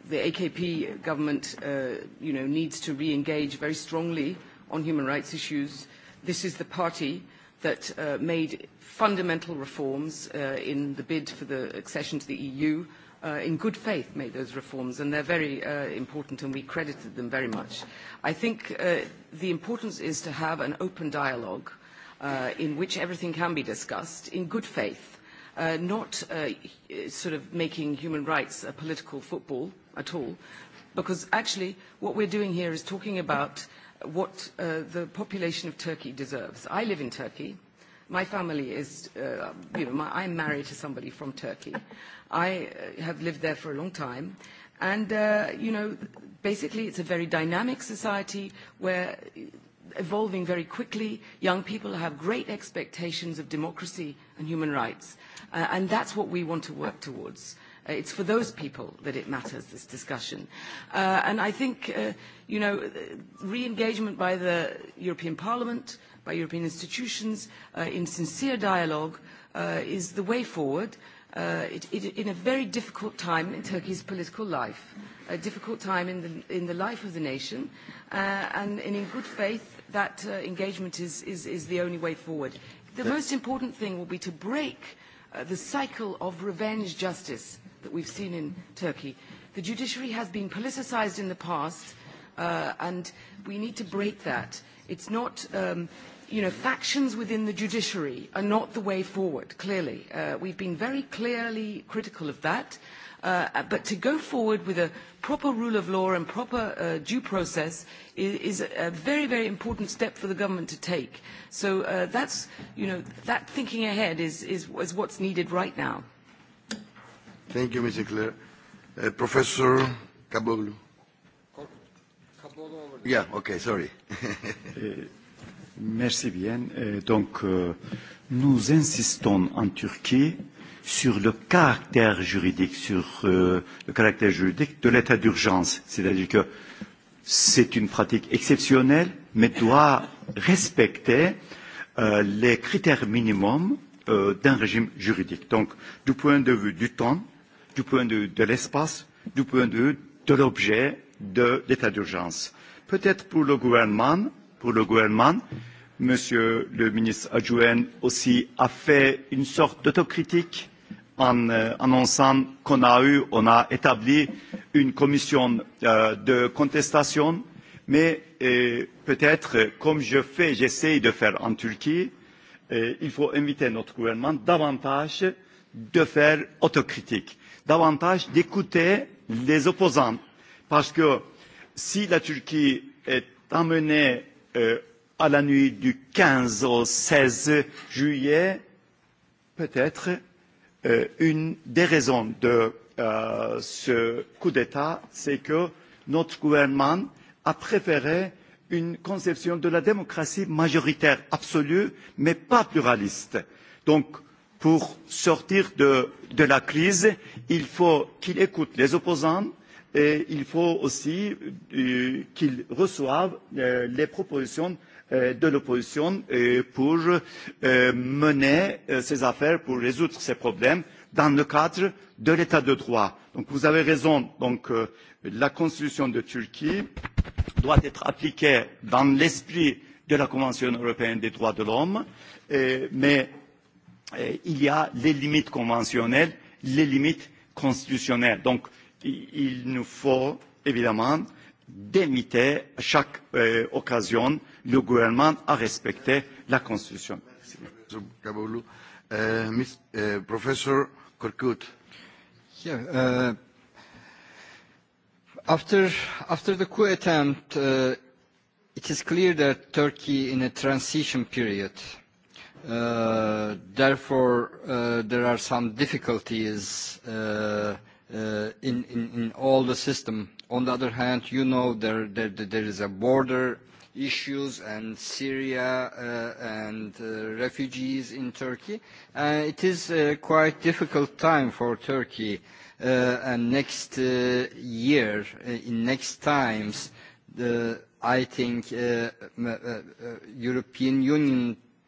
the AKP government uh, you know needs to re-engage very strongly on human rights issues. This is the party uh, that uh, made fundamental reforms uh, in the bid for the accession to the EU, uh, in good faith made those reforms, and they're very uh, important, and we credited them very much. I think uh, the importance is to have an open dialogue uh, in which everything can be discussed in good faith, uh, not uh, sort of making human rights a political football at all, because actually what we're doing here is talking about uh, what uh, the population of Turkey deserves. I live in Turkey. My family is, uh, you know, my, I'm married to somebody from Turkey. I uh, have lived there for a long time. And, uh, you know, basically it's a very dynamic society where evolving very quickly. Young people have great expectations of democracy and human rights. Uh, and that's what we want to work towards. Uh, it's for those people that it matters, this discussion. Uh, and I think, uh, you know, uh, re-engagement by the European Parliament, by European institutions, uh, in sincere dialogue uh, is the way forward. Uh, it, it, in a very difficult time in Turkey's political life, a difficult time in the, in the life of the nation, uh, and, and in good faith, that uh, engagement is, is, is the only way forward. The most important thing will be to break uh, the cycle of revenge justice that we've seen in Turkey. The judiciary has been politicized in the past, uh, and we need to break that. It's not, um, you know, factions within the judiciary are not the way forward, clearly. Uh, we've been very clearly critical of that. Uh, but to go forward with a proper rule of law and proper uh, due process is, is, a very, very important step for the government to take. So uh, that's, you know, that thinking ahead is, is, is what's needed right now. Thank you, Mr. Clare. Uh, Professor Kaboglu. Yeah, okay, sorry. Eh, merci bien. Eh, donc, euh, nous insistons en Turquie sur le caractère juridique, sur euh, le caractère juridique de l'état d'urgence. C'est-à-dire que c'est une pratique exceptionnelle, mais doit respecter euh, les critères minimums d'un régime juridique. Donc, du point de vue du temps, du point de vue de l'espace, du point de vue de l'objet de l'état d'urgence. Peut-être pour le gouvernement, pour le gouvernement, Monsieur le ministre adjoint aussi a fait une sorte d'autocritique en euh, annonçant qu'on a eu, on a établi une commission euh, de contestation, mais euh, peut-être, comme je fais, j'essaye de faire en Turquie, euh, il faut inviter notre gouvernement davantage de faire autocritique davantage d'écouter les opposants. Parce que si la Turquie est amenée euh, à la nuit du 15 au 16 juillet, peut-être euh, une des raisons de euh, ce coup d'État, c'est que notre gouvernement a préféré une conception de la démocratie majoritaire absolue, mais pas pluraliste. Donc, pour sortir de, de la crise, il faut qu'il écoute les opposants et il faut aussi euh, qu'il reçoive euh, les propositions euh, de l'opposition pour mener ses affaires, pour résoudre ses problèmes dans le cadre de l'état de droit. Donc vous avez raison, donc, la constitution de Turquie doit être appliquée dans l'esprit de la Convention européenne des droits de l'homme, mais euh, il y a les limites conventionnelles, les limites constitutionnelles. Donc, il nous faut évidemment d'imiter à chaque euh, occasion le gouvernement à respecter la Constitution. Eh, eh, Korkut. Yeah, uh, after, after the coup attempt, uh, it is clear that Turkey in a transition period Uh, therefore, uh, there are some difficulties uh, uh, in, in, in all the system. On the other hand, you know there, there, there is a border issues and Syria uh, and refugees in Turkey. It is a quite difficult time for Turkey. And next year, in next times, the, I think European Union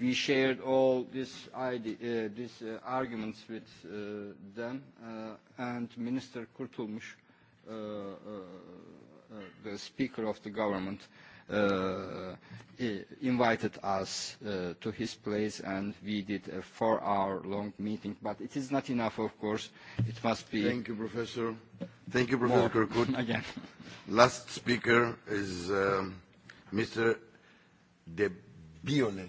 We shared all these uh, this, uh, arguments with uh, them, uh, and Minister Kurtulmuş, uh, uh, uh, the Speaker of the Government, uh, invited us uh, to his place and we did a four hour long meeting but it is not enough of course it must be thank you professor thank you professor Kurkut. Kirkwood again last speaker is um, mr de Bionel.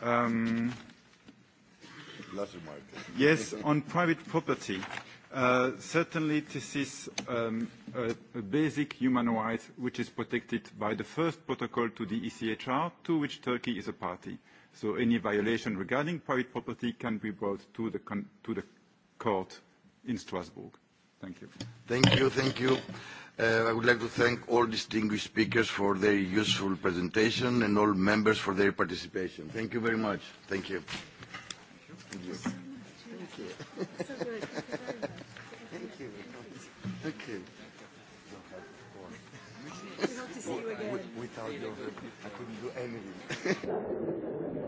Um, yes, on private property. Uh, certainly, this is um, a, a basic human right which is protected by the first protocol to the ECHR, to which Turkey is a party. So any violation regarding private property can be brought to the, con to the court in Strasbourg. Thank you. Thank you. Thank you. Uh, I would like to thank all distinguished speakers for their useful presentation and all members for their participation. Thank you very much. Thank you. Thank you. Thank you. Thank you. Thank you. Thank you. We hope to see you again. Without you, I couldn't do anything.